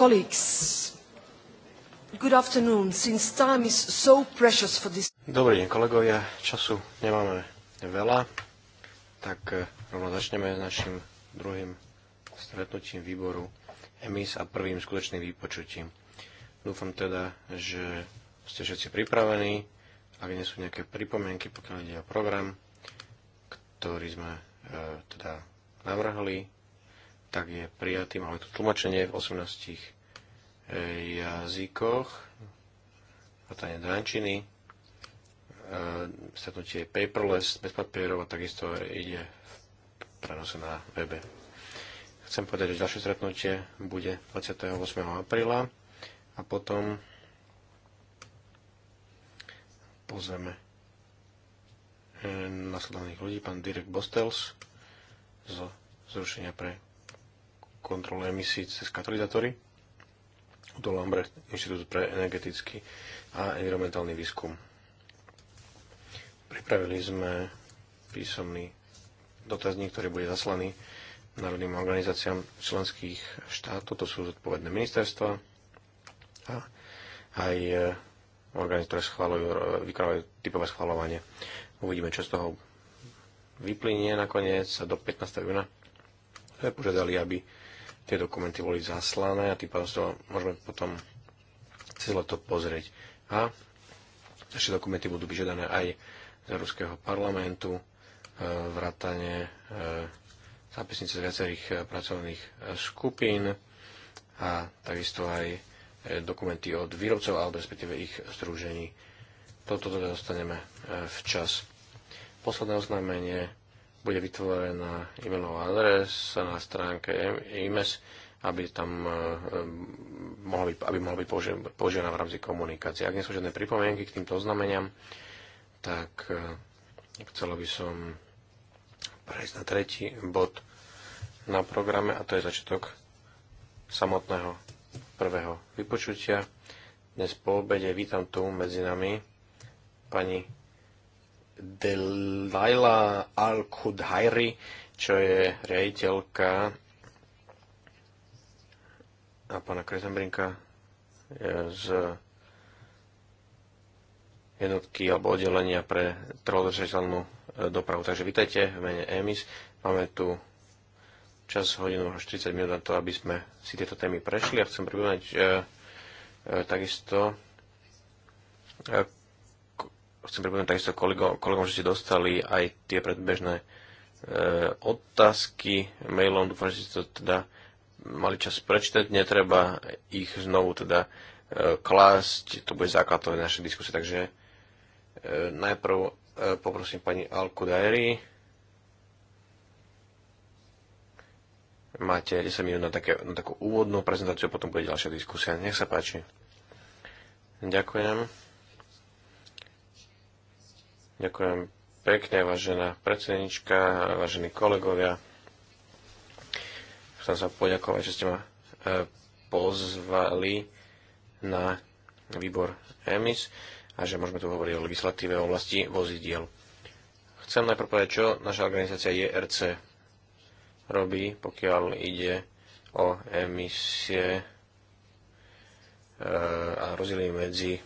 Dobrý deň, kolegovia. Času nemáme veľa, tak eh, rovno začneme s našim druhým stretnutím výboru EMIS a prvým skutočným výpočutím. Dúfam teda, že ste všetci pripravení. Ak nie sú nejaké pripomienky, pokiaľ ide o program, ktorý sme e, teda navrhli, tak je prijatý. Máme tu tlmočenie v 18 e, jazykoch, vrátane dančiny, e, stretnutie paperless, bez papierov a takisto ide v prenose na webe. Chcem povedať, že ďalšie stretnutie bude 28. apríla a potom pozveme e, nasledovných ľudí, pán Dirk Bostels z zrušenia pre kontrolu emisí cez katalizátory do Lambrecht Inštitút pre energetický a environmentálny výskum. Pripravili sme písomný dotazník, ktorý bude zaslaný národným organizáciám členských štátov, to sú zodpovedné ministerstva a aj e, orgány, ktoré schváľujú, e, vykonávajú typové schváľovanie. Uvidíme, čo z toho vyplynie nakoniec do 15. júna. Požiadali, aby tie dokumenty boli zaslané a tým pádom to môžeme potom celé to pozrieť. A naše dokumenty budú vyžiadané aj z Európskeho parlamentu, e, vrátane e, zápisnice z viacerých e, pracovných skupín a takisto aj dokumenty od výrobcov alebo respektíve ich združení. Toto teda dostaneme včas. Posledné oznámenie bude vytvorená e-mailová adresa na stránke IMES, aby tam e, e, mohol byť, aby mohol byť používaná v rámci komunikácie. Ak nie sú žiadne pripomienky k týmto oznameniam, tak e, chcelo by som prejsť na tretí bod na programe a to je začiatok samotného prvého vypočutia. Dnes po obede vítam tu medzi nami pani Delaila Al-Khudhairi, čo je riaditeľka a pána Kresenbrinka z jednotky alebo oddelenia pre trvalodržateľnú eh, dopravu. Takže vítajte v mene EMIS. Máme tu čas hodinu až 40 minút na to, aby sme si tieto témy prešli a ja chcem pripomínať e, eh, e, eh, takisto e, chcem pripomenúť takisto kolegom, kolegom, že ste dostali aj tie predbežné e, otázky mailom. Dúfam, že ste to teda mali čas prečítať. Netreba ich znovu teda e, klásť. To bude základ toho našej diskusie. Takže e, najprv e, poprosím pani Alku Dairy. Máte 10 minút na, také, na takú úvodnú prezentáciu, potom bude ďalšia diskusia. Nech sa páči. Ďakujem. Ďakujem pekne, vážená predsednička, vážení kolegovia. Chcem sa poďakovať, že ste ma e, pozvali na výbor EMIS a že môžeme tu hovoriť o legislatíve o oblasti vozidiel. Chcem najprv povedať, čo naša organizácia JRC robí, pokiaľ ide o emisie e, a rozdiely medzi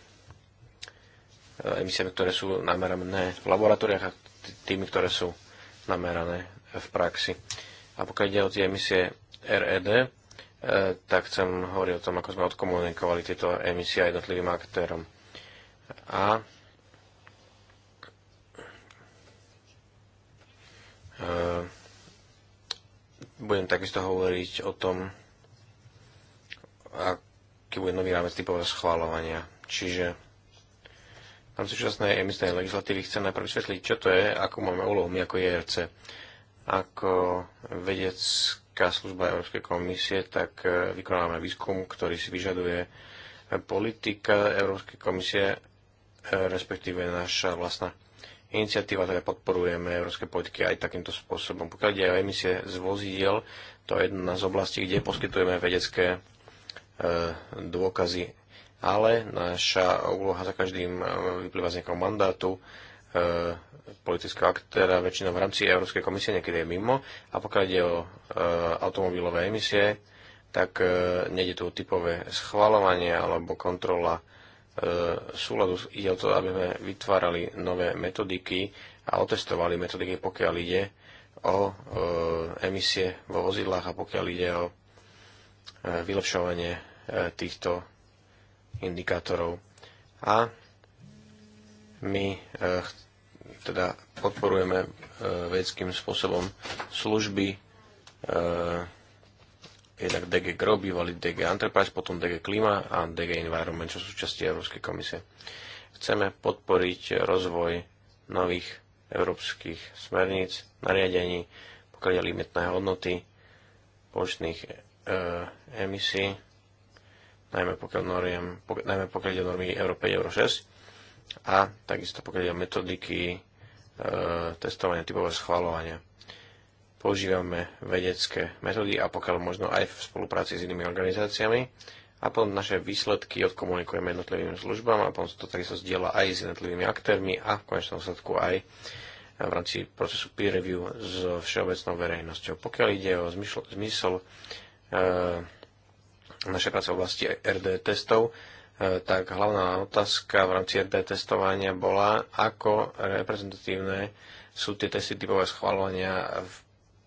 emisiami, ktoré sú namerané v laboratóriách a tými, ktoré sú namerané v praxi. A pokiaľ ide o tie emisie RED, e, tak chcem hovoriť o tom, ako sme odkomunikovali tieto emisie jednotlivým aktérom. A e, budem takisto hovoriť o tom, aký bude nový rámec typového schváľovania. Čiže v rámci súčasnej emisnej legislatívy chcem najprv vysvetliť, čo to je, ako máme úlohu my ako ERC. Ako vedecká služba Európskej komisie, tak e, vykonávame výskum, ktorý si vyžaduje politika Európskej komisie, e, respektíve naša vlastná iniciatíva, teda podporujeme európske politiky aj takýmto spôsobom. Pokiaľ ide o emisie z vozidiel, to je jedna z oblastí, kde poskytujeme vedecké e, dôkazy ale naša úloha za každým e, vyplýva z nejakého mandátu e, politického aktéra, väčšinou v rámci Európskej komisie, niekedy je mimo. A pokiaľ ide o e, automobilové emisie, tak e, nejde tu typové schvalovanie alebo kontrola e, súladu. Ide o to, aby sme vytvárali nové metodiky a otestovali metodiky, pokiaľ ide o e, emisie vo vozidlách a pokiaľ ide o e, vylepšovanie e, týchto indikátorov. A my eh, teda podporujeme eh, vedeckým spôsobom služby eh, jednak DG GRO, bývalý DG Enterprise, potom DG Klima a DG Environment, čo sú časti Európskej komisie. Chceme podporiť rozvoj nových európskych smerníc, nariadení, pokiaľ limitné hodnoty počných e, emisí najmä pokiaľ, noriem, pok- najmä pokiaľ ide o normy Euro 5, Euro 6 a takisto pokiaľ ide o metodiky e, testovania, typové schvalovania. Používame vedecké metódy a pokiaľ možno aj v spolupráci s inými organizáciami a potom naše výsledky odkomunikujeme jednotlivým službám a potom to takisto zdieľa aj s jednotlivými aktérmi a v konečnom sledku aj v rámci procesu peer review s všeobecnou verejnosťou. Pokiaľ ide o zmysl, zmysl e, naša našej v oblasti RD testov, e, tak hlavná otázka v rámci RD testovania bola, ako reprezentatívne sú tie testy typové schvalovania v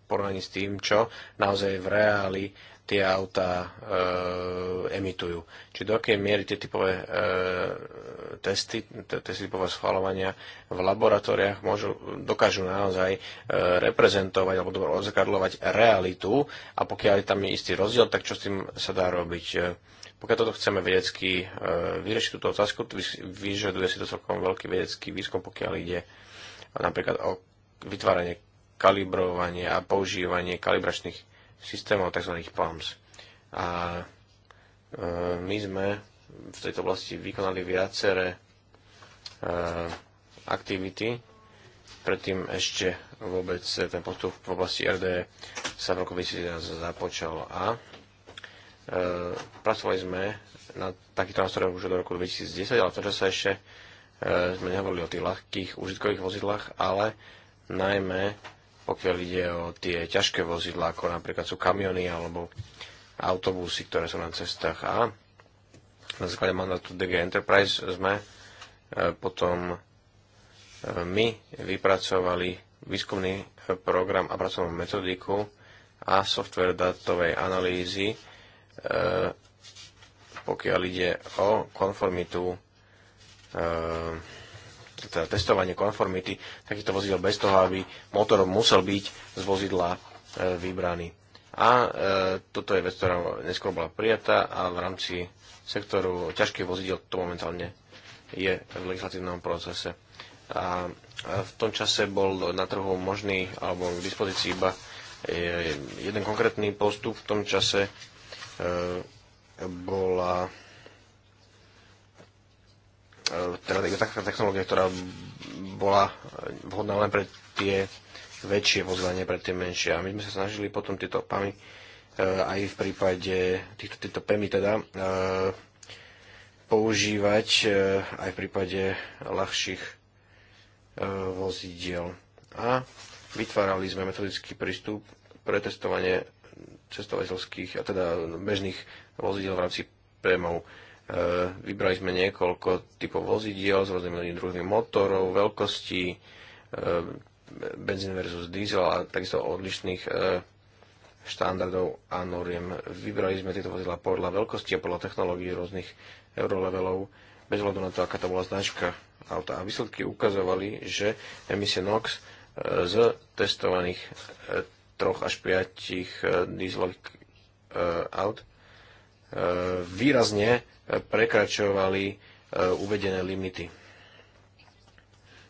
porovnaní s tým, čo naozaj v reáli tie autá e, emitujú. Či do akej miery tie typové e, testy, testy typové schvalovania v laboratóriách môžu, dokážu naozaj e, reprezentovať alebo dobro realitu a pokiaľ je tam istý rozdiel, tak čo s tým sa dá robiť? E, pokiaľ toto chceme vedecky e, vyriešiť túto otázku, vyžaduje si to celkom veľký vedecký výskum, pokiaľ ide napríklad o vytváranie kalibrovanie a používanie kalibračných systémov tzv. PAMS. A e, my sme v tejto oblasti vykonali viaceré e, aktivity, predtým ešte vôbec ten postup v oblasti RD sa v roku 2011 započal a e, pracovali sme na takýto nástroj už od roku 2010, ale v tom čase ešte sme nehovorili o tých ľahkých užitkových vozidlách, ale najmä pokiaľ ide o tie ťažké vozidlá, ako napríklad sú kamiony alebo autobusy, ktoré sú na cestách. A na základe mandátu DG Enterprise sme e, potom e, my vypracovali výskumný e, program a pracovnú metodiku a software datovej analýzy, pokiaľ ide o konformitu teda testovanie konformity takýchto vozidel bez toho, aby motor musel byť z vozidla e, vybraný. A e, toto je vec, ktorá neskôr bola prijatá a v rámci sektoru ťažkých vozidel to momentálne je v legislatívnom procese. A v tom čase bol na trhu možný alebo k dispozícii iba e, jeden konkrétny postup. V tom čase e, bola E, teda taká technológia, ktorá bola vhodná len pre tie väčšie vozvanie, pre tie menšie. A my sme sa snažili potom tieto PAMy e, aj v prípade týchto, týchto PEMI teda e, používať aj v prípade ľahších vozidiel. A vytvárali sme metodický prístup pre testovanie cestovateľských a teda bežných vozidiel v rámci PMov. E, vybrali sme niekoľko typov vozidiel s rôznymi druhmi motorov, veľkostí, e, benzín versus diesel a takisto odlišných e, štandardov a noriem. Vybrali sme tieto vozidla podľa veľkosti a podľa technológií rôznych eurolevelov, bez hľadu na to, aká to bola značka auta. A výsledky ukazovali, že emisie NOx z testovaných troch až 5 dieselových aut výrazne prekračovali e, uvedené limity.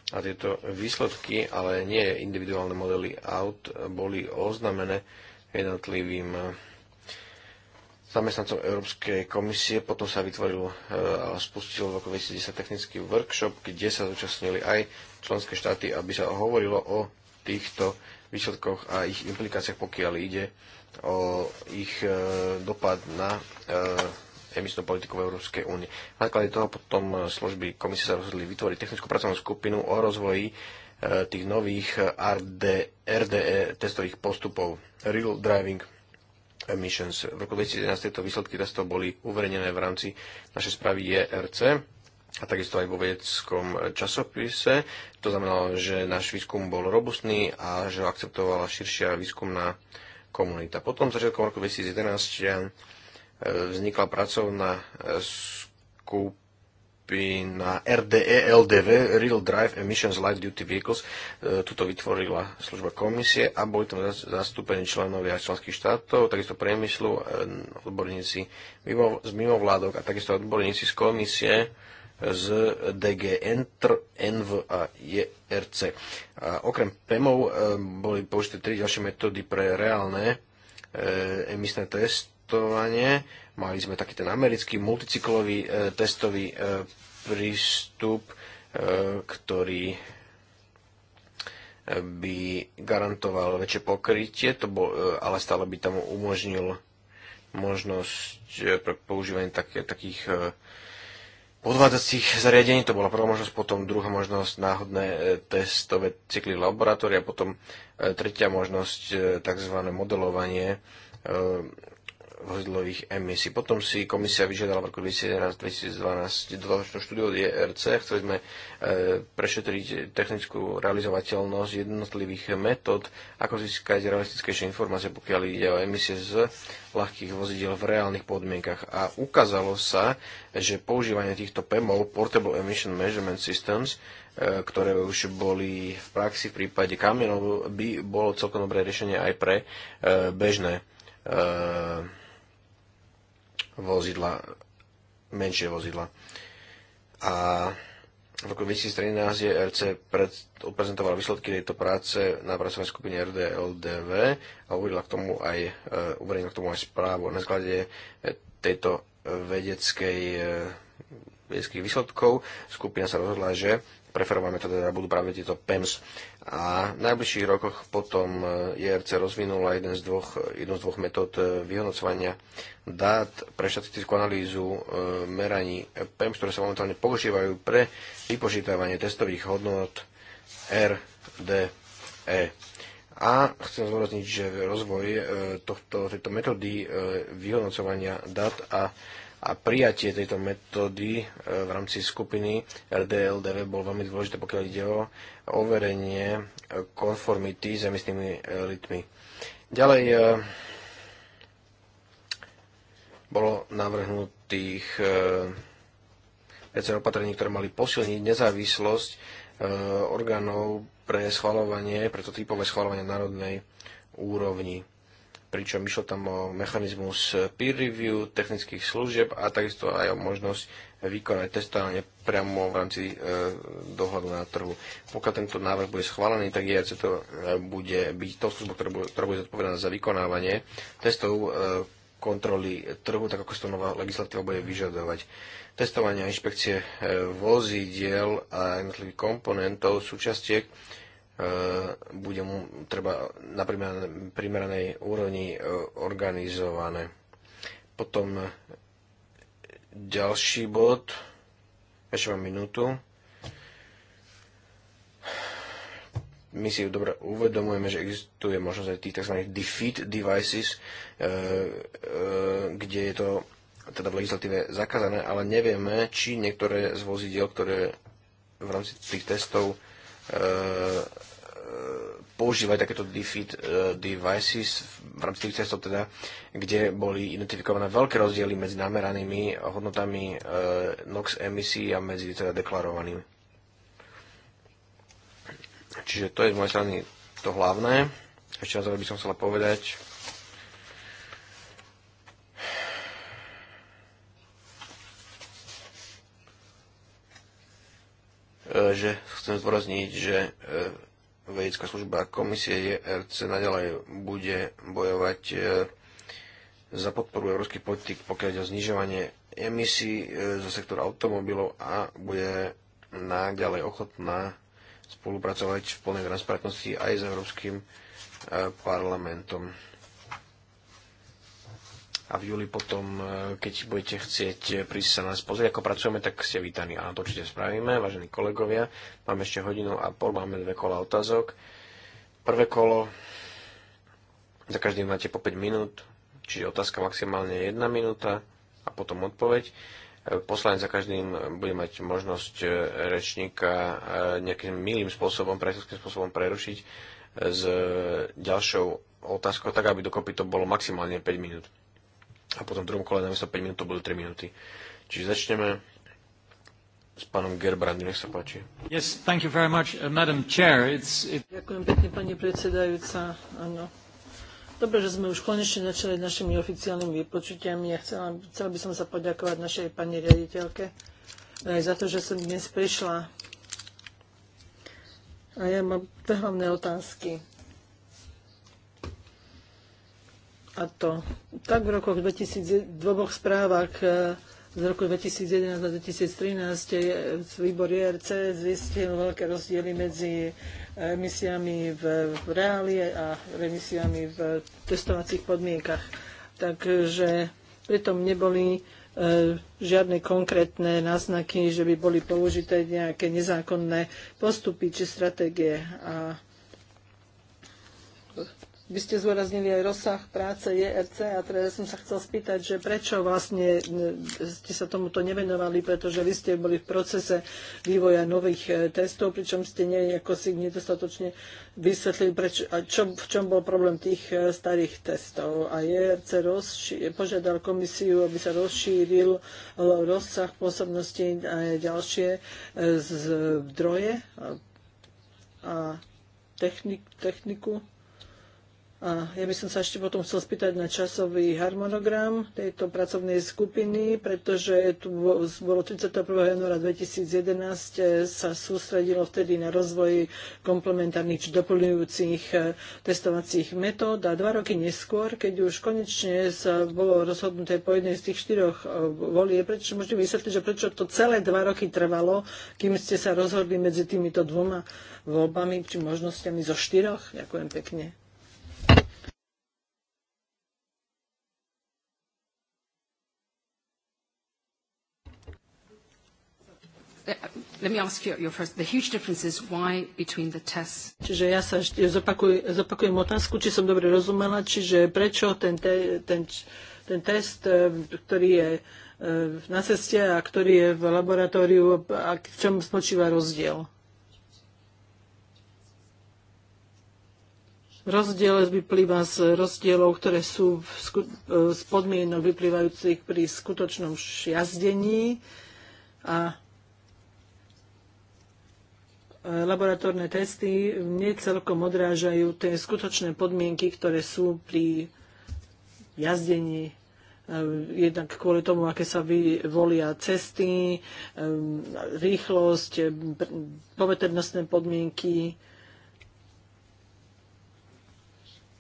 A tieto výsledky, ale nie individuálne modely aut, boli oznamené jednotlivým e, zamestnancom Európskej komisie. Potom sa vytvoril e, a spustil v roku 2010 technický workshop, kde sa zúčastnili aj členské štáty, aby sa hovorilo o týchto výsledkoch a ich implikáciách, pokiaľ ide o ich e, dopad na e, emisnú politiku v Európskej únie. Na základe toho potom e, služby komisie sa rozhodli vytvoriť technickú pracovnú skupinu o rozvoji tých nových RD, RDE testových postupov, Real Driving Emissions. V roku 2011 tieto výsledky testov boli uverejnené v rámci našej správy ERC a takisto aj vo vedeckom časopise. To znamenalo, že náš výskum bol robustný a že akceptovala širšia výskumná komunita. Potom začiatkom roku 2011 eh, vznikla pracovná eh, skupina RDE LDV, Real Drive Emissions Light Duty Vehicles. Eh, tuto vytvorila služba komisie a boli tam zastúpení členovia členských štátov, takisto priemyslu, odborníci z mimovládok a takisto odborníci z komisie z DG Entr, NV a JRC. A okrem PEMov e, boli použité tri ďalšie metódy pre reálne e, emisné testovanie. Mali sme taký ten americký multicyklový e, testový prístup, ktorý by garantoval väčšie pokrytie, to bol, ale stále by tam umožnil možnosť pre používanie tak, takých podvádzacích zariadení, to bola prvá možnosť, potom druhá možnosť náhodné e, testové cykly laboratória, potom e, tretia možnosť e, tzv. modelovanie vozidlových emisí. Potom si komisia vyžiadala v roku 2011-2012 dodatočnú štúdiu od ERC. Chceli sme e, prešetriť technickú realizovateľnosť jednotlivých metód, ako získať realistickejšie informácie, pokiaľ ide o emisie z ľahkých vozidiel v reálnych podmienkach. A ukázalo sa, že používanie týchto PEMov, Portable Emission Measurement Systems, e, ktoré už boli v praxi v prípade kamienov, by bolo celkom dobré riešenie aj pre e, bežné vozidla, menšie vozidla. A v roku 2013 RC pred, odprezentovala výsledky tejto práce na pracovnej skupine RDLDV a uvedla k tomu aj, e, uverejnila k tomu aj správu. Na základe e, tejto vedeckej, e, vedeckých výsledkov skupina sa rozhodla, že preferované teda budú práve tieto PEMS. A v najbližších rokoch potom e, IRC rozvinula jeden z dvoch, jednu z dvoch metód e, vyhodnocovania dát pre štatistickú analýzu e, meraní PEMS, ktoré sa momentálne používajú pre vypočítavanie testových hodnot RDE. A chcem zdôrazniť, že rozvoj tohto, tejto metódy vyhodnocovania dát a a prijatie tejto metódy e, v rámci skupiny RDLDV bol veľmi dôležité, pokiaľ ide o overenie e, konformity s emisnými litmi. E, Ďalej bolo navrhnutých viacero opatrení, ktoré mali posilniť nezávislosť orgánov pre schvalovanie, preto typové schvalovanie národnej úrovni pričom išlo tam o mechanizmus peer review technických služieb a takisto aj o možnosť vykonať testovanie priamo v rámci e, dohľadu na trhu. Pokiaľ tento návrh bude schválený, tak IAC to e, bude byť to služba, ktorá bude, ktorá bude zodpovedaná za vykonávanie testov e, kontroly trhu, tak ako si to nová legislatíva bude vyžadovať. Testovanie a inšpekcie e, vozidiel a jednotlivých komponentov, súčastiek E, bude mu treba na primeranej úrovni e, organizované. Potom ďalší bod, ešte mám minútu. My si dobre uvedomujeme, že existuje možnosť aj tých tzv. defeat devices, e, kde je to teda v legislatíve zakázané, ale nevieme, či niektoré z vozidiel, ktoré v rámci tých testov E, používať takéto defeat e, devices v rámci tých cestov, teda, kde boli identifikované veľké rozdiely medzi nameranými hodnotami e, NOx emisí a medzi teda deklarovanými. Čiže to je z mojej strany to hlavné. Ešte na to, by som chcela povedať, E, že chcem zdôrazniť, že e, vedecká služba komisie ERC e, nadalej bude bojovať za podporu európskych politik, pokiaľ ide o znižovanie emisí zo sektora automobilov a bude nadalej ochotná spolupracovať v plnej transparentnosti aj s Európskym parlamentom a v júli potom, e, keď budete chcieť prísť sa nás pozrieť, ako pracujeme, tak ste vítaní. Áno, to určite spravíme, vážení kolegovia. Máme ešte hodinu a pol, máme dve kola otázok. Prvé kolo, za každým máte po 5 minút, čiže otázka maximálne 1 minúta a potom odpoveď. E, poslanec za každým bude mať možnosť e, rečníka nejakým milým spôsobom, priateľským spôsobom prerušiť s ďalšou otázkou, tak aby dokopy to bolo maximálne 5 minút a potom v druhom kole namiesto 5 minút to budú 3 minúty. Čiže začneme s pánom Gerbrandy, nech sa páči. Yes, thank you very much, uh, Madam Chair. It's, it... Ďakujem pekne, pani predsedajúca. Áno. Dobre, že sme už konečne začali našimi oficiálnymi vypočutiami. Ja chcela, chcela by som sa poďakovať našej pani riaditeľke no aj za to, že som dnes prišla. A ja mám dve hlavné otázky. a to tak v rokoch 2000, dvoch správach e, z roku 2011 a 2013 výbor IRC zistil veľké rozdiely medzi e, emisiami v, v reáli a emisiami v testovacích podmienkach. Takže pritom neboli e, žiadne konkrétne náznaky, že by boli použité nejaké nezákonné postupy či stratégie. A by ste zúraznili aj rozsah práce JRC e a teraz som sa chcel spýtať, že prečo vlastne eh, ste sa tomuto nevenovali, pretože vy ste boli v procese vývoja nových eh, testov, pričom ste nejako si nedostatočne vysvetlili, prečo, a čo, v čom bol problém tých eh, starých testov. A JRC e rozši- požiadal komisiu, aby sa rozšíril rozsah pôsobnosti a ďalšie zdroje a technik- techniku a ja by som sa ešte potom chcel spýtať na časový harmonogram tejto pracovnej skupiny, pretože tu bolo 31. januára 2011, e, sa sústredilo vtedy na rozvoj komplementárnych či doplňujúcich e, testovacích metód a dva roky neskôr, keď už konečne sa bolo rozhodnuté po jednej z tých štyroch e, volie, prečo môžete vysvetliť, že prečo to celé dva roky trvalo, kým ste sa rozhodli medzi týmito dvoma voľbami či možnosťami zo štyroch? Ďakujem pekne. let me ask you your first, the huge differences why between the tests. Čiže ja sa zopakuj, zopakujem otázku, či som dobre rozumela, čiže prečo ten, te, ten, ten test, e, ktorý je e, na ceste a ktorý je v laboratóriu, a v čom spočíva rozdiel? rozdiel vyplýva z rozdielov, ktoré sú e, z podmienok vyplývajúcich pri skutočnom jazdení a laboratórne testy necelkom odrážajú tie skutočné podmienky, ktoré sú pri jazdení e, jednak kvôli tomu, aké sa vyvolia cesty, e, rýchlosť, e, poveternostné podmienky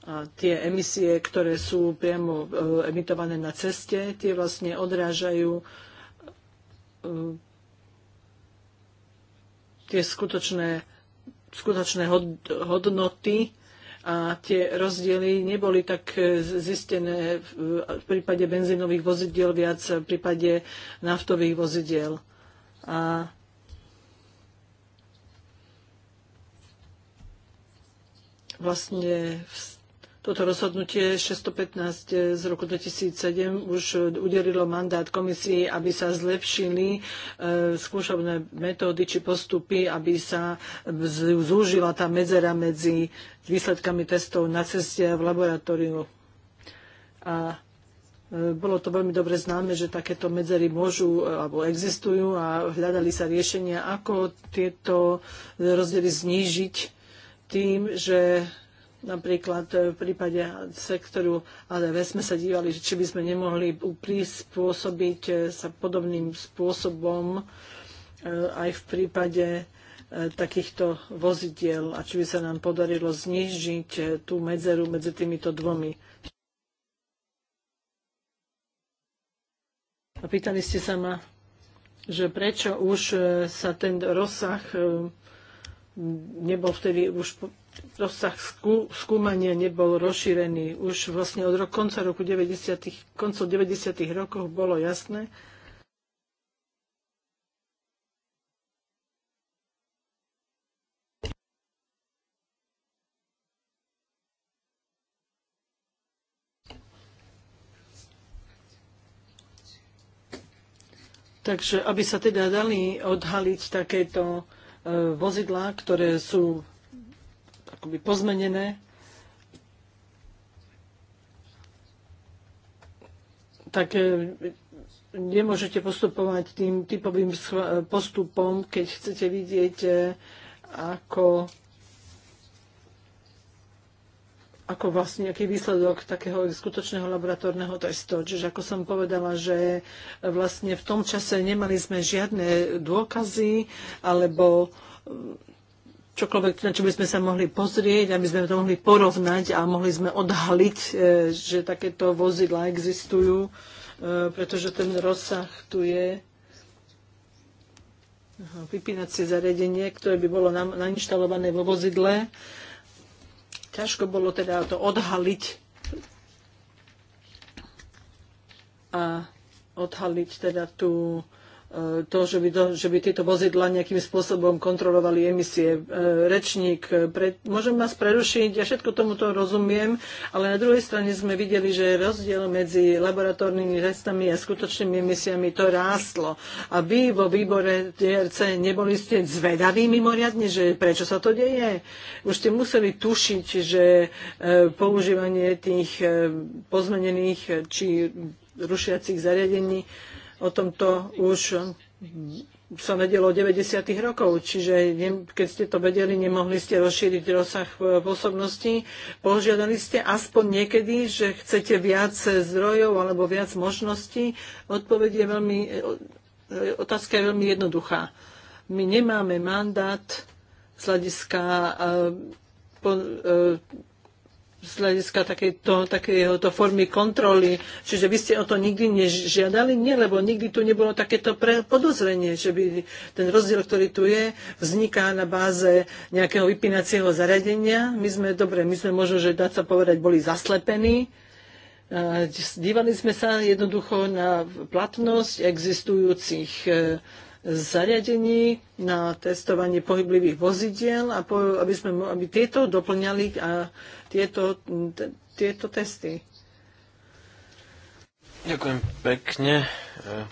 a tie emisie, ktoré sú priamo emitované na ceste, tie vlastne odrážajú tie skutočné, skutočné hodnoty a tie rozdiely neboli tak zistené v prípade benzínových vozidiel, viac v prípade naftových vozidiel. A vlastne v toto rozhodnutie 615 eh, z roku 2007 už eh, udelilo mandát komisii, aby sa zlepšili eh, skúšobné metódy či postupy, aby sa zúžila tá medzera medzi výsledkami testov na ceste a v laboratóriu. A bolo to veľmi dobre známe, že takéto medzery môžu alebo existujú a hľadali sa riešenia, ako tieto rozdiely znížiť tým, že Napríklad e, v prípade sektoru ADV sme sa dívali, či by sme nemohli prispôsobiť e, sa podobným spôsobom e, aj v prípade takýchto vozidiel a či by sa nám podarilo znižiť tú medzeru medzi týmito dvomi. A pýtali ste sa ma, že prečo už sa ten rozsah nebol vtedy už rozsah skú, skúmania nebol rozšírený. Už vlastne od rok, konca roku 90. koncov 90. rokov bolo jasné, Takže aby sa teda dali odhaliť takéto e, vozidlá, ktoré sú akoby pozmenené. Tak e, nemôžete postupovať tým typovým e, postupom, keď chcete vidieť, e, ako ako vlastne nejaký výsledok takého skutočného laboratórneho testu. Čiže ako som povedala, že vlastne v tom čase nemali sme žiadne dôkazy alebo čokoľvek, na čo by sme sa mohli pozrieť, aby sme to mohli porovnať a mohli sme odhaliť, e, že takéto vozidla existujú, e, pretože ten rozsah tu je vypínacie zariadenie, ktoré by bolo nainštalované vo vozidle. Ťažko bolo teda to odhaliť a odhaliť teda tú E, to, že by, do, že by tieto vozidla nejakým spôsobom kontrolovali emisie. E, rečník, e, pre, môžem vás prerušiť, ja všetko tomuto rozumiem, ale na druhej strane sme videli, že rozdiel medzi laboratórnymi testami a skutočnými emisiami to rástlo. A vy vo výbore TRC neboli ste zvedaví mimoriadne, že prečo sa to deje? Už ste museli tušiť, že používanie tých pozmenených či rušiacich zariadení O tomto už sa vedelo od 90. rokov, čiže keď ste to vedeli, nemohli ste rozšíriť rozsah pôsobnosti. Požiadali ste aspoň niekedy, že chcete viac zdrojov alebo viac možností. Odpoveď je veľmi, otázka je veľmi jednoduchá. My nemáme mandát z hľadiska eh, eh, z hľadiska takejto, takéhoto formy kontroly. Čiže vy ste o to nikdy nežiadali? Nie, lebo nikdy tu nebolo takéto pre podozrenie, že by ten rozdiel, ktorý tu je, vzniká na báze nejakého vypínacieho zariadenia. My sme, dobre, my sme možno, že dá sa povedať, boli zaslepení. Dívali sme sa jednoducho na platnosť existujúcich e, zariadení na testovanie pohyblivých vozidiel, a po, aby, sme, aby tieto doplňali a tieto, t- tieto testy. Ďakujem pekne. E,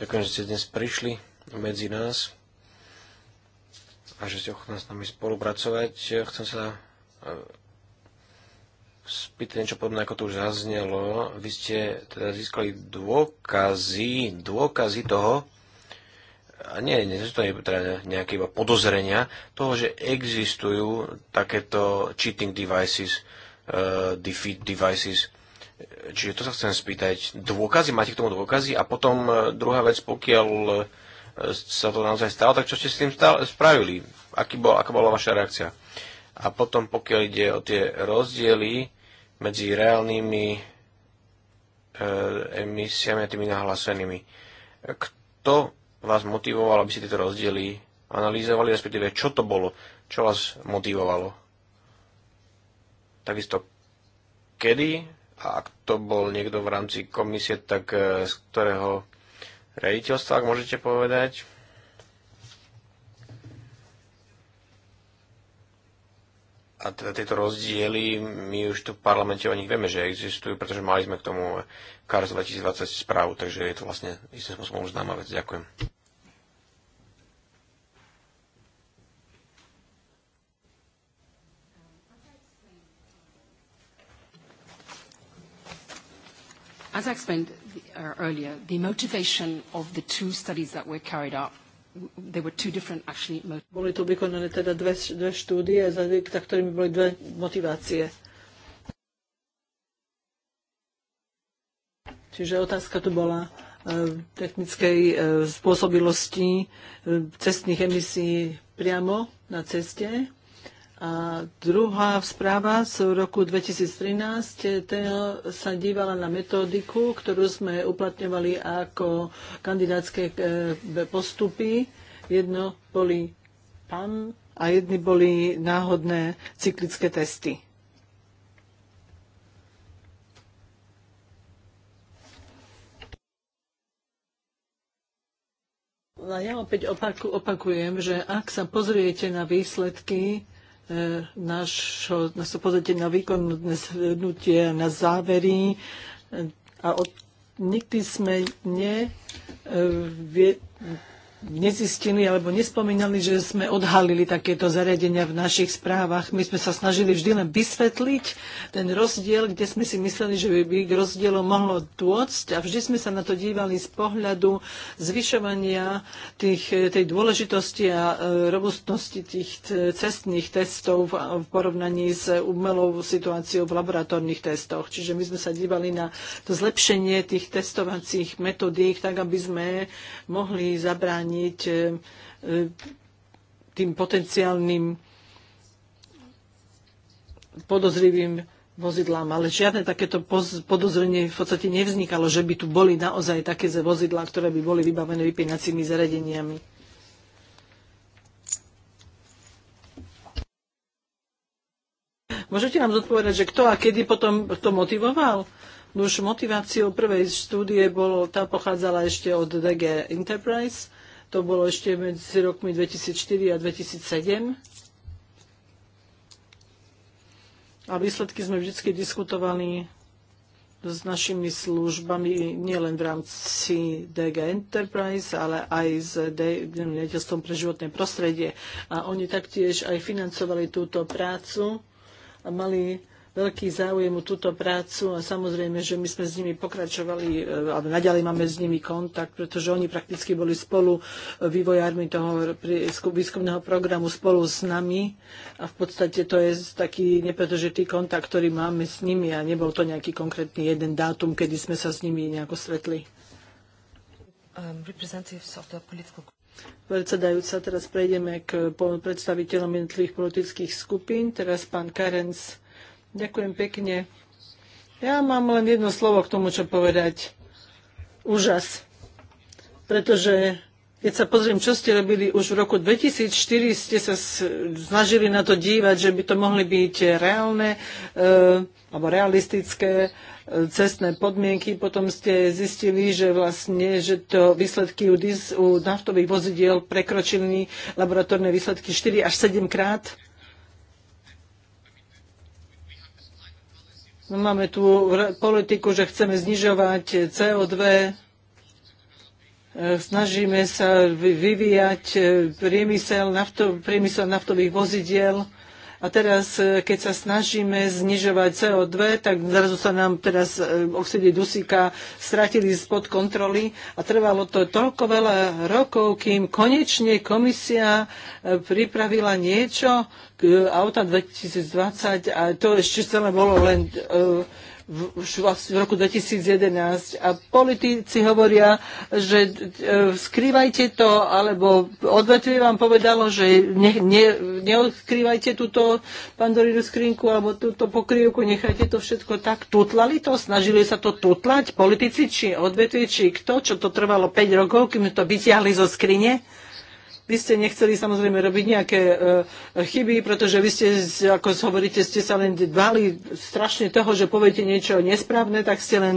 ďakujem, že ste dnes prišli medzi nás a že ste ochotná s nami spolupracovať. E, chcem sa e, spýtať niečo podobné, ako to už zaznelo. Vy ste teda získali dôkazy, dôkazy toho, a nie, nie sú to teda nejaké iba podozrenia toho, že existujú takéto cheating devices, uh, defeat devices. Čiže to sa chcem spýtať. Dôkazy, máte k tomu dôkazy? A potom uh, druhá vec, pokiaľ uh, sa to naozaj stalo, tak čo ste s tým stále, spravili? Aký bol, aká bola vaša reakcia? A potom, pokiaľ ide o tie rozdiely medzi reálnymi uh, emisiami a tými nahlasenými, kto vás motivovalo, aby ste tieto rozdiely analýzovali, respektíve čo to bolo, čo vás motivovalo. Takisto kedy a ak to bol niekto v rámci komisie, tak eh, z ktorého rediteľstva, ak môžete povedať. a teda tieto rozdiely, my už tu v parlamente o nich vieme, že existujú, pretože mali sme k tomu CARS 2020 správu, takže je to vlastne istým spôsobom už známa vec. Ďakujem. As I explained uh, earlier, the motivation of the two studies that were carried out there were two different actually Boli tu vykonané teda dve, dve štúdie, za ktorými boli dve motivácie. Čiže otázka tu bola e, technickej e, spôsobilosti e, cestných emisí priamo na ceste a druhá správa z roku 2013 tého sa dívala na metodiku, ktorú sme uplatňovali ako kandidátske e, postupy. Jedno boli PAN a jedny boli náhodné cyklické testy. ja opäť opaku, opakujem, že ak sa pozriete na výsledky E, našo, našo pozrite na výkonné zhrnutie, na závery e, a od, nikdy sme ne, e, vie, nezistili alebo nespomínali, že sme odhalili takéto zariadenia v našich správach. My sme sa snažili vždy len vysvetliť ten rozdiel, kde sme si mysleli, že by k rozdielu mohlo dôcť a vždy sme sa na to dívali z pohľadu zvyšovania tých, tej dôležitosti a e, robustnosti tých e, cestných testov v porovnaní s umelou situáciou v laboratórnych testoch. Čiže my sme sa dívali na to zlepšenie tých testovacích metodík, tak aby sme mohli zabrániť zabrániť e, e, tým potenciálnym podozrivým vozidlám, ale žiadne takéto podozrenie v podstate nevznikalo, že by tu boli naozaj také vozidlá, ktoré by boli vybavené vypínacími zariadeniami. Môžete nám zodpovedať, že kto a kedy potom to motivoval? No už motiváciou prvej štúdie bolo, tá pochádzala ešte od DG Enterprise to bolo ešte medzi rokmi 2004 a 2007. A výsledky sme vždy diskutovali s našimi službami nielen v rámci DG Enterprise, ale aj s Riaditeľstvom pre životné prostredie. A oni taktiež aj financovali túto prácu a mali veľký záujem o túto prácu a samozrejme, že my sme s nimi pokračovali, e, ale naďalej máme s nimi kontakt, pretože oni prakticky boli spolu vývojármi toho výskumného programu spolu s nami a v podstate to je taký nepretržitý kontakt, ktorý máme s nimi a nebol to nejaký konkrétny jeden dátum, kedy sme sa s nimi nejako stretli. Um, Predsedajúca, teraz prejdeme k predstaviteľom jednotlivých politických skupín. Teraz pán Karens Ďakujem pekne. Ja mám len jedno slovo k tomu, čo povedať. Úžas. Pretože keď sa pozriem, čo ste robili už v roku 2004, ste sa snažili na to dívať, že by to mohli byť reálne e, alebo realistické e, cestné podmienky. Potom ste zistili, že vlastne že to výsledky u, dis, u naftových vozidiel prekročili laboratórne výsledky 4 až 7 krát. No, máme tu politiku, že chceme znižovať CO2, e, snažíme sa vyvíjať e, priemysel, nafto, priemysel naftových vozidiel a teraz, e, keď sa snažíme znižovať CO2, tak zrazu sa nám teraz e, oxidy dusíka stratili spod kontroly a trvalo to toľko veľa rokov, kým konečne komisia e, pripravila niečo k auta 2020 a to ešte celé bolo len uh, už v roku 2011. A politici hovoria, že e, skrývajte to, alebo odvetvie vám povedalo, že ne, ne, neodkrývajte túto pandorinu skrinku alebo túto pokrývku, nechajte to všetko tak. Tutlali to? Snažili sa to tutlať? Politici či odvetvie, či kto? Čo to trvalo 5 rokov, kým to vyťahli zo skrine? Vy ste nechceli samozrejme robiť nejaké e, chyby, pretože vy ste, ako hovoríte, ste sa len dbali strašne toho, že poviete niečo nesprávne, tak ste len,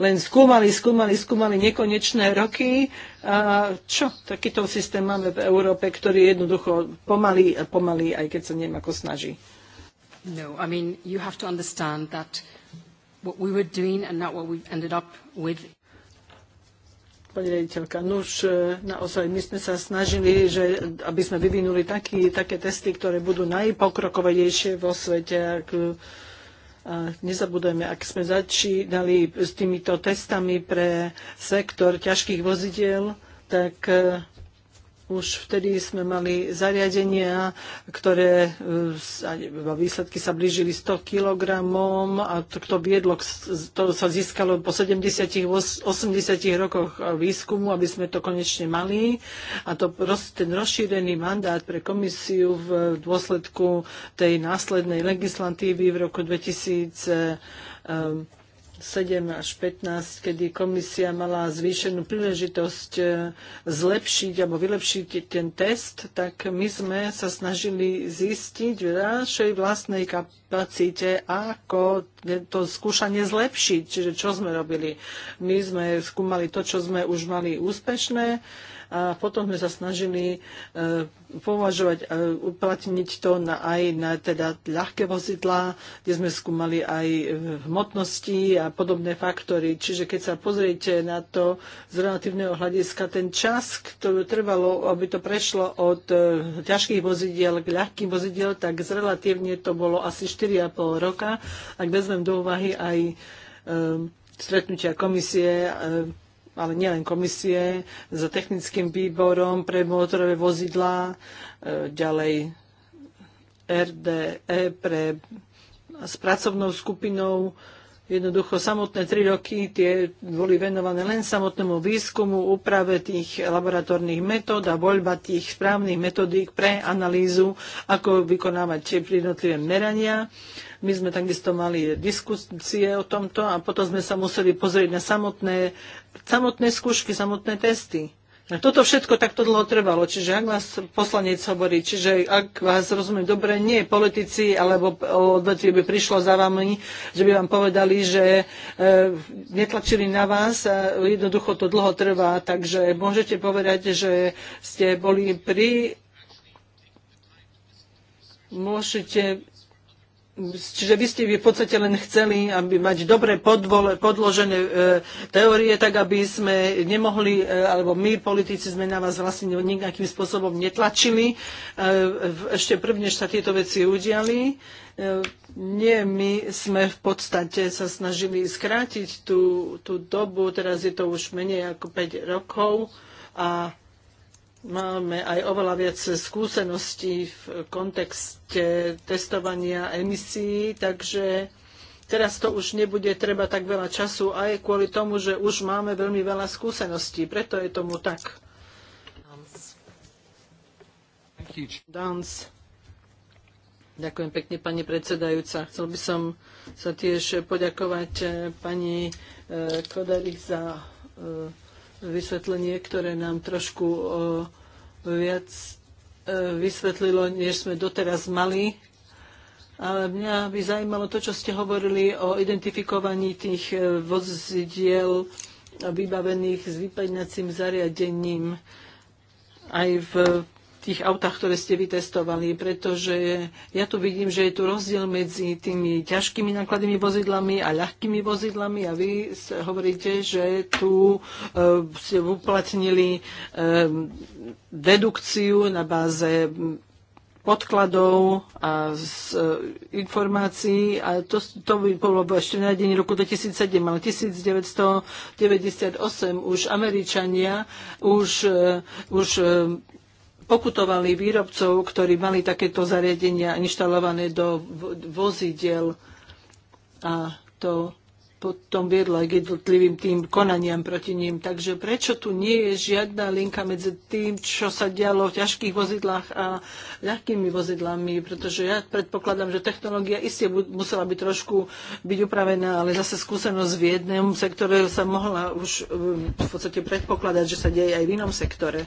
len skúmali, skúmali, skúmali nekonečné roky. A čo? Takýto systém máme v Európe, ktorý jednoducho pomaly, pomaly, aj keď sa neviem, ako snaží. No, I mean, you have to understand that what we were doing and not what we ended up with Pani rediteľka, už e, naozaj my sme sa snažili, že aby sme vyvinuli taký, také testy, ktoré budú najpokrokovejšie vo svete. Ak, e, a nezabudujeme, ak sme začínali s týmito testami pre sektor ťažkých vozidiel, tak e, už vtedy sme mali zariadenia, ktoré e, výsledky sa blížili 100 kg a to, to viedlo, to sa získalo po 70 80 rokoch e, výskumu, aby sme to konečne mali. A to, ten rozšírený mandát pre komisiu v dôsledku tej následnej legislatívy v roku 2000 7 až 15, kedy komisia mala zvýšenú príležitosť e, zlepšiť alebo vylepšiť ten test, tak my sme sa snažili zistiť v našej vlastnej kapacite, ako to skúšanie zlepšiť. Čiže čo sme robili? My sme skúmali to, čo sme už mali úspešné, a potom sme sa snažili e, považovať, a e, uplatniť to na, aj na teda ľahké vozidlá, kde sme skúmali aj hmotnosti a podobné faktory. Čiže keď sa pozriete na to z relatívneho hľadiska, ten čas, ktorý trvalo, aby to prešlo od e, ťažkých vozidiel k ľahkým vozidiel, tak zrelatívne to bolo asi 4,5 roka. Ak vezmem do úvahy aj stretnutia komisie, ale nielen komisie, s technickým výborom pre motorové vozidlá, e, ďalej RDE pre, s pracovnou skupinou. Jednoducho samotné tri roky tie boli venované len samotnému výskumu, úprave tých laboratórnych metód a voľba tých správnych metodík pre analýzu, ako vykonávať tie jednotlivé merania. My sme takisto mali diskusie o tomto a potom sme sa museli pozrieť na samotné, samotné skúšky, samotné testy. A toto všetko takto dlho trvalo. Čiže ak vás poslanec hovorí, čiže ak vás rozumiem dobre, nie politici alebo odvetvie by prišlo za vami, že by vám povedali, že e, netlačili na vás a jednoducho to dlho trvá. Takže môžete povedať, že ste boli pri môžete Čiže vy ste v podstate len chceli, aby mať dobre podvole, podložené e, teórie, tak aby sme nemohli, e, alebo my politici sme na vás vlastne nejakým spôsobom netlačili, e, ešte prvne, než sa tieto veci udiali. E, nie, my sme v podstate sa snažili skrátiť tú, tú dobu, teraz je to už menej ako 5 rokov a máme aj oveľa viac skúseností v kontexte testovania emisí, takže teraz to už nebude treba tak veľa času aj kvôli tomu, že už máme veľmi veľa skúseností. Preto je tomu tak. Dance. Ďakujem pekne, pani predsedajúca. Chcel by som sa tiež poďakovať eh, pani eh, Kodarich za eh, vysvetlenie, ktoré nám trošku viac e, vysvetlilo, než sme doteraz mali. Ale mňa by zaujímalo to, čo ste hovorili o identifikovaní tých e, vozidiel vybavených s vypadňacím zariadením aj v tých autách, ktoré ste vytestovali, pretože ja tu vidím, že je tu rozdiel medzi tými ťažkými nákladnými vozidlami a ľahkými vozidlami a vy hovoríte, že tu eh, ste uplatnili eh, dedukciu na báze hm, podkladov a z, e, eh, informácií a to, to by bolo ešte na deň roku 2007, ale 1998 už Američania už, e, už e, pokutovali výrobcov, ktorí mali takéto zariadenia inštalované do vozidel a to potom viedlo aj k jednotlivým tým konaniam proti ním. Takže prečo tu nie je žiadna linka medzi tým, čo sa dialo v ťažkých vozidlách a ľahkými vozidlami? Pretože ja predpokladám, že technológia iste musela byť trošku byť upravená, ale zase skúsenosť v jednom sektore sa mohla už v podstate predpokladať, že sa deje aj v inom sektore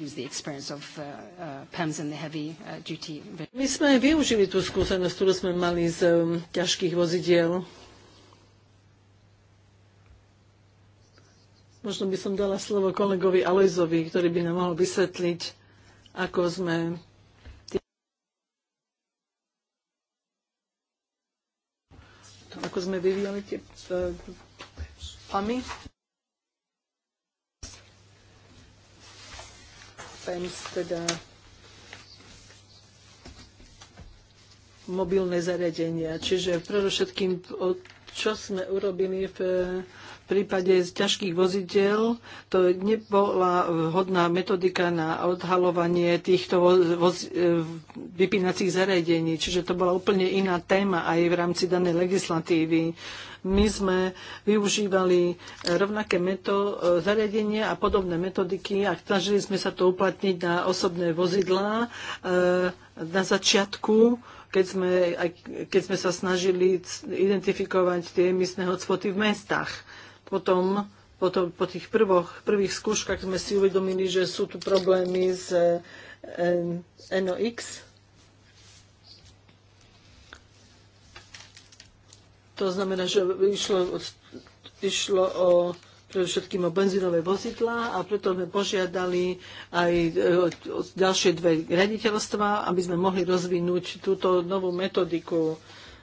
use the experience of uh, uh, PEMS and the heavy uh, duty. My sme využili tú skúsenosť, ktorú sme mali z um, ťažkých vozidiel. Možno by som dala slovo kolegovi Alojzovi, ktorý by nám mohol vysvetliť, ako sme ako sme vyvíjali tie uh, PAMy. PEMS, teda mobilné zariadenia. Čiže všetkým, čo sme urobili v v prípade z ťažkých vozidel to nebola vhodná metodika na odhalovanie týchto voz, e, vypínacích zariadení, čiže to bola úplne iná téma aj v rámci danej legislatívy. My sme využívali rovnaké meto, e, zariadenia a podobné metodiky a snažili sme sa to uplatniť na osobné vozidlá e, na začiatku keď sme, keď sme sa snažili identifikovať tie emisné hotspoty v mestách potom po, to, po tých prvoch, prvých skúškach sme si uvedomili, že sú tu problémy s e, eh, NOx. To znamená, že išlo, išlo o predovšetkým o benzínové vozidlá a preto sme požiadali aj eh, ďalšie dve raditeľstva, aby sme mohli rozvinúť túto novú metodiku.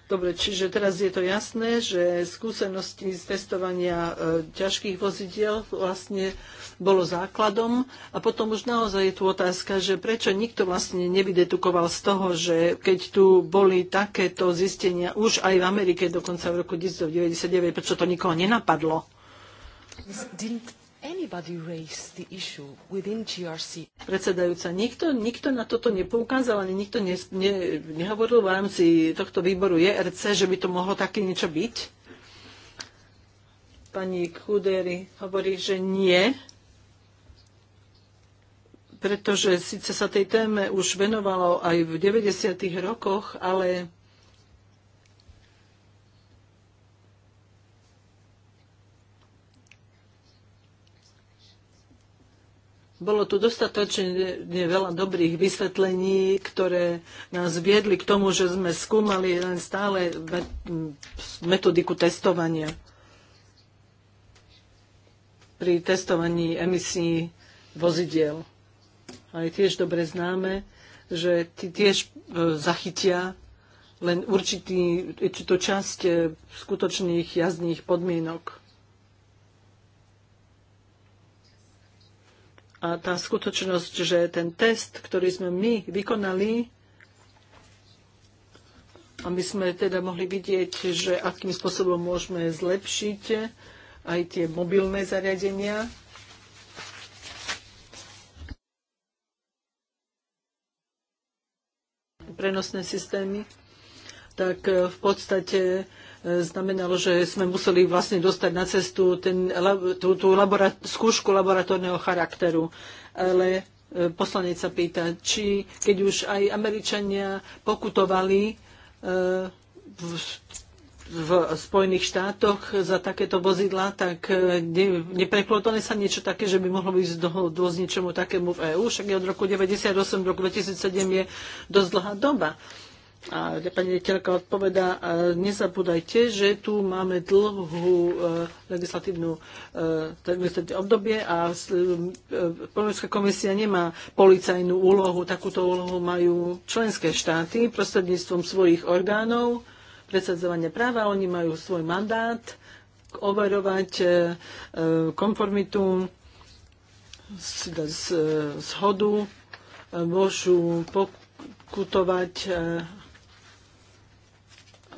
Dobre, čiže teraz je to jasné, že skúsenosti z testovania e, ťažkých vozidiel vlastne bolo základom a potom už naozaj je tu otázka, že prečo nikto vlastne nevydetukoval z toho, že keď tu boli takéto zistenia už aj v Amerike dokonca v roku 1999, prečo to nikoho nenapadlo? Predsedajúca, nikto, nikto na toto nepoukázal, ani nikto ne, ne, nehovoril v rámci tohto výboru JRC, že by to mohlo také niečo byť? Pani Kudery hovorí, že nie, pretože síce sa tej téme už venovalo aj v 90. rokoch, ale Bolo tu dostatočne veľa dobrých vysvetlení, ktoré nás viedli k tomu, že sme skúmali len stále metodiku testovania pri testovaní emisí vozidiel. A je tiež dobre známe, že tiež e, zachytia len určitý, určitú časť e, skutočných jazdných podmienok. A tá skutočnosť, že ten test, ktorý sme my vykonali, aby sme teda mohli vidieť, že akým spôsobom môžeme zlepšiť aj tie mobilné zariadenia, prenosné systémy, tak v podstate E, znamenalo, že sme museli vlastne dostať na cestu ten, tú, tú labora, skúšku laboratórneho charakteru. Ale e, poslanec sa pýta, či keď už aj Američania pokutovali e, v, v Spojených štátoch za takéto vozidlá, tak ne, nepreklopane sa niečo také, že by mohlo byť dôsť niečomu takému v EÚ. Však je od roku 98, roku 2007 je dosť dlhá doba. A pani riteľka odpoveda, nezabúdajte, že tu máme dlhú e, legislatívnu e, obdobie a e, Polská komisia nemá policajnú úlohu, takúto úlohu majú členské štáty prostredníctvom svojich orgánov predsadzovania práva, oni majú svoj mandát overovať konformitu, zhodu, môžu pokutovať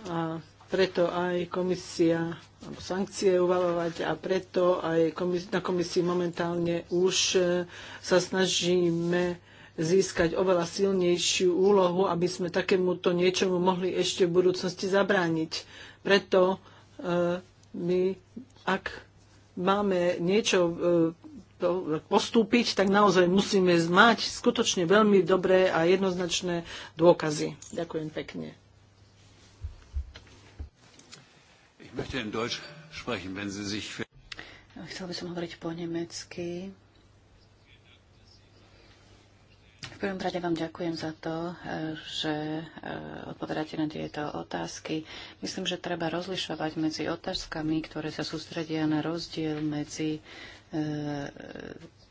a preto aj komisia sankcie uvalovať a preto aj komis- na komisii momentálne už e, sa snažíme získať oveľa silnejšiu úlohu, aby sme takémuto niečomu mohli ešte v budúcnosti zabrániť. Preto e, my, ak máme niečo e, postúpiť, tak naozaj musíme mať skutočne veľmi dobré a jednoznačné dôkazy. Ďakujem pekne. Chcel by som hovoriť po nemecky. V prvom rade vám ďakujem za to, e, že e, odpovedáte na tieto otázky. Myslím, že treba rozlišovať medzi otázkami, ktoré sa sústredia na rozdiel medzi e,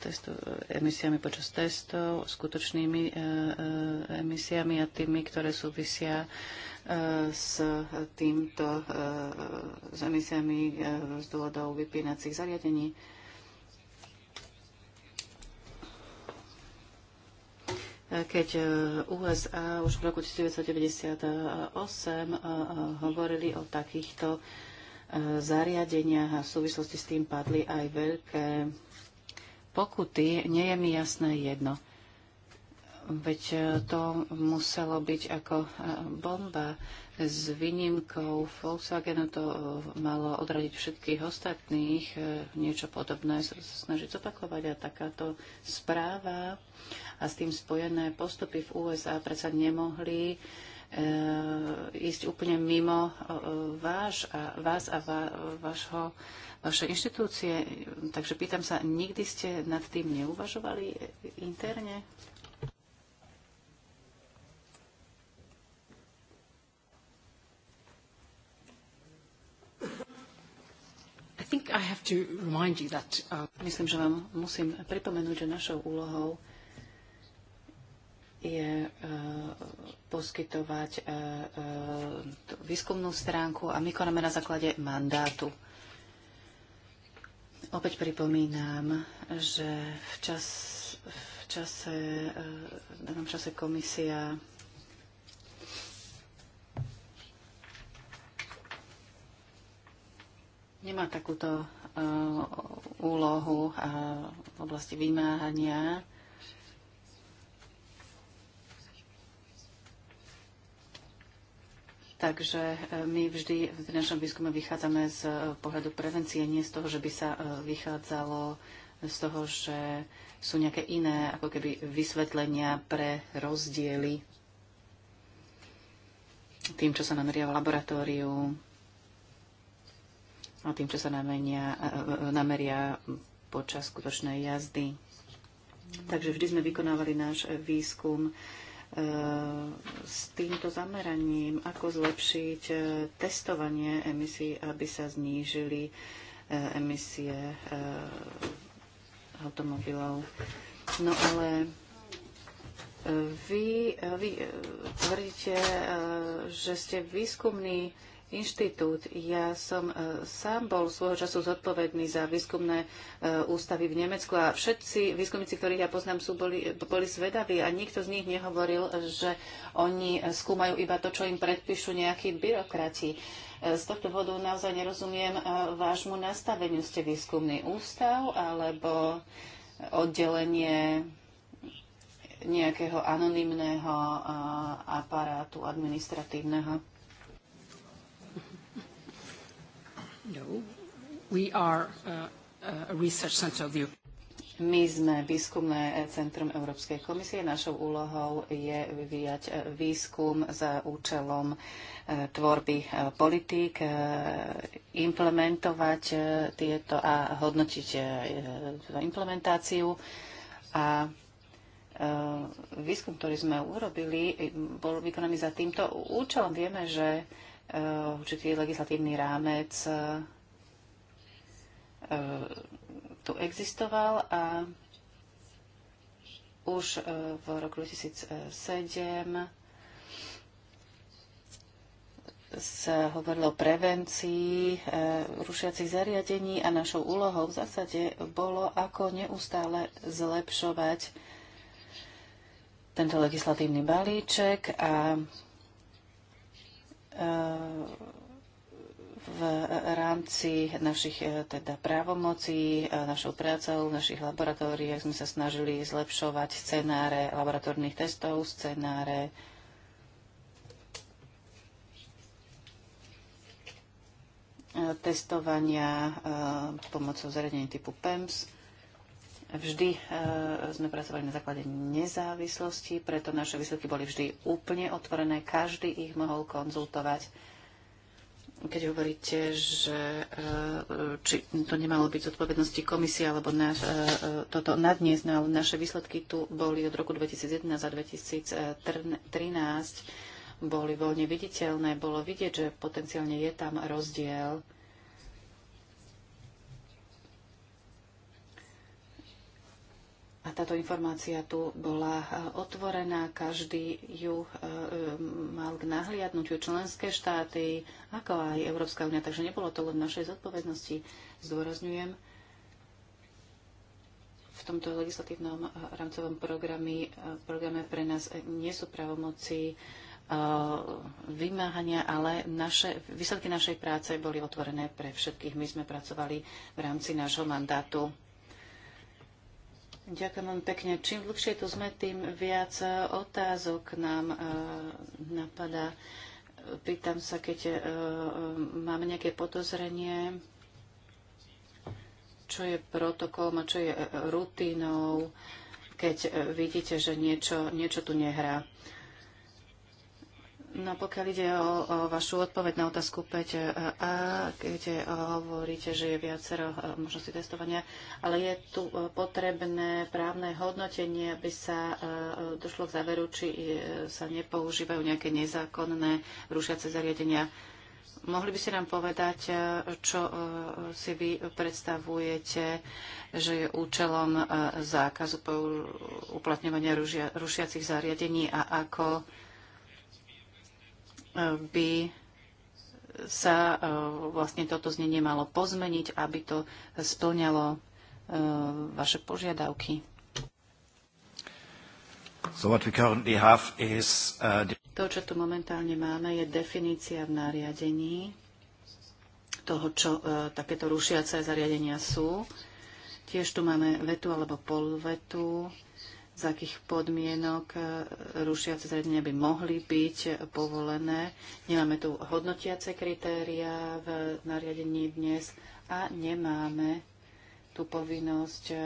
testu, emisiami počas testov, skutočnými emisiami a tými, ktoré súvisia s týmto s emisiami z dôvodov vypínacích zariadení. keď e, USA už v roku 1998 e, e, hovorili o takýchto zariadeniach a v súvislosti s tým padli aj veľké pokuty, nie je mi jasné jedno. Veď e, to muselo byť ako e, bomba. S výnimkou Volkswagenu to e, malo odradiť všetkých ostatných. Niečo podobné sa snažiť zopakovať a takáto správa a s tým spojené postupy v USA predsa nemohli e, ísť úplne mimo e, váš a, vás a va, vašho, vaše inštitúcie. Takže pýtam sa, nikdy ste nad tým neuvažovali interne? Uh, Myslím, že vám musím pripomenúť, že našou úlohou je uh, poskytovať uh, výskumnú stránku a my konáme na základe mandátu. Opäť pripomínam, že v, čas, v čase, v danom čase komisia nemá takúto e, úlohu e, v oblasti vymáhania. Takže e, my vždy v našom výskume vychádzame z pohľadu prevencie, nie z toho, že by sa vychádzalo z toho, že sú nejaké iné ako keby vysvetlenia pre rozdiely tým, čo sa nameria v laboratóriu a tým, čo sa namenia, e, e, nameria počas skutočnej jazdy. Takže vždy sme vykonávali náš výskum e, s týmto zameraním, ako zlepšiť testovanie emisí, aby sa znížili emisie automobilov. No ale vy, vy tvrdíte, že ste výskumný inštitút. Ja som e, sám bol svojho času zodpovedný za výskumné e, ústavy v Nemecku a všetci výskumníci, ktorých ja poznám, sú boli, boli svedaví a nikto z nich nehovoril, že oni e, skúmajú iba to, čo im predpíšu nejakí byrokrati. z tohto vodu naozaj nerozumiem vášmu nastaveniu. Ste výskumný ústav alebo oddelenie nejakého anonymného aparátu administratívneho? No, we are uh, a research center of my sme výskumné centrum Európskej komisie. Našou úlohou je vyvíjať uh, výskum za účelom uh, tvorby politík, implementovať tieto a hodnotiť implementáciu. A výskum, ktorý sme urobili, bol vykonaný za týmto účelom. Vieme, že Eh, určitý legislatívny rámec eh, eh, tu existoval a už v roku 2007 sa hovorilo o prevencii rušiacich zariadení a našou úlohou v zásade bolo, ako neustále zlepšovať tento legislatívny balíček a v rámci našich eh, teda právomocí, eh, našou prácou, v našich laboratóriách sme sa snažili zlepšovať scenáre laboratórnych testov, scenáre eh, testovania pomocou zariadení typu PEMS. Vždy e, sme pracovali na základe nezávislosti, preto naše výsledky boli vždy úplne otvorené, každý ich mohol konzultovať keď hovoríte, že e, či to nemalo byť zodpovednosti komisie alebo na, e, toto nadniesť, no ale naše výsledky tu boli od roku 2011 a 2013 boli voľne viditeľné. Bolo vidieť, že potenciálne je tam rozdiel A táto informácia tu bola e, otvorená, každý ju e, e, mal k nahliadnutiu členské štáty, ako aj Európska únia, takže nebolo to len našej zodpovednosti, zdôrazňujem. V tomto legislatívnom rámcovom programe, programe pre nás nie sú pravomoci vymáhania, ale naše, výsledky našej práce boli otvorené pre všetkých. My sme pracovali v rámci nášho mandátu. Ďakujem vám pekne. Čím dlhšie tu sme, tým viac e, otázok nám e, napadá. Pýtam sa, keď e, máme nejaké podozrenie, čo je protokolom a čo je rutínou, keď vidíte, že niečo, niečo tu nehrá. No pokiaľ ide o, o vašu odpoveď na otázku 5a, e, keď hovoríte, že je viacero e, možností testovania, ale je tu e, potrebné právne hodnotenie, aby sa došlo k záveru, či sa nepoužívajú nejaké nezákonné rušiace zariadenia. Mohli by ste nám povedať, čo si vy predstavujete, že je účelom zákazu uplatňovania rušiacich zariadení a ako by sa e, vlastne toto znenie malo pozmeniť, aby to splňalo e, vaše požiadavky. So what we currently have is, uh, to, čo tu momentálne máme, je definícia v nariadení toho, čo uh, takéto rušiace zariadenia sú. Tiež tu máme vetu alebo polvetu za akých podmienok e, rušiace zariadenia by mohli byť povolené. Nemáme tu hodnotiace kritéria v nariadení dnes a nemáme tú povinnosť e,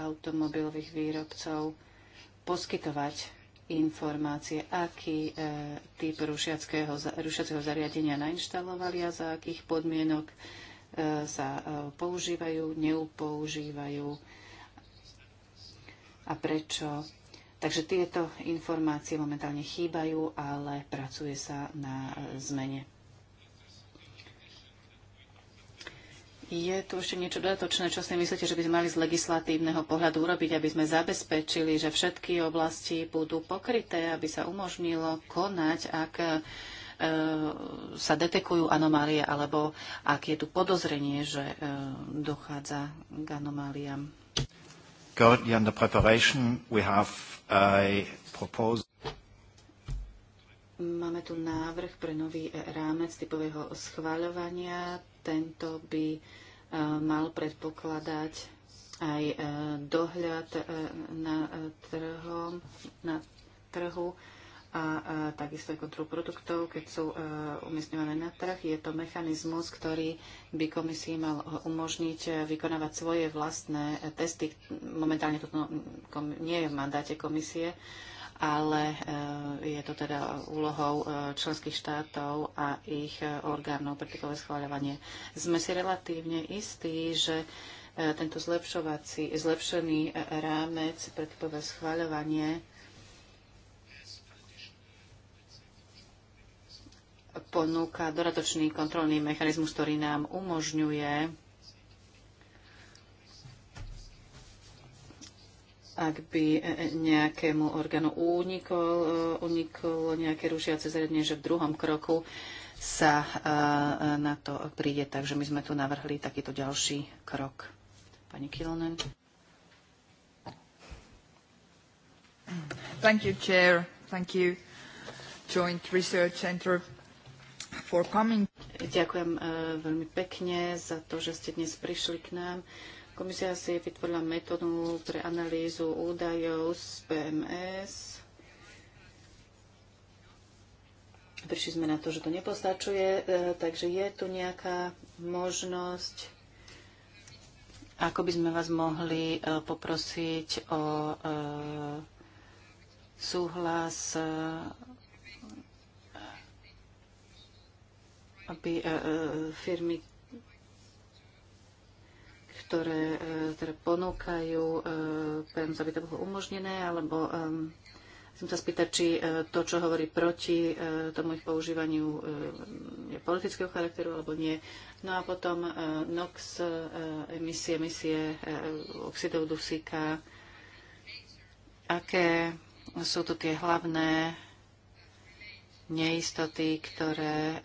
automobilových výrobcov poskytovať informácie, aký e, typ rušiaceho zariadenia nainštalovali a za akých podmienok e, sa e, používajú, neupoužívajú a prečo. Takže tieto informácie momentálne chýbajú, ale pracuje sa na zmene. Je tu ešte niečo dodatočné, čo si myslíte, že by sme mali z legislatívneho pohľadu urobiť, aby sme zabezpečili, že všetky oblasti budú pokryté, aby sa umožnilo konať, ak e, sa detekujú anomálie alebo ak je tu podozrenie, že e, dochádza k anomáliám currently under preparation. We have a proposal. Máme tu návrh pre nový eh, rámec typového schváľovania. Tento by eh, mal predpokladať aj eh, dohľad na, trhu a, takisto aj kontrolu produktov, keď sú e, umiestňované na trh. Je to mechanizmus, ktorý by komisii mal umožniť e, vykonávať svoje vlastné e, testy. Momentálne toto mm, nie je v mandáte komisie, ale je to teda úlohou členských štátov a ich orgánov pre takové schváľovanie. Sme si relatívne istí, že tento zlepšovací, zlepšený rámec pre typové schváľovanie ponúka doratočný kontrolný mechanizmus, ktorý nám umožňuje, ak by nejakému orgánu unikol, uniklo nejaké rušiace zredne, že v druhom kroku sa na to príde. Takže my sme tu navrhli takýto ďalší krok. Pani Kilonen. Thank you, Chair. Thank you, Joint Research Center for coming. Ďakujem eh, veľmi pekne za to, že ste dnes prišli k nám. Komisia si vytvorila metódu pre analýzu údajov z PMS. Prišli sme na to, že to nepostačuje, eh, takže je tu nejaká možnosť, ako by sme vás mohli eh, poprosiť o súhlas aby e, e, firmy, ktoré e, teda ponúkajú PEMS, aby to bolo umožnené, alebo chcem sa spýtať, či to, čo hovorí proti tomu ich používaniu, je politického charakteru alebo nie. No a potom NOx, emisie, emisie oxidov dusíka, aké sú tu tie hlavné neistoty, ktoré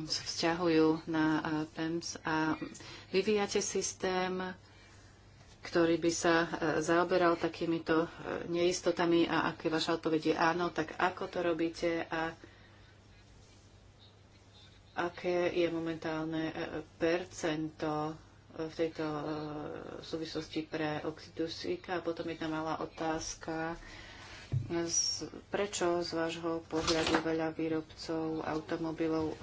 vzťahujú na PEMS a vyvíjate systém, ktorý by sa zaoberal takýmito e, neistotami a aké vaša odpoveď je áno, tak ako to robíte a aké je momentálne e, percento e, v tejto súvislosti pre oxidusíka. A potom jedna malá otázka z, prečo z vášho pohľadu veľa výrobcov automobilov eh,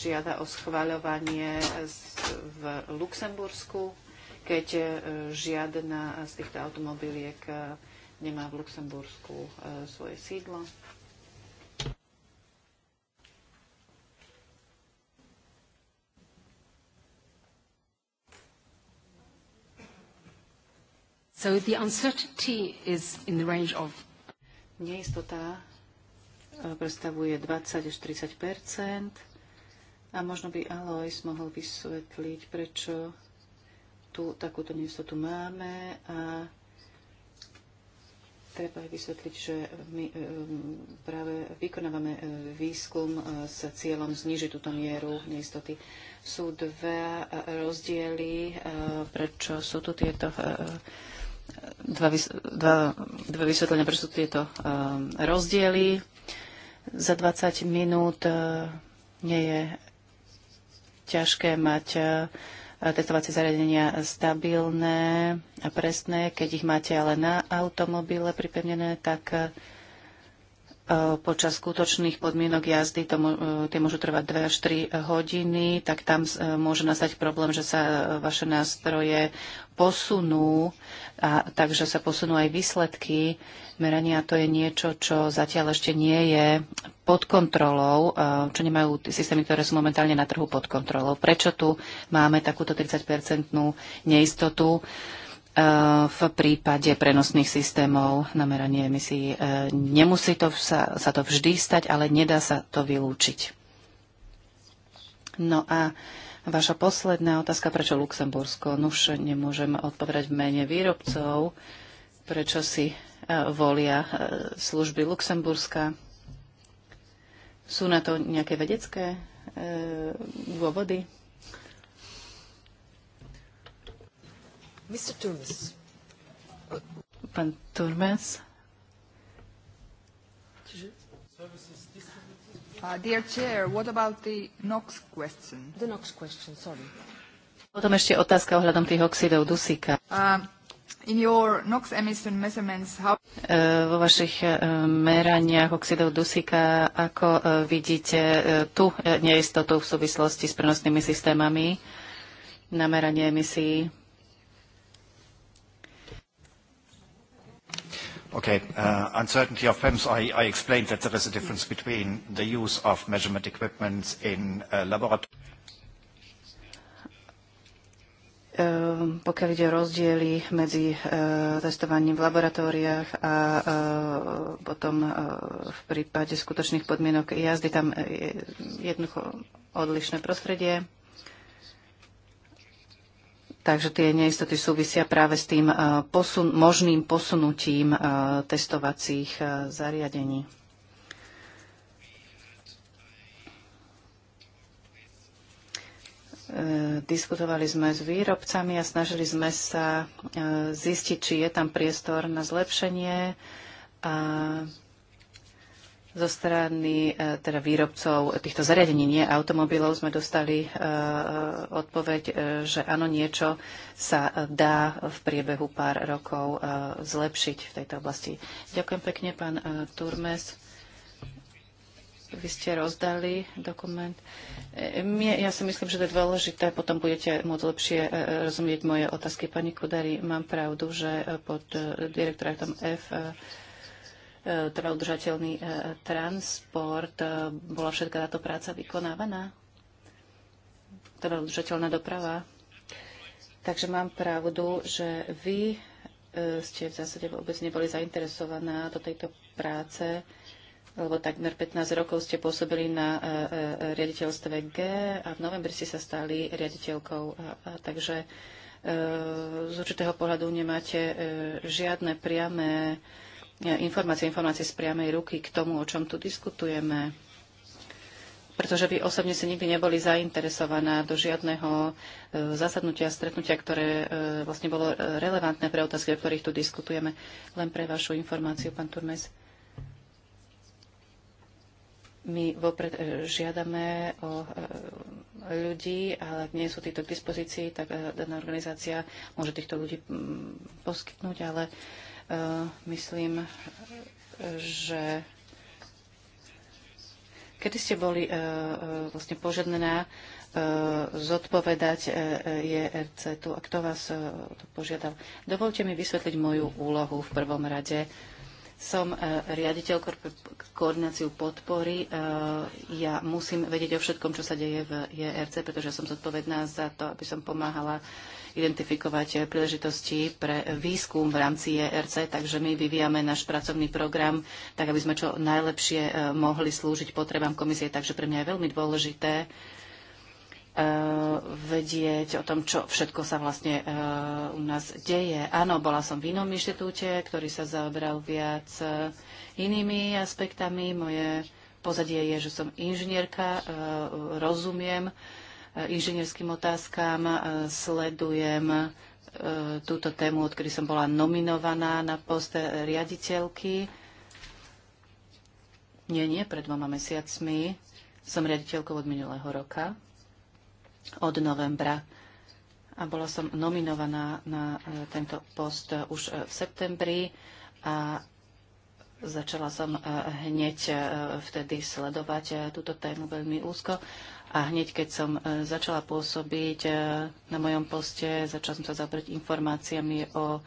žiada o schváľovanie v Luxembursku, keď eh, žiadna z týchto automobiliek eh, nemá v Luxembursku svoje sídlo? So the uncertainty is in the range of... Neistota eh, predstavuje 20 až 30 a možno by Alois mohol vysvetliť, prečo tu takúto neistotu máme a treba aj vysvetliť, že my eh, práve vykonávame eh, výskum s cieľom znižiť túto mieru neistoty. Sú dve rozdiely, prečo sú tu tieto dva, dva, dva vysvetlenia, prečo sú tieto uh, rozdiely. Za 20 minút uh, nie je ťažké mať uh, testovacie zariadenia stabilné a presné. Keď ich máte ale na automobile pripevnené, tak uh, Eh, počas skutočných podmienok jazdy to, eh, tie môžu trvať 2 až 3 hodiny, tak tam eh, môže nastať problém, že sa vaše nástroje posunú, a, takže sa posunú aj výsledky merania. To je niečo, čo zatiaľ ešte nie je pod kontrolou, čo nemajú systémy, ktoré sú momentálne na trhu pod kontrolou. Prečo tu máme takúto 30-percentnú neistotu? Eh, v prípade prenosných systémov na meranie emisí. Eh, nemusí to sa, sa to vždy stať, ale nedá sa to vylúčiť. No a vaša posledná otázka, prečo Luxembursko? Nuž no nemôžem odpovedať v mene výrobcov, prečo si eh, volia služby Luxemburska. Sú na to nejaké vedecké dôvody? Mr. Turmes. Pán Turmes. Uh, dear Chair, what about the NOx question? The NOx question, sorry. Potom ešte otázka ohľadom tých oxidov dusíka. Uh, in your NOx emission measurements, how... Uh, vo vašich uh, meraniach oxidov dusíka, ako uh, vidíte uh, tu uh, neistotu v súvislosti s prenosnými systémami na meranie emisí? Okay. Uh, uncertainty of PIMS, I, explained that there is a difference between the use of measurement equipment in uh, laboratory. Um, pokiaľ ide o rozdiely medzi uh, testovaním v laboratóriách a potom v prípade skutočných podmienok jazdy, tam je jednoducho odlišné prostredie. Takže tie neistoty súvisia práve s tým e, posun- možným posunutím e, testovacích e, zariadení. Diskutovali sme s výrobcami a snažili sme sa zistiť, či je tam priestor na zlepšenie a zo strany e, teda výrobcov týchto zariadení, nie automobilov, sme dostali e, e, odpoveď, že áno, niečo sa dá v priebehu pár rokov zlepšiť v tejto oblasti. Ďakujem pekne, pán Turmes. Vy ste rozdali dokument. ja si myslím, že to je dôležité, potom budete môcť lepšie rozumieť moje otázky. Pani Kudari, mám pravdu, že pod direktorátom F E, teda udržateľný e, transport. E, bola všetka táto práca vykonávaná? Teda udržateľná doprava? Takže mám pravdu, že vy ste v zásade vôbec neboli zainteresovaná do tejto práce, lebo takmer 15 rokov ste pôsobili na riaditeľstve G a v novembri ste sa stali riaditeľkou. takže z určitého pohľadu nemáte žiadne priame informácie, informácie z priamej ruky k tomu, o čom tu diskutujeme. Pretože vy osobne si nikdy neboli zainteresovaná do žiadneho e, zasadnutia, stretnutia, ktoré e, vlastne bolo e, relevantné pre otázky, o ktorých tu diskutujeme. Len pre vašu informáciu, pán Turmes. My vopred žiadame o ľudí, ale ak nie sú títo k dispozícii, tak daná organizácia môže týchto ľudí poskytnúť, ale Eh, myslím, že kedy ste boli eh, eh, vlastne požadnená zodpovedať JRC e tu a kto vás to požiadal. Dovolte mi vysvetliť moju úlohu v prvom rade. Som riaditeľ koordináciu podpory. Ja musím vedieť o všetkom, čo sa deje v JRC, e pretože som zodpovedná za to, aby som pomáhala identifikovať príležitosti pre výskum v rámci ERC, takže my vyvíjame náš pracovný program tak, aby sme čo najlepšie e, mohli slúžiť potrebám komisie. Takže pre mňa je veľmi dôležité e, vedieť o tom, čo všetko sa vlastne e, u nás deje. Áno, bola som v inom inštitúte, ktorý sa zaoberal viac inými aspektami. Moje pozadie je, že som inžinierka, rozumiem inžinierským otázkam. E, sledujem e, túto tému, odkedy som bola nominovaná na post riaditeľky. Nie, nie, pred dvoma mesiacmi. Som riaditeľkou od minulého roka, od novembra. A bola som nominovaná na e, tento post už v septembri a začala som hneď vtedy sledovať túto tému veľmi úzko. A hneď, keď som e, začala pôsobiť e, na mojom poste, začala som sa zabrať informáciami o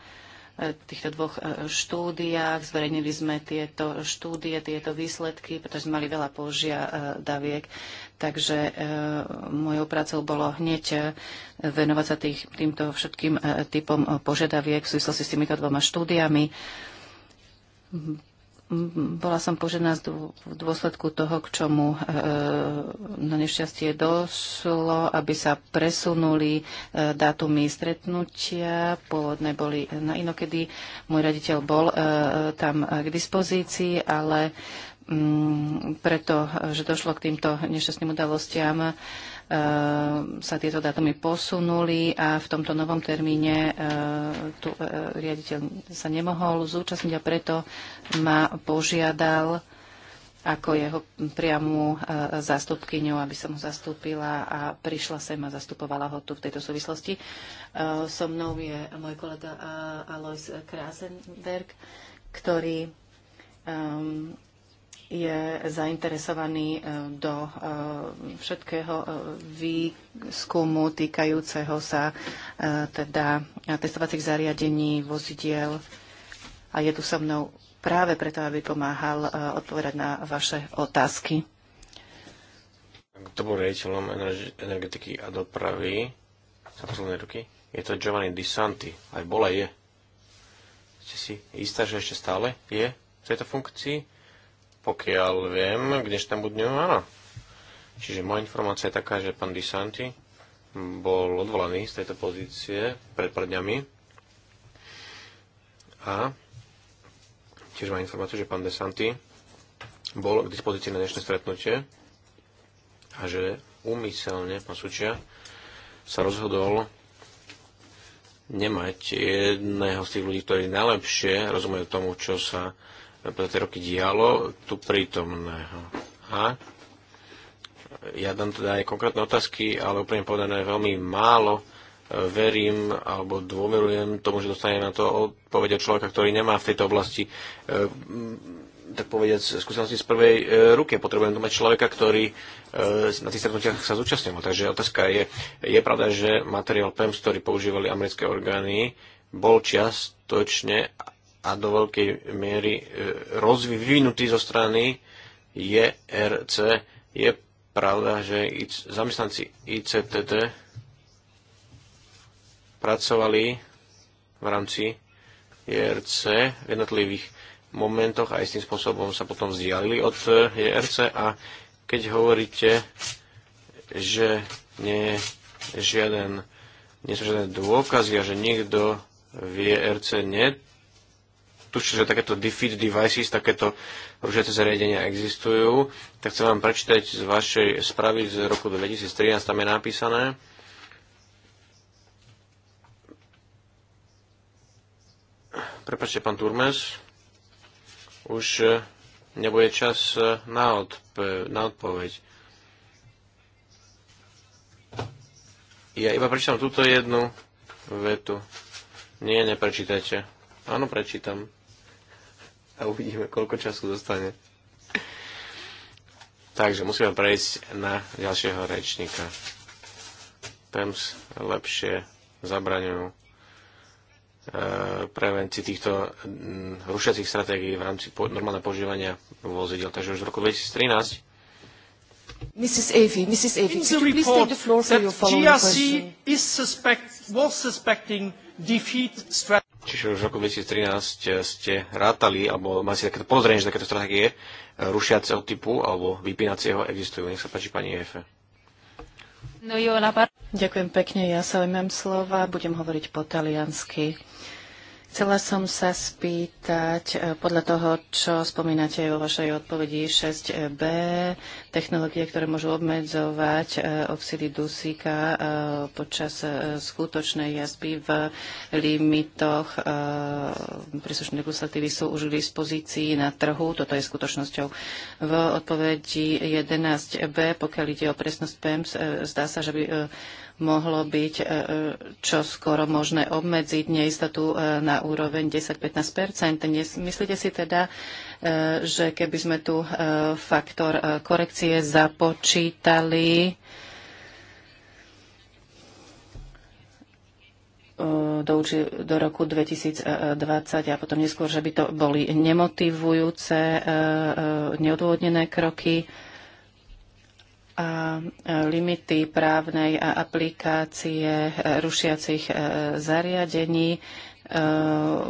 e, týchto dvoch štúdiách. Zverejnili sme tieto štúdie, tieto výsledky, pretože sme mali veľa požiadaviek. Takže mojou prácou bolo hneď venovať sa tých, týmto všetkým typom požiadaviek v súvislosti s týmito dvoma štúdiami. Bola som požená v dôsledku toho, k čomu e, na nešťastie došlo, aby sa presunuli e, dátumy stretnutia. Pôvodné boli e, na inokedy. Môj raditeľ bol tam k dispozícii, ale mm, preto, že došlo k týmto nešťastným udalostiam, Ehm, sa tieto dátumy posunuli a v tomto novom termíne ehm, tu e, riaditeľ sa nemohol zúčastniť a preto ma požiadal ako jeho priamu e, zastupkyňu, aby som ho zastúpila a prišla sem a zastupovala ho tu v tejto súvislosti. Ehm, so mnou je môj kolega e, Alois Krasenberg, ktorý je zainteresovaný e, do e, všetkého e, výskumu týkajúceho sa teda testovacích zariadení, vozidiel a je tu so mnou práve preto, aby pomáhal odpovedať na vaše otázky. Kto bol riaditeľom energetiky a dopravy za posledné ruky? Je to Giovanni Di Santi. Aj bola je. Ste si istá, že ešte stále je v tejto funkcii? pokiaľ viem, kde tam budú, áno. Čiže moja informácia je taká, že pán Disanti bol odvolaný z tejto pozície pred pár dňami a tiež má informáciu, že pán Desanti bol k dispozícii na dnešné stretnutie a že úmyselne pán Sučia sa rozhodol nemať jedného z tých ľudí, ktorí najlepšie rozumejú tomu, čo sa na tie roky dialo tu prítomného. A ja dám teda aj konkrétne otázky, ale úplne povedané veľmi málo e, verím alebo dôverujem tomu, že dostanem na to odpovede človeka, ktorý nemá v tejto oblasti e, tak povedať, skúsenosti z prvej e, ruky Potrebujem tu mať človeka, ktorý na tých stretnutiach sa zúčastňoval. Takže otázka je, je pravda, že materiál PEMS, ktorý používali americké orgány, bol čiastočne a do veľkej miery e, rozvinutý zo strany JRC. Je pravda, že zamestnanci ICTT pracovali v rámci JRC v jednotlivých momentoch a istým spôsobom sa potom vzdialili od e, JRC a keď hovoríte, že nie je žiaden, nie sú žiadne dôkazy a že nikto v JRC net tuším, že takéto defeat devices, takéto rušiace zariadenia existujú, tak chcem vám prečítať z vašej správy z roku 2013, tam je napísané, Prepačte, pán Turmes, už eh, nebude čas eh, na, odp- na odpoveď. Ja iba prečítam túto jednu vetu. Nie, neprečítajte. Áno, prečítam a uvidíme, koľko času zostane. Takže musíme prejsť na ďalšieho rečníka. PEMS lepšie zabraňujú e, prevencii týchto rušiacich stratégií v rámci po, normálneho používania vozidel. Takže už v roku 2013 Mrs. Avey, Mrs. Avey, could you please take the floor for your following GRC question? GRC is GRC was suspecting defeat strategy. Čiže už v roku 2013 eh, ste rátali, alebo máte takéto pozrenie, že takéto stratégie eh, rušiaceho typu alebo vypínacieho existujú. Nech sa páči, pani Efe. No jo, na pár... Ďakujem pekne, ja sa ujmem slova, budem hovoriť po taliansky. Chcela som sa spýtať, e, podľa toho, čo spomínate vo vašej odpovedi 6b, technológie, ktoré môžu obmedzovať e, oxidy dusíka e, počas skutočnej jazby, v limitoch príslušnej legislatívy sú už k dispozícii na trhu. Toto je skutočnosťou. V odpovedi 11b, pokiaľ ide o presnosť PEMS, zdá sa, že by mohlo byť e, e, čo skoro možné obmedziť neistotu e, na úroveň 10-15 Myslíte si teda, že keby sme tu faktor korekcie započítali, do, do roku 2020 a potom neskôr, že by to boli nemotivujúce, neodôvodnené kroky a limity právnej a aplikácie e, rušiacich e, zariadení. E,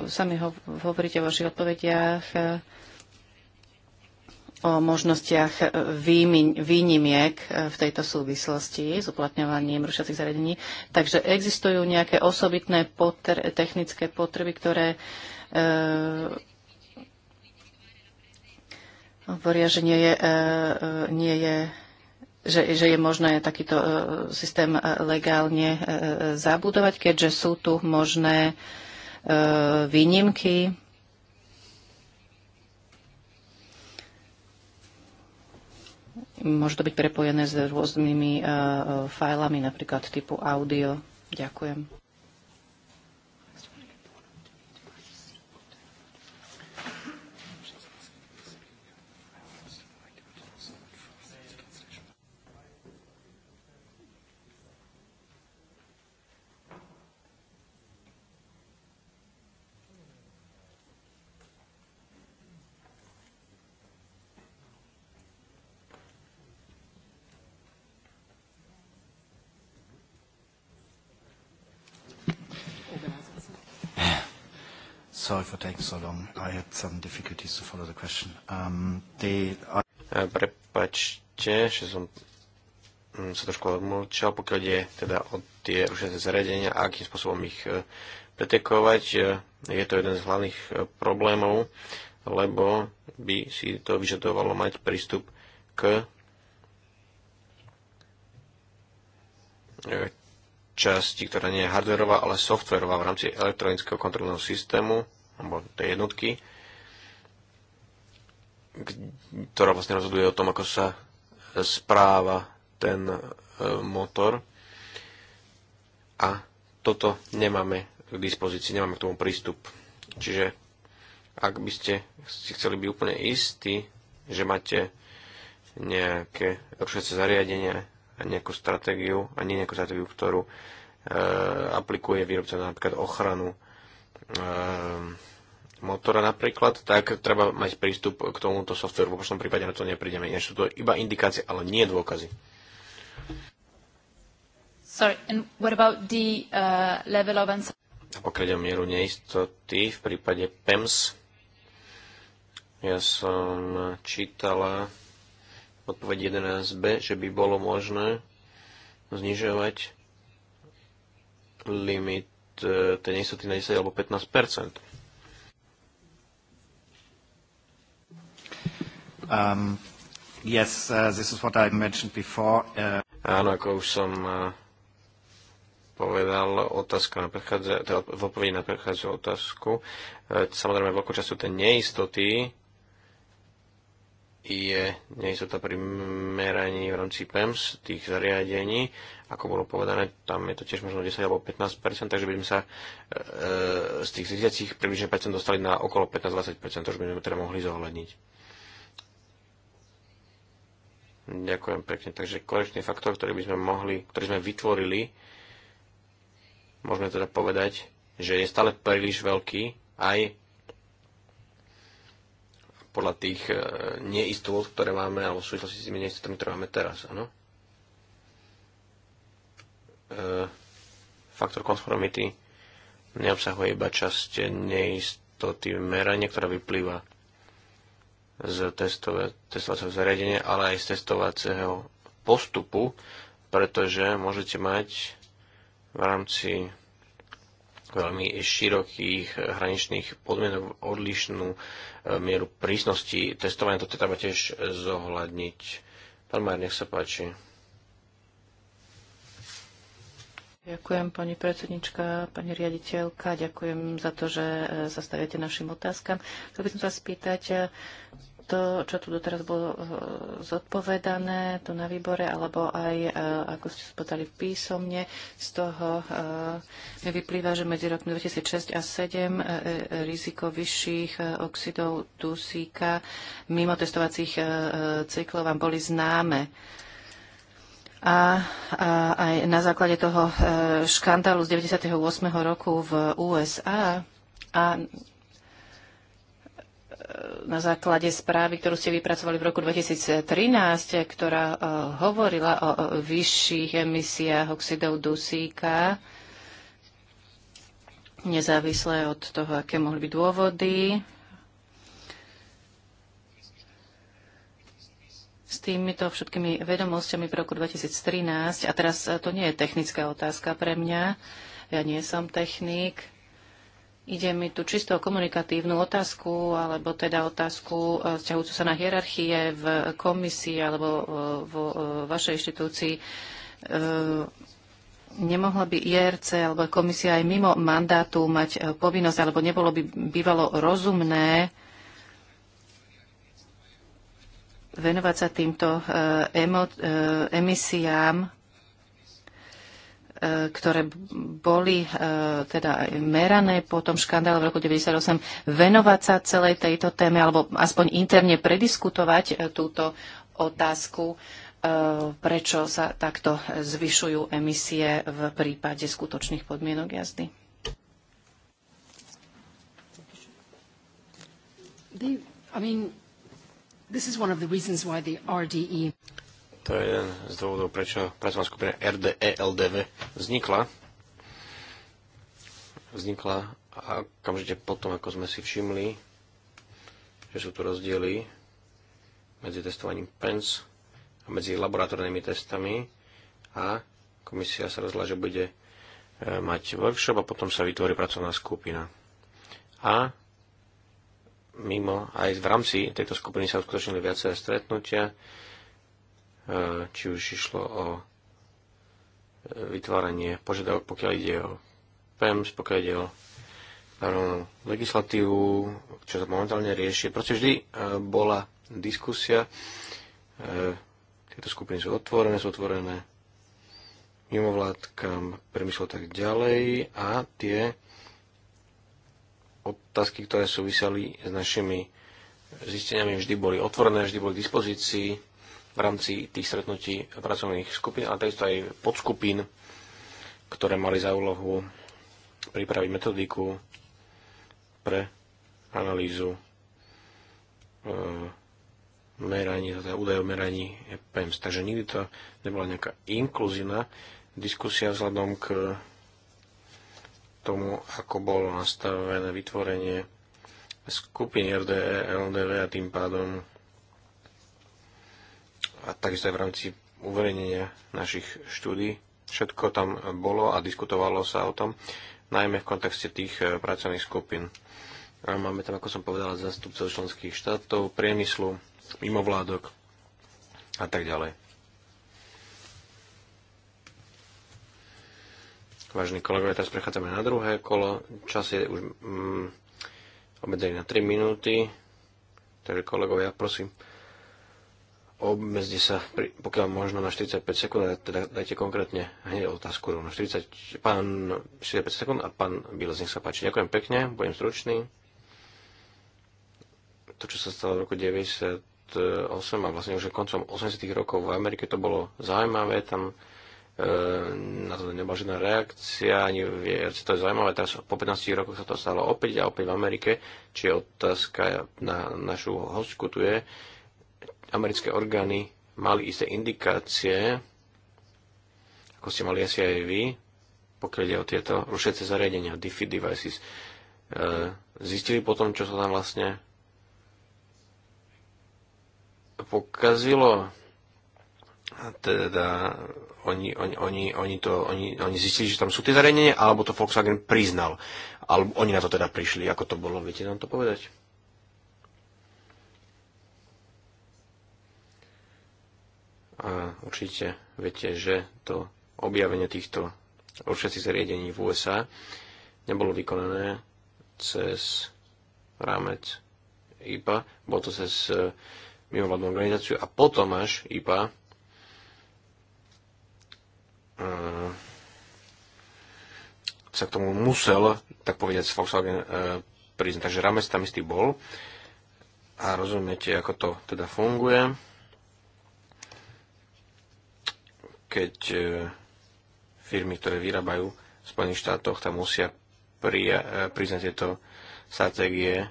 sami hovoríte o vašich odpovediach o možnostiach výnimiek v tejto súvislosti s uplatňovaním rušiacich zariadení. Takže existujú nejaké osobitné potr- technické potreby, ktoré e, hovoria, že nie je, e, nie je že, že je možné takýto e, systém e, legálne e, zabudovať, keďže sú tu možné výnimky. Môže to byť prepojené s rôznymi fajlami, napríklad typu audio. Ďakujem. sorry for taking so long. I had some difficulties to follow the question. Um, the... Uh, prepačte, že som mm, sa trošku odmlčal, pokiaľ je teda o tie rušené zariadenia a akým spôsobom ich e, pretekovať. E, je to jeden z hlavných e, problémov, lebo by si to vyžadovalo mať prístup k časti, ktorá nie je hardwareová, ale softwareová v rámci elektronického kontrolného systému alebo tej jednotky, ktorá vlastne rozhoduje o tom, ako sa správa ten e, motor. A toto nemáme k dispozícii, nemáme k tomu prístup. Čiže ak by ste si chceli byť úplne istí, že máte nejaké rušiace zariadenie a nejakú stratégiu, a nie nejakú stratégiu, ktorú e, aplikuje výrobca napríklad ochranu e, motora napríklad, tak treba mať prístup k tomuto softveru. V opačnom prípade na to neprídeme. Ináč sú to iba indikácie, ale nie dôkazy. Sorry, and what about the uh, level of A pokiaľ ide o mieru neistoty v prípade PEMS, ja som čítala odpoveď 11b, že by bolo možné znižovať limit eh, tej neistoty na 10 alebo 15 Um, yes, uh, this is what I mentioned before. Uh... Áno, ako už som uh, povedal, otázka na predchádza, teda v odpovedi na predchádzajúcu otázku. Uh, samozrejme, veľkú času tej neistoty je neistota pri meraní v rámci PEMS tých zariadení. Ako bolo povedané, tam je to tiež možno 10 alebo 15 takže by sme sa e, e z tých 30 približne percent dostali na okolo 15-20 to už by sme teda mohli zohľadniť. Ďakujem pekne. Takže korekčný faktor, ktorý by sme mohli, ktorý sme vytvorili, môžeme teda povedať, že je stále príliš veľký aj podľa tých e, neistôt, ktoré máme, alebo v súvislosti s tými neistotami, ktoré máme teraz, áno? E, faktor konformity neobsahuje iba časť neistoty merania, ktorá vyplýva z testove, testovacieho zariadenia, ale aj z testovacieho postupu, pretože môžete mať v rámci veľmi širokých hraničných podmienok odlišnú e, mieru prísnosti testovania. To treba tiež zohľadniť. Pán Majer, nech sa páči. Ďakujem, pani predsednička, pani riaditeľka. Ďakujem za to, že e, sa staviate našim otázkam. Chcel by som sa spýtať, e, to, čo tu doteraz bolo e, zodpovedané tu na výbore, alebo aj, e, ako ste spotali písomne, z toho e, mi vyplýva, že medzi rokmi 2006 a 2007 riziko vyšších oxidov dusíka mimo testovacích cyklov vám boli známe. A, a aj na základe toho škandálu z 98. roku v USA a na základe správy, ktorú ste vypracovali v roku 2013, ktorá e, hovorila o vyšších emisiách oxidov dusíka, nezávisle od toho, aké mohli byť dôvody. S týmito všetkými vedomosťami v roku 2013, a teraz e, to nie je technická otázka pre mňa, ja nie som technik, Ide mi tu čisto o komunikatívnu otázku, alebo teda otázku e, vzťahujúcu sa na hierarchie v komisii alebo e, vo e, vašej inštitúcii. Nemohla by IRC alebo komisia aj mimo mandátu mať povinnosť, alebo nebolo by bývalo rozumné venovať sa týmto emisiám E, ktoré boli e, teda merané po tom škandále v roku 1998, venovať sa celej tejto téme alebo aspoň interne prediskutovať e, túto otázku, prečo sa takto zvyšujú emisie v prípade skutočných podmienok jazdy. The, I mean, this is one of the reasons why the RDE to je jeden z dôvodov, prečo pracovná skupina RDELDV vznikla. Vznikla a okamžite potom, ako sme si všimli, že sú tu rozdiely medzi testovaním PENS a medzi laboratórnymi testami a komisia sa rozhodla, že bude e, mať workshop a potom sa vytvorí pracovná skupina. A mimo aj v rámci tejto skupiny sa uskutočnili viaceré stretnutia, E, či už išlo o e, vytváranie požiadavok, pokiaľ ide o PEMS, pokiaľ ide o národnú legislatívu, čo sa momentálne rieši. Proste vždy e, bola diskusia. Tieto skupiny sú otvorené, sú otvorené mimovládkam, premyslo tak ďalej a tie otázky, ktoré súviseli s našimi zisteniami, vždy boli otvorené, vždy boli k dispozícii v rámci tých stretnutí pracovných skupín, ale takisto aj podskupín, ktoré mali za úlohu pripraviť metodiku pre analýzu e, meraní, teda údajov meraní e PEMS. Takže nikdy to nebola nejaká inkluzívna diskusia vzhľadom k tomu, ako bolo nastavené vytvorenie skupiny RDE, LDV a tým pádom a takisto aj v rámci uverejnenia našich štúdí. Všetko tam bolo a diskutovalo sa o tom, najmä v kontexte tých e, pracovných skupín. A máme tam, ako som povedal, zastupcov členských štátov, priemyslu, mimovládok a tak ďalej. Vážení kolegovia, teraz prechádzame na druhé kolo. Čas je už mm, obmedzený na 3 minúty. Takže kolegovia, prosím, obmedzte sa, pri, pokiaľ možno, na 45 sekúnd, teda dajte konkrétne hneď otázku rovno. 40, pán 45 sekúnd a pán Bílez, nech sa páči. Ďakujem pekne, budem stručný. To, čo sa stalo v roku 98 a vlastne už koncom 80 rokov v Amerike, to bolo zaujímavé, tam e, na to nebola žiadna reakcia, ani viac, to je zaujímavé, teraz po 15 rokoch sa to stalo opäť a opäť v Amerike, či otázka na našu hostku tu je, americké orgány mali isté indikácie, ako ste mali asi aj vy, pokiaľ ide o tieto rušiace zariadenia, DeFi devices, e, zistili potom, čo sa tam vlastne pokazilo. Teda oni, oni, oni, oni, to, oni, oni zistili, že tam sú tie zariadenia, alebo to Volkswagen priznal. Alebo oni na to teda prišli, ako to bolo, viete nám to povedať? A určite viete, že to objavenie týchto určitých zariadení v USA nebolo vykonané cez rámec IPA, bolo to cez e, mimovládnu organizáciu a potom až IPA e, sa k tomu musel, tak povedať, Volkswagen e, priznať. Takže rámec tam istý bol a rozumiete, ako to teda funguje. keď e, firmy, ktoré vyrábajú v Spojených štátoch, tam musia e, priznať tieto stratégie, e,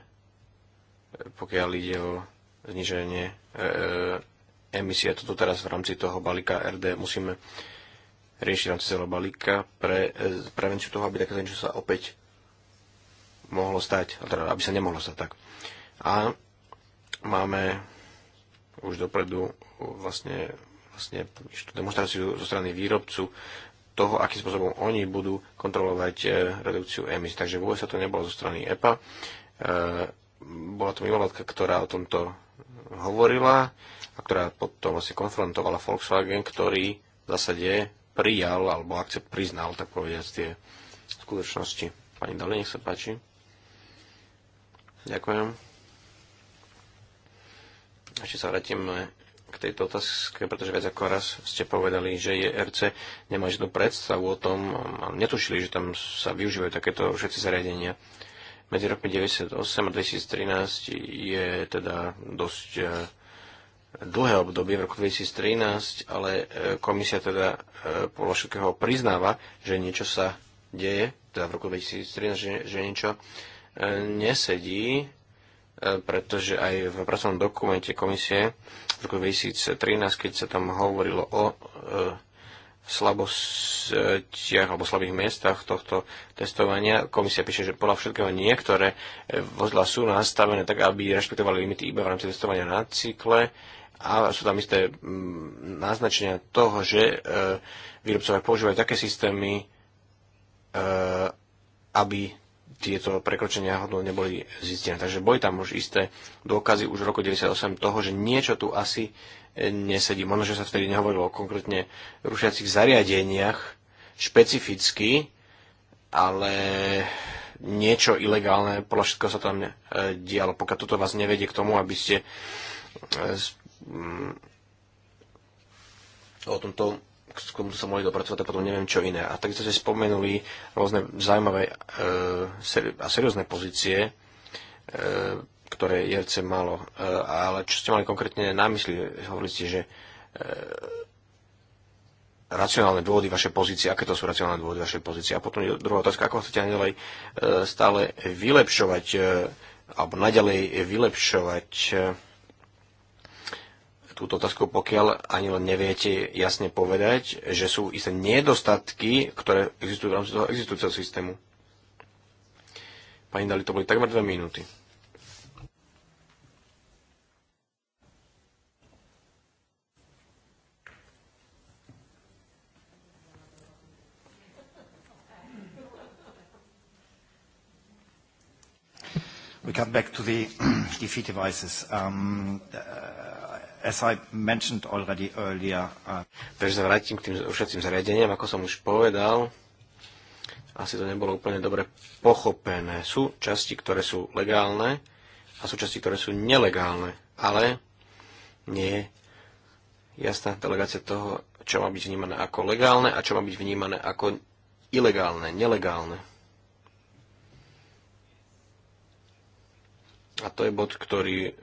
pokiaľ ide o zniženie emisie. Toto teraz v rámci toho balíka RD musíme riešiť v rámci celého balíka pre prevenciu toho, aby takéto niečo sa opäť mohlo stať, teda aby sa nemohlo stať tak. A máme už dopredu vlastne vlastne tú demonstráciu zo strany výrobcu toho, akým spôsobom oni budú kontrolovať e, redukciu emisí. Takže vôbec sa to nebolo zo strany EPA. E, bola to mimovládka, ktorá o tomto hovorila a ktorá potom vlastne konfrontovala Volkswagen, ktorý v zásade prijal alebo akcept priznal, tak povediať, tie skutočnosti. Pani Dali, nech sa páči. Ďakujem. Ešte sa vrátime k tejto otázke, pretože viac ako raz ste povedali, že je RC nemá žiadnu predstavu o tom netušili, že tam sa využívajú takéto všetci zariadenia. Medzi rokmi 1998 a 2013 je teda dosť e, dlhé obdobie v roku 2013, ale e, komisia teda e, podľa všetkého priznáva, že niečo sa deje, teda v roku 2013, že, že niečo nesedí E, pretože aj v pracovnom dokumente komisie v roku 2013, keď sa tam hovorilo o e, slabostiach alebo slabých miestach tohto testovania. Komisia píše, že podľa všetkého niektoré e, vozidla sú nastavené tak, aby rešpektovali limity iba v rámci testovania na cykle a sú tam isté mm, naznačenia toho, že výrobcovia používajú také systémy, aby tieto prekročenia hodnot neboli zistené. Takže boli tam už isté dôkazy už v roku 98 toho, že niečo tu asi nesedí. Možno, že sa vtedy nehovorilo o konkrétne rušiacich zariadeniach špecificky, ale niečo ilegálne, podľa všetko sa tam e, dialo. Pokiaľ toto vás nevedie k tomu, aby ste e, o tomto k tomu sa mohli dopracovať a potom neviem čo iné. A takisto ste spomenuli rôzne zaujímavé e, a seriózne pozície, e, ktoré IRC malo. E, ale čo ste mali konkrétne na mysli? Hovorili ste, že racionálne dôvody vašej pozície, aké to sú racionálne dôvody vašej pozície. A potom druhá otázka, ako chcete ďalej stále vylepšovať alebo naďalej vylepšovať túto otázku, pokiaľ ani len neviete jasne povedať, že sú isté nedostatky, ktoré existujú v rámci toho existujúceho systému. Pani Dali, to boli takmer dve minúty. We come back to the defeat devices. Um, uh, As I mentioned already earlier, uh, Takže sa vrátim k tým všetkým zariadeniam, ako som už povedal. Asi to nebolo úplne dobre pochopené. Sú časti, ktoré sú legálne a sú časti, ktoré sú nelegálne, ale nie je jasná delegácia toho, čo má byť vnímané ako legálne a čo má byť vnímané ako ilegálne, nelegálne. A to je bod, ktorý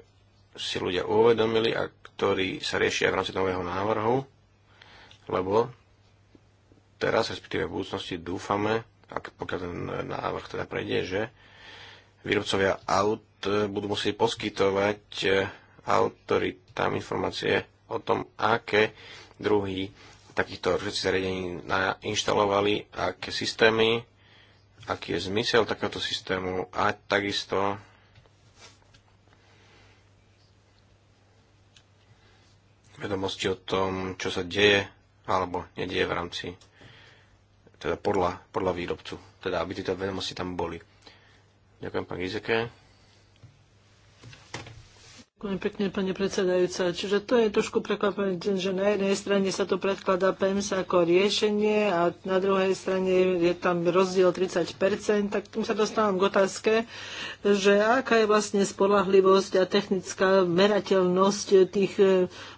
si ľudia uvedomili a ktorí sa riešia v rámci nového návrhu, lebo teraz, respektíve v budúcnosti, dúfame, ak pokiaľ ten návrh teda prejde, že výrobcovia aut budú musieť poskytovať autoritám informácie o tom, aké druhy takýchto všetci zariadení nainštalovali, aké systémy, aký je zmysel takéhoto systému a takisto vedomosti o tom, čo sa deje alebo nedieje v rámci, teda podľa, podľa výrobcu. Teda, aby tieto vedomosti tam boli. Ďakujem, pán Gizeke. Ďakujem pekne, pani predsedajúca. Čiže to je trošku prekvapenie, že na jednej strane sa to predkladá PEMS ako riešenie a na druhej strane je tam rozdiel 30%, tak tým sa dostávam k otázke, že aká je vlastne spolahlivosť a technická merateľnosť tých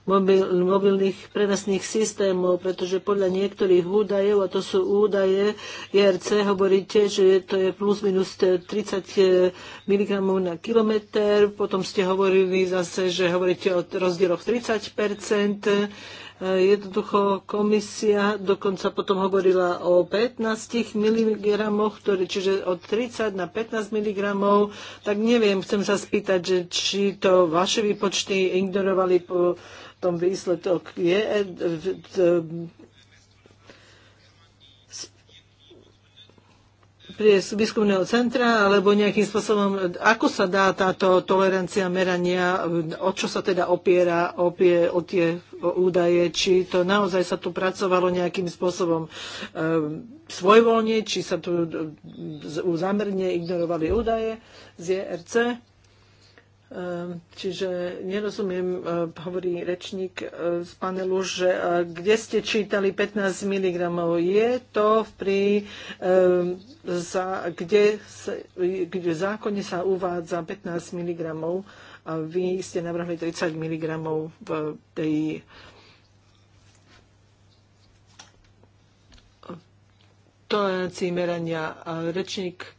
mobil, mobilných prenosných systémov, pretože podľa niektorých údajov, a to sú údaje IRC, hovoríte, že to je plus minus 30 eh, mg na kilometr, potom ste hovorili zase, že hovoríte o rozdieloch 30 eh, jednoducho komisia dokonca potom hovorila o 15 mg, ktorý, čiže od 30 na 15 mg, tak neviem, chcem sa spýtať, že či to vaše výpočty ignorovali po tom výsledok je e, prie výskumného centra, alebo nejakým spôsobom, ako sa dá táto tolerancia merania, o čo sa teda opiera opie, o tie údaje, či to naozaj sa tu pracovalo nejakým spôsobom e, svojvoľne, či sa tu zamerne ignorovali údaje z JRC. E Ehm, čiže nerozumiem, e, hovorí rečník e, z panelu, že e, kde ste čítali 15 mg. Je to pri, ehm, za, kde, kde v zákone sa uvádza 15 mg a vy ste navrhli 30 mg v tej toleranci merania. Rečník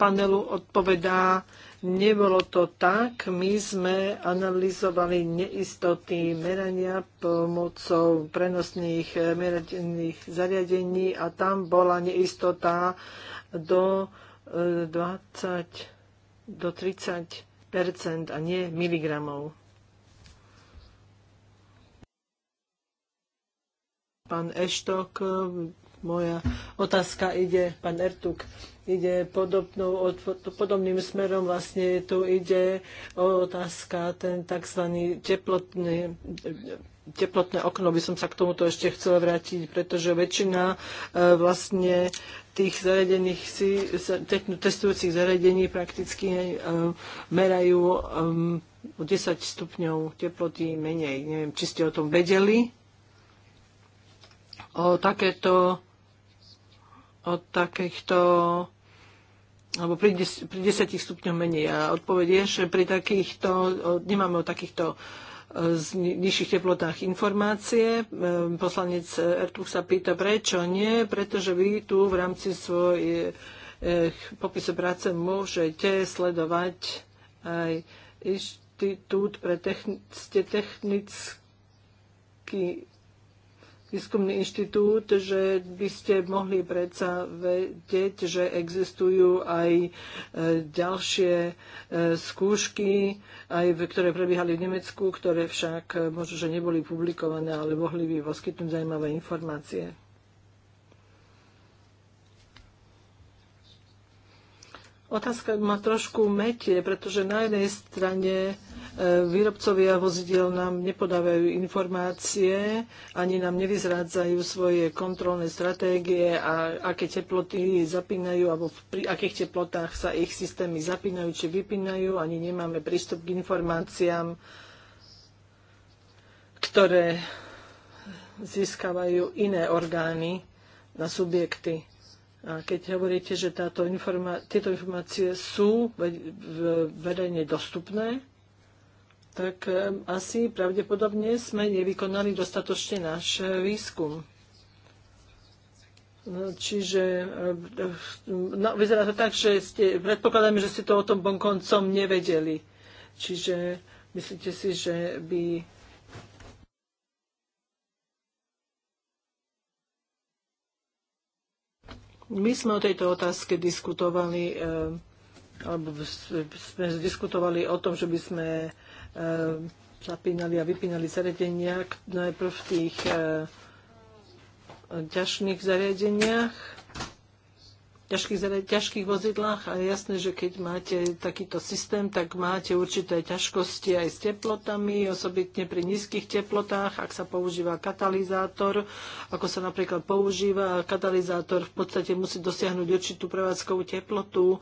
panelu odpovedá, nebolo to tak. My sme analyzovali neistoty merania pomocou prenosných merných zariadení a tam bola neistota do 20 e, do 30 a nie miligramov. Pán Eštok moja otázka ide, pán Ertuk, ide podobnou, podobným smerom, vlastne tu ide o otázka ten tzv. teplotný teplotné okno, by som sa k tomuto ešte chcela vrátiť, pretože väčšina e, vlastne tých zariadených si, no, testujúcich zariadení prakticky e, merajú e, o 10 stupňov teploty menej. Neviem, či ste o tom vedeli. O takéto od takýchto alebo pri, des, pri desiatich stupňoch menej. A odpoveď je, že pri takýchto, nemáme o takýchto e, z nižších teplotách informácie. E, poslanec Ertuk sa pýta, prečo nie, pretože vy tu v rámci svojej e, popise práce môžete sledovať aj Inštitút pre techn- technický výskumný inštitút, že by ste mohli predsa vedieť, že existujú aj e, ďalšie e, skúšky, aj ktoré prebiehali v Nemecku, ktoré však e, možno, že neboli publikované, ale mohli by poskytnúť zaujímavé informácie. Otázka ma trošku metie, pretože na jednej strane E, výrobcovia vozidiel nám nepodávajú informácie, ani nám nevyzrádzajú svoje kontrolné stratégie a aké teploty zapínajú, alebo pri akých teplotách sa ich systémy zapínajú či vypínajú, ani nemáme prístup k informáciám, ktoré získavajú iné orgány na subjekty. A keď hovoríte, že táto tieto informácie sú verejne dostupné, tak e, asi pravdepodobne sme nevykonali dostatočne náš e, výskum. No, čiže e, no, vyzerá to tak, že ste, predpokladáme, že ste to o tom bonkoncom nevedeli. Čiže myslíte si, že by My sme o tejto otázke diskutovali, alebo sme diskutovali o tom, že by sme Ehm, zapínali a vypínali zariadenia najprv v tých ehm, ťažných zariadeniach, ťažkých, ťažkých vozidlách a je jasné, že keď máte takýto systém, tak máte určité ťažkosti aj s teplotami, osobitne pri nízkych teplotách, ak sa používa katalizátor, ako sa napríklad používa katalizátor, v podstate musí dosiahnuť určitú prevádzkovú teplotu,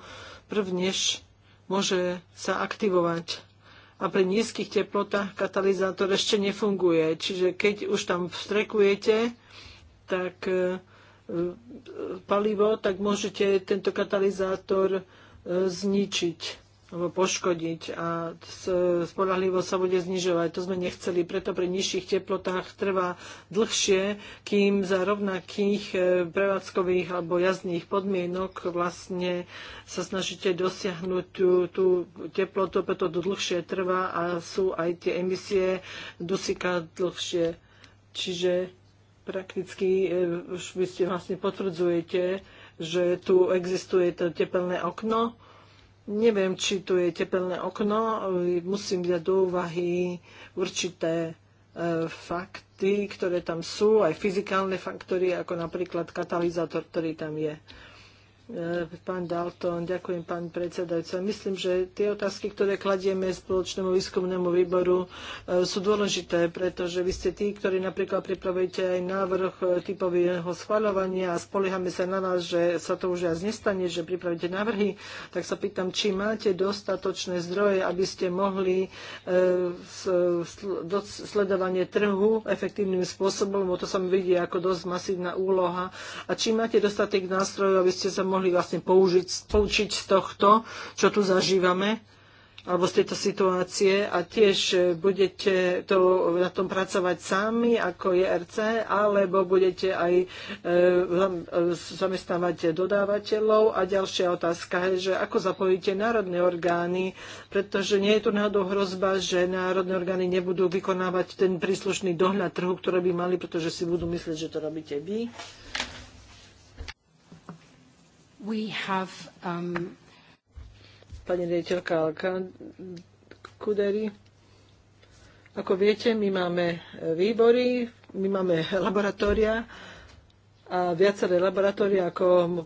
prvnež môže sa aktivovať a pri nízkych teplotách katalizátor ešte nefunguje. Čiže keď už tam vstrekujete, tak e, e, palivo, tak môžete tento katalizátor e, zničiť alebo poškodiť a spolahlivosť sa bude znižovať. To sme nechceli, preto pri nižších teplotách trvá dlhšie, kým za rovnakých e, prevádzkových alebo jazdných podmienok vlastne sa snažíte dosiahnuť tú, tú teplotu, preto to dlhšie trvá a sú aj tie emisie dusíka dlhšie. Čiže prakticky e, už vy ste vlastne potvrdzujete, že tu existuje to tepelné okno, Neviem, či tu je tepelné okno. Musím vziať do úvahy určité e, fakty, ktoré tam sú, aj fyzikálne faktory, ako napríklad katalizátor, ktorý tam je. E, pán Dalton, ďakujem pán predsedajúca. Myslím, že tie otázky, ktoré kladieme spoločnému výskumnému výboru, e, sú dôležité, pretože vy ste tí, ktorí napríklad pripravíte aj návrh e, typového schvaľovania a spoliehame sa na vás, že sa to už raz nestane, že pripravíte návrhy, tak sa pýtam, či máte dostatočné zdroje, aby ste mohli sledovanie trhu efektívnym spôsobom, bo to sa mi vidí ako dosť masívna úloha, a či máte dostatek nástrojov, aby ste sa mohli mohli vlastne použiť, poučiť z tohto, čo tu zažívame alebo z tejto situácie a tiež e, budete to, na tom pracovať sami ako JRC, e alebo budete aj e, e, zamestnávať dodávateľov. A ďalšia otázka je, že ako zapojíte národné orgány, pretože nie je tu náhodou hrozba, že národné orgány nebudú vykonávať ten príslušný dohľad trhu, ktoré by mali, pretože si budú myslieť, že to robíte vy. We have, um... Pani riaditeľka Kudery, ako viete, my máme výbory, my máme laboratória a viaceré laboratória, ako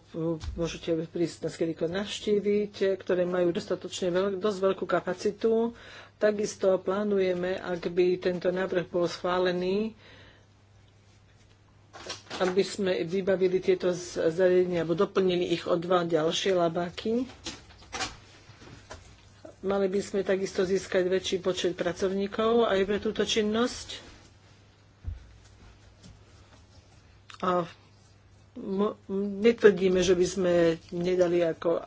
môžete prísť nás kedyko navštíviť, ktoré majú dostatočne dosť veľkú kapacitu. Takisto plánujeme, ak by tento návrh bol schválený, aby sme vybavili tieto zariadenia alebo doplnili ich o dva ďalšie labáky. Mali by sme takisto získať väčší počet pracovníkov aj pre túto činnosť. A netvrdíme, že by sme nedali ako e,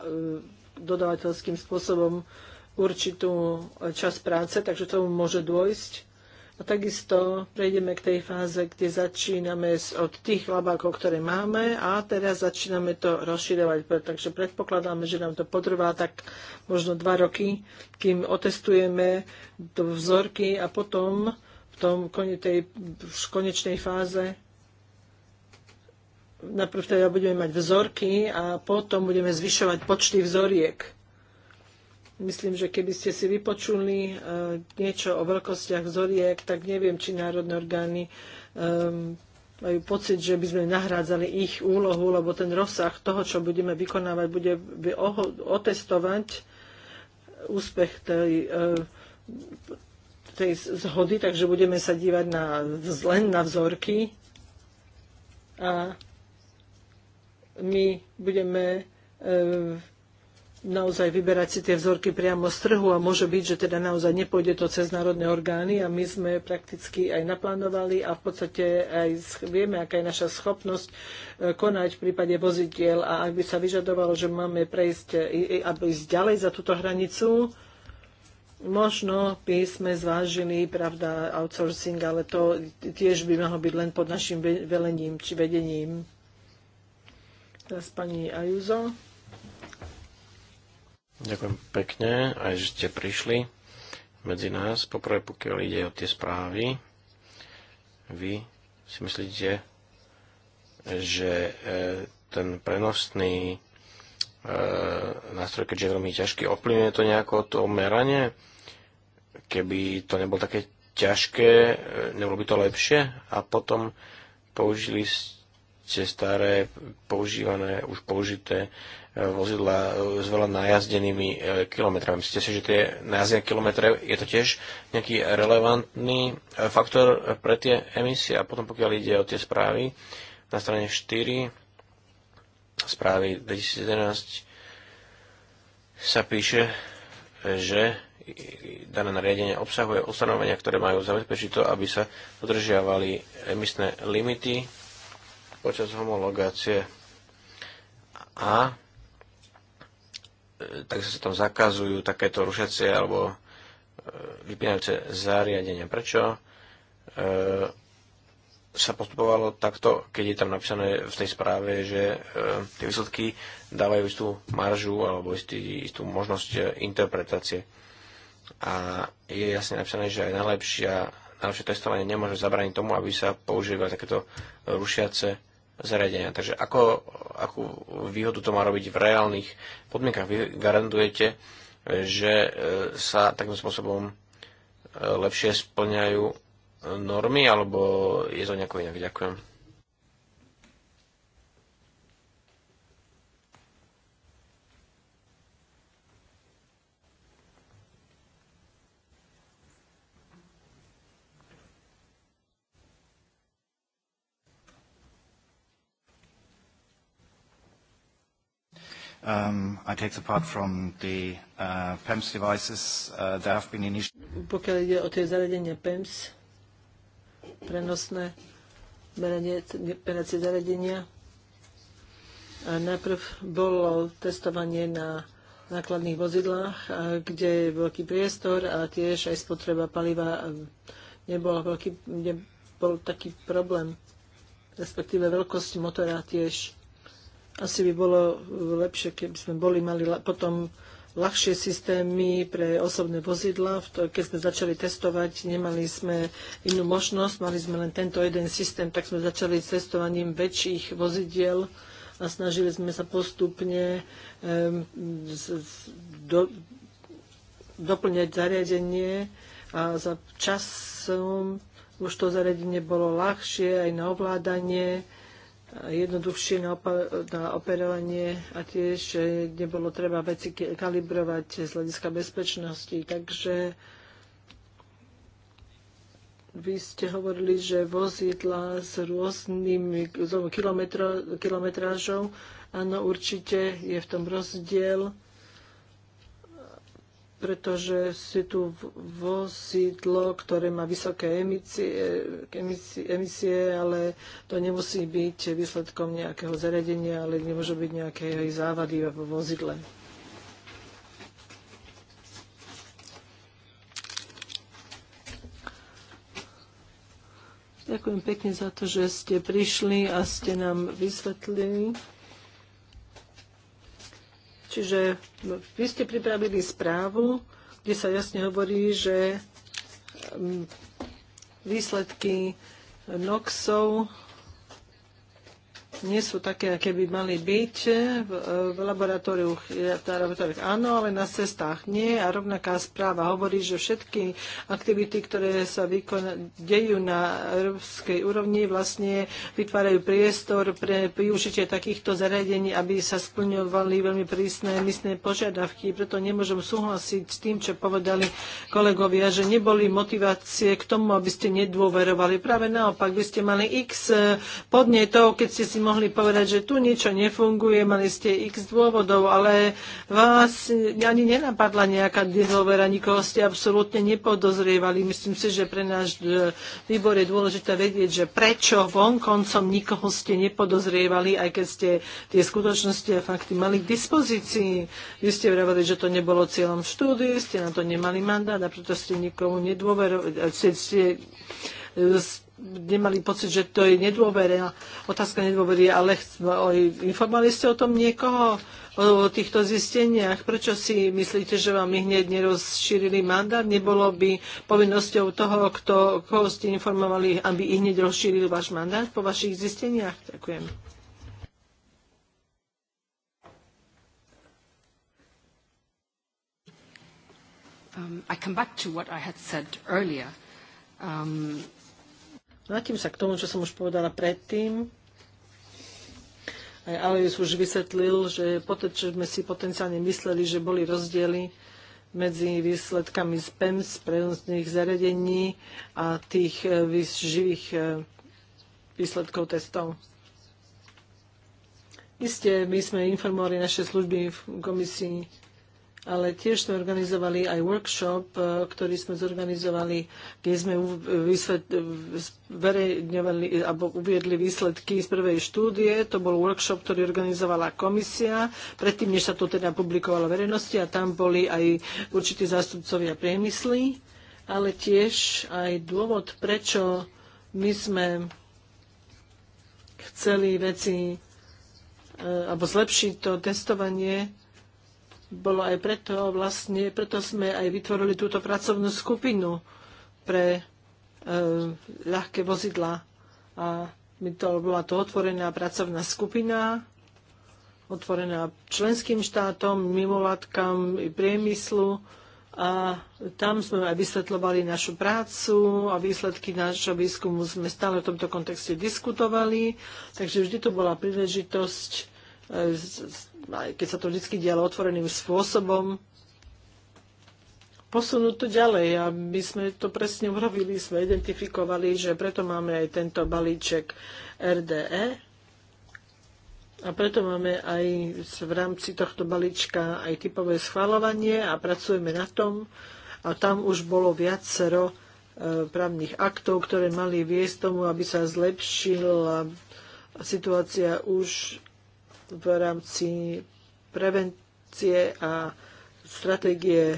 dodavateľským spôsobom určitú čas práce, takže tomu môže dôjsť a takisto prejdeme k tej fáze, kde začíname od tých labákov, ktoré máme a teraz začíname to rozširovať. Takže predpokladáme, že nám to potrvá tak možno dva roky, kým otestujeme vzorky a potom v tom tej, v konečnej fáze najprv teda budeme mať vzorky a potom budeme zvyšovať počty vzoriek. Myslím, že keby ste si vypočuli e, niečo o veľkostiach vzoriek, tak neviem, či národné orgány majú pocit, že by sme nahrádzali ich úlohu, lebo ten rozsah toho, čo budeme vykonávať, bude otestovať úspech tej, e, tej zhody, takže budeme sa dívať na, len na vzorky a my budeme e, naozaj vyberať si tie vzorky priamo z trhu a môže byť, že teda naozaj nepôjde to cez národné orgány a my sme prakticky aj naplánovali a v podstate aj vieme, aká je naša schopnosť e, konať v prípade vozidiel a ak by sa vyžadovalo, že máme prejsť, e, aby ísť ďalej za túto hranicu, Možno by sme zvážili, pravda, outsourcing, ale to tiež by mohlo byť len pod našim velením či vedením. Teraz pani Ajuzo. Ďakujem pekne, aj že ste prišli medzi nás. Poprvé, pokiaľ ide o tie správy, vy si myslíte, že e, ten prenosný e, nástroj, keďže je veľmi ťažký, ovplyvňuje to nejako to meranie? Keby to nebolo také ťažké, e, nebolo by to lepšie? A potom použili ste tie staré, používané, už použité e, vozidla e, s veľa najazdenými e, kilometrami. Myslíte si, že tie najazdené kilometre je to tiež nejaký relevantný faktor pre tie emisie? A potom pokiaľ ide o tie správy, na strane 4 správy 2011 sa píše, že dané nariadenie obsahuje ustanovenia, ktoré majú zabezpečiť to, aby sa dodržiavali emisné limity počas homologácie. A e, tak sa tam zakazujú takéto rušacie alebo e, vypínajúce zariadenia. Prečo e, sa postupovalo takto, keď je tam napísané v tej správe, že e, tie výsledky dávajú istú maržu alebo istý, istú možnosť e, interpretácie. A je jasne napísané, že aj najlepšia, najlepšie testovanie nemôže zabrániť tomu, aby sa používali takéto rušiace zariadenia. Takže ako, akú výhodu to má robiť v reálnych podmienkach? Vy garantujete, že e, sa takým spôsobom e, lepšie splňajú normy, alebo je to nejako inak? Ďakujem. Um, I take the from the uh, PEMS devices uh, that have been initiated. Pokiaľ ide o tie zariadenia PEMS, prenosné meracie zariadenia, a najprv bolo testovanie na nákladných vozidlách, kde je veľký priestor a tiež aj spotreba paliva nebola veľký, nebol taký problém, respektíve veľkosť motora tiež asi by bolo lepšie, keby sme boli mali potom ľahšie systémy pre osobné vozidla. Keď sme začali testovať, nemali sme inú možnosť, mali sme len tento jeden systém, tak sme začali s testovaním väčších vozidiel a snažili sme sa postupne do, doplňať zariadenie a za časom už to zariadenie bolo ľahšie aj na ovládanie jednoduchšie na, op- na operovanie a tiež nebolo treba veci kalibrovať z hľadiska bezpečnosti. Takže vy ste hovorili, že vozidla s rôznym kilometrážou, áno, určite je v tom rozdiel pretože si tu vozidlo, ktoré má vysoké emisie, emisie, emisie, ale to nemusí byť výsledkom nejakého zariadenia, ale nemôžu byť nejaké závady vo vozidle. Ďakujem pekne za to, že ste prišli a ste nám vysvetlili. Čiže no, vy ste pripravili správu, kde sa jasne hovorí, že mm, výsledky NOXov nie sú také, aké by mali byť eh, v, eh, v laboratóriu, eh, laboratóriu. Áno, ale na cestách nie. A rovnaká správa hovorí, že všetky aktivity, ktoré sa vykon, dejú na európskej úrovni, vlastne vytvárajú priestor pre využitie takýchto zariadení, aby sa splňovali veľmi prísne mysné požiadavky. Preto nemôžem súhlasiť s tým, čo povedali kolegovia, že neboli motivácie k tomu, aby ste nedôverovali. Práve naopak, by ste mali x podnetov, keď ste si mohli povedať, že tu niečo nefunguje, mali ste x dôvodov, ale vás ani nenapadla nejaká dôvera, nikoho ste absolútne nepodozrievali. Myslím si, že pre náš e, výbor je dôležité vedieť, že prečo vonkoncom nikoho ste nepodozrievali, aj keď ste tie skutočnosti a fakty mali k dispozícii. Vy ste vravali, že to nebolo cieľom štúdie, ste na to nemali mandát a preto ste nikomu nedôverovali. Ste, ste, e, nemali pocit, že to je nedôvere, otázka nedôvery, ale informovali ste o tom niekoho, o týchto zisteniach? Prečo si myslíte, že vám ich hneď nerozšírili mandát? Nebolo by povinnosťou toho, kto, koho ste informovali, aby ich hneď rozšíril váš mandát po vašich zisteniach? Ďakujem. Um, I come back to what I had said earlier. Um, Vrátim sa k tomu, čo som už povedala predtým. Aj Alois už vysvetlil, že po to, čo sme si potenciálne mysleli, že boli rozdiely medzi výsledkami z PEMS, prenosných zariadení a tých e, živých e, výsledkov testov. Isté, my sme informovali naše služby v komisii ale tiež sme organizovali aj workshop, e, ktorý sme zorganizovali, kde sme zverejňovali alebo uviedli výsledky z prvej štúdie. To bol workshop, ktorý organizovala komisia, predtým, než sa to teda publikovalo verejnosti a tam boli aj určití zástupcovia priemysly, ale tiež aj dôvod, prečo my sme chceli veci e, alebo zlepšiť to testovanie bolo aj preto, vlastne, preto sme aj vytvorili túto pracovnú skupinu pre e, ľahké vozidla. A to, bola to otvorená pracovná skupina, otvorená členským štátom, mimovládkam i priemyslu. A tam sme aj vysvetľovali našu prácu a výsledky nášho výskumu sme stále v tomto kontexte diskutovali. Takže vždy to bola príležitosť E, keď sa to vždy dialo otvoreným spôsobom, posunúť to ďalej. A my sme to presne urobili, sme identifikovali, že preto máme aj tento balíček RDE a preto máme aj v rámci tohto balíčka aj typové schvalovanie a pracujeme na tom. A tam už bolo viacero e, právnych aktov, ktoré mali viesť tomu, aby sa zlepšila situácia už v rámci prevencie a stratégie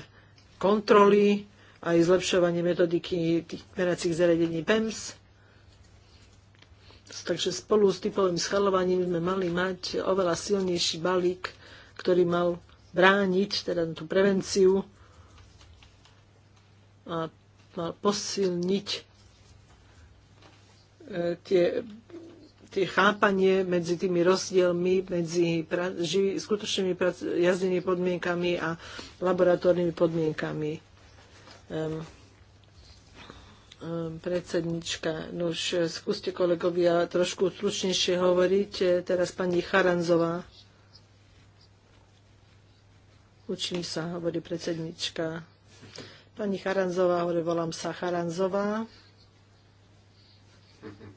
kontroly aj zlepšovanie metodiky tých meracích zariadení PEMS. Takže spolu s typovým schalovaním sme mali mať oveľa silnejší balík, ktorý mal brániť teda tú prevenciu a mal posilniť e, tie chápanie medzi tými rozdielmi, medzi pra- živi- skutočnými prac- jazdenými podmienkami a laboratórnymi podmienkami. Um, um, predsednička, no už e, skúste kolegovia trošku slušnejšie hovoriť. E, teraz pani Charanzová. Učím sa, hovorí predsednička. Pani Charanzová, hovorí, volám sa Charanzová. Mm-hmm.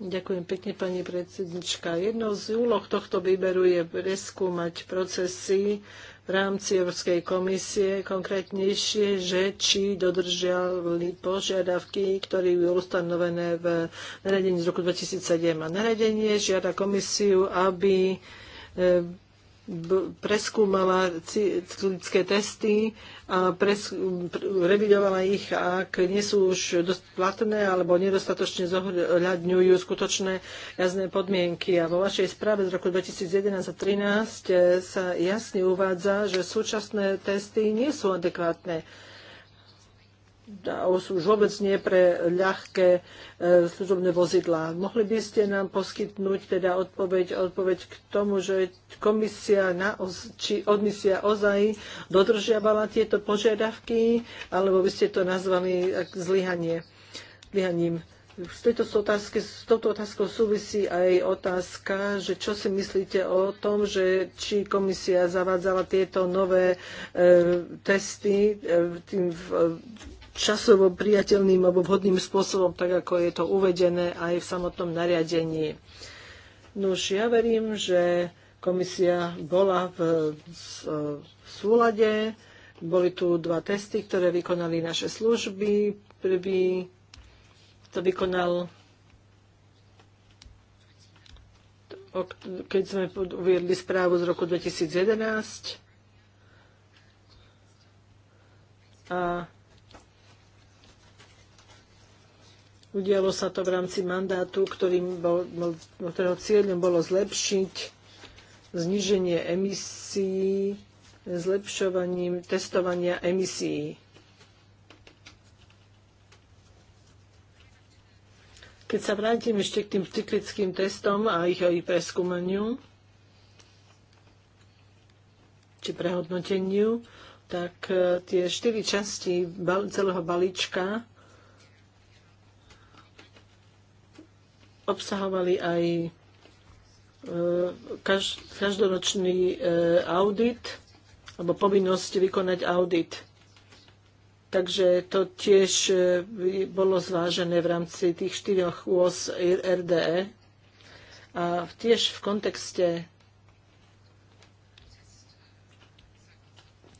Ďakujem pekne, pani predsednička. Jednou z úloh tohto výberu je preskúmať procesy v rámci Európskej komisie, konkrétnejšie, že či dodržiavali požiadavky, ktoré boli ustanovené v nariadení z roku 2007. A nariadenie žiada komisiu, aby e, preskúmala cyklické testy a pres, revidovala ich, ak nie sú už dosť platné alebo nedostatočne zohľadňujú skutočné jazdné podmienky. A vo vašej správe z roku 2011 a 2013 eh, sa jasne uvádza, že súčasné testy nie sú adekvátne už vôbec nie pre ľahké e, služobné vozidlá. Mohli by ste nám poskytnúť teda odpoveď, odpoveď k tomu, že komisia na, či odmisia ozaj dodržiavala tieto požiadavky, alebo by ste to nazvali zlyhanie, zlyhaním. tejto otázky, s touto otázkou súvisí aj otázka, že čo si myslíte o tom, že či komisia zavádzala tieto nové e, testy e, tým v, e, časovo priateľným alebo vhodným spôsobom, tak ako je to uvedené aj v samotnom nariadení. Nuž, ja verím, že komisia bola v, e, v súlade. Boli tu dva testy, ktoré vykonali naše služby. Prvý to vykonal keď sme uviedli správu z roku 2011 a Udialo sa to v rámci mandátu, ktorým bol, ktorého cieľom bolo zlepšiť zniženie emisí zlepšovaním testovania emisí. Keď sa vrátim ešte k tým cyklickým testom a ich, aj preskúmaniu či prehodnoteniu, tak e, tie štyri časti celého balíčka obsahovali aj e, každoročný e, audit alebo povinnosť vykonať audit. Takže to tiež e, bolo zvážené v rámci tých štyroch úos RDE. A tiež v kontekste.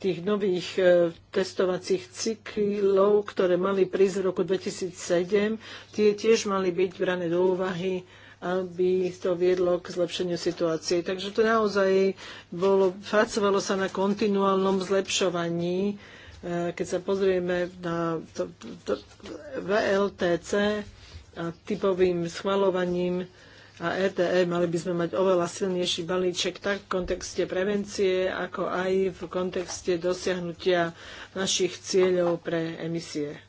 tých nových e, testovacích cyklov, ktoré mali prísť v roku 2007, tie tiež mali byť brané do úvahy aby to viedlo k zlepšeniu situácie. Takže to naozaj bolo, pracovalo sa na kontinuálnom zlepšovaní. E, keď sa pozrieme na to, to, VLTC a typovým schvalovaním a RDE mali by sme mať oveľa silnejší balíček tak v kontexte prevencie, ako aj v kontexte dosiahnutia našich cieľov pre emisie.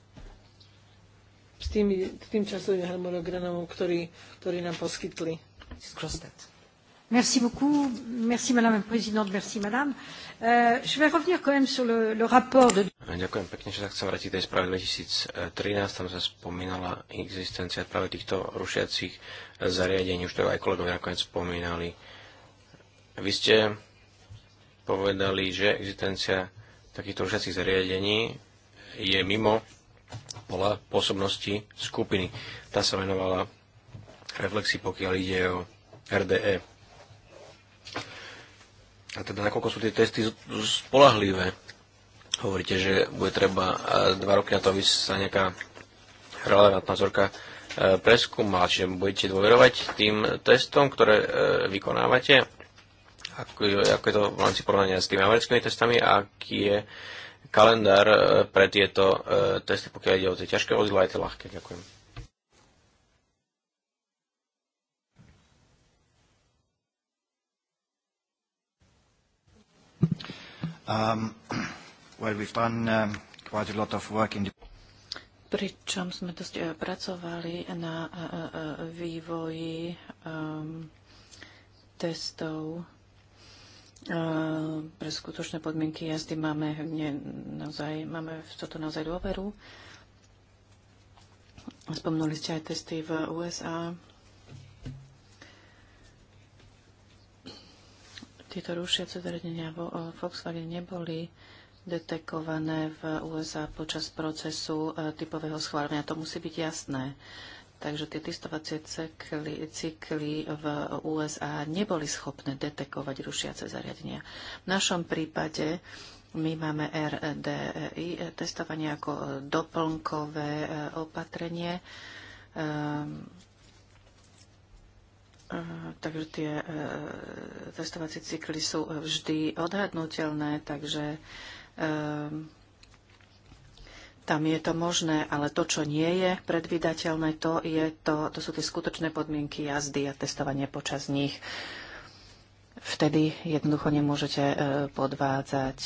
S tým, tým časovým harmonogramom, ktorý, ktorý nám poskytli. Merci beaucoup. Merci, madame la présidente. Merci, madame. Euh, Ďakujem pekne, že sa chcem vrátiť tej správe 2013. Tam sa spomínala existencia práve týchto rušiacich zariadení. Už to aj kolegovia nakoniec spomínali. Vy ste povedali, že existencia takýchto rušiacich zariadení je mimo pola pôsobnosti skupiny. Tá sa venovala reflexi, pokiaľ ide o RDE. A teda nakoľko sú tie testy spolahlivé? Hovoríte, že bude treba e, dva roky na to, aby sa nejaká relevantná vzorka e, preskúmala, čiže budete dôverovať tým testom, ktoré e, vykonávate, ako, ako je to v rámci porovnania s tými americkými testami a aký je kalendár pre tieto testy, pokiaľ ide o tie ťažké vozidla aj tie ľahké. Ďakujem. Um, well, we've done um, quite a lot of work in the pričom sme dosť eh, pracovali na eh, eh, vývoji um, testov pre skutočné podmienky jazdy. Máme, ne, naozaj, máme v toto naozaj dôveru. Spomnuli ste aj testy v USA. Tieto rušiace zariadenia eh, Volkswagen neboli detekované v USA počas procesu eh, typového schválenia. To musí byť jasné. Takže tie testovacie cykly, cykly v USA neboli schopné detekovať rušiace zariadenia. V našom prípade my máme RDI, testovanie ako eh, doplnkové opatrenie. Ehm, takže tie e, testovacie cykly sú vždy odhadnutelné, takže e, tam je to možné, ale to, čo nie je predvydateľné, to, je to, to sú tie skutočné podmienky jazdy a testovanie počas nich. Vtedy jednoducho nemôžete e, podvádzať.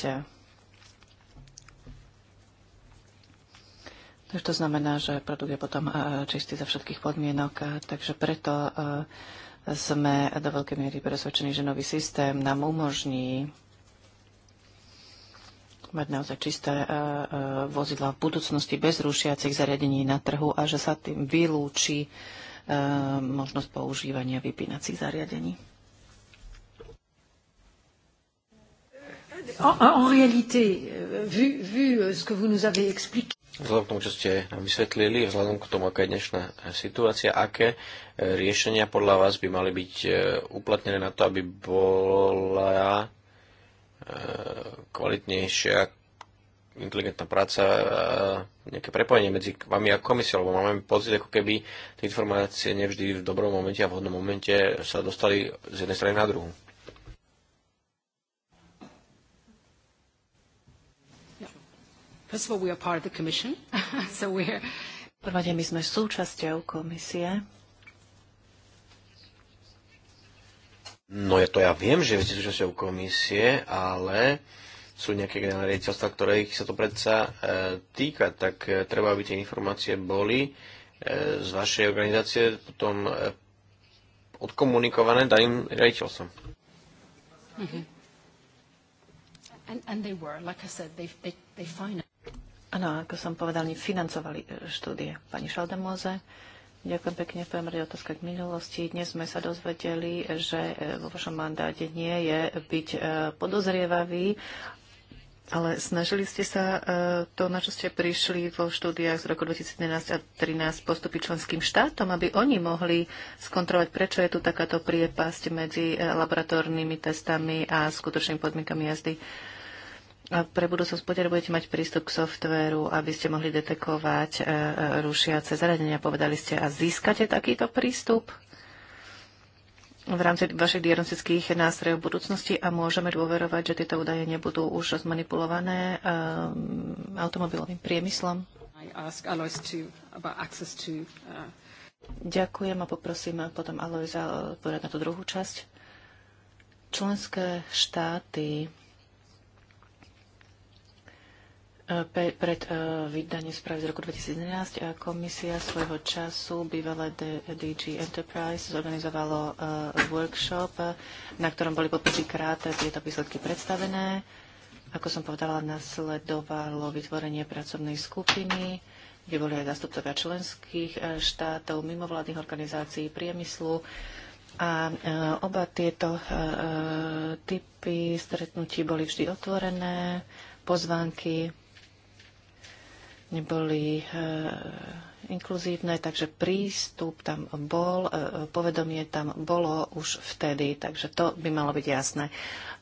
Takže to znamená, že produkt je potom čistý za všetkých podmienok, takže preto sme do veľkej miery presvedčení, že nový systém nám umožní mať naozaj čisté e, e, vozidla v budúcnosti bez rušiacich zariadení na trhu a že sa tým vylúči e, možnosť používania vypínacích zariadení. en, en réalité, euh, vu, vu euh, ce que vous nous avez expliqué, Vzhľadom k tomu, čo ste vysvetlili, vzhľadom k tomu, aká je dnešná situácia, aké e, riešenia podľa vás by mali byť e, uplatnené na to, aby bola e, kvalitnejšia inteligentná práca, nejaké prepojenie medzi vami a komisiou, lebo máme pocit, ako keby tie informácie nevždy v dobrom momente a vhodnom momente sa dostali z jednej strany na druhú. First of all, we are part of the Commission, so we're... Prvade, my sme súčasťou komisie. No ja to ja viem, že ste súčasťou komisie, ale sú nejaké generálne riaditeľstva, ktoré ich sa to predsa e, týka, tak e, treba, aby tie informácie boli e, z vašej organizácie potom e, odkomunikované daným riaditeľstvom. Mm-hmm. And, and they were, like I said, they, they, they find Áno, ako som povedal, financovali e, štúdie. Pani Šaldemoze, ďakujem pekne. V prvom rade otázka k minulosti. Dnes sme sa dozvedeli, že e, vo vašom mandáte nie je byť e, podozrievavý, ale snažili ste sa to, na čo ste prišli vo štúdiách z roku 2011 a 2013, postupiť členským štátom, aby oni mohli skontrovať, prečo je tu takáto priepasť medzi laboratórnymi testami a skutočnými podmienkami jazdy. A pre budúcnosť potrebujete mať prístup k softvéru, aby ste mohli detekovať e, e, rušiace zariadenia, povedali ste, a získate takýto prístup v rámci vašich diagnostických nástrojov budúcnosti a môžeme dôverovať, že tieto údaje nebudú už zmanipulované e, automobilovým priemyslom. Uh, Ďakujem a poprosím potom Alojza e, povedať na tú druhú časť. Členské štáty pred e, vydaním správy z roku 2011 e, komisia svojho času bývalé DG Enterprise zorganizovalo e, workshop, na ktorom boli po prvýkrát tieto výsledky predstavené. Ako som povedala, nasledovalo vytvorenie pracovnej skupiny, kde boli aj zastupcovia členských štátov, mimovládnych organizácií, priemyslu. A oba tieto typy stretnutí boli vždy otvorené, pozvánky neboli e, inkluzívne, takže prístup tam bol, e, povedomie tam bolo už vtedy, takže to by malo byť jasné.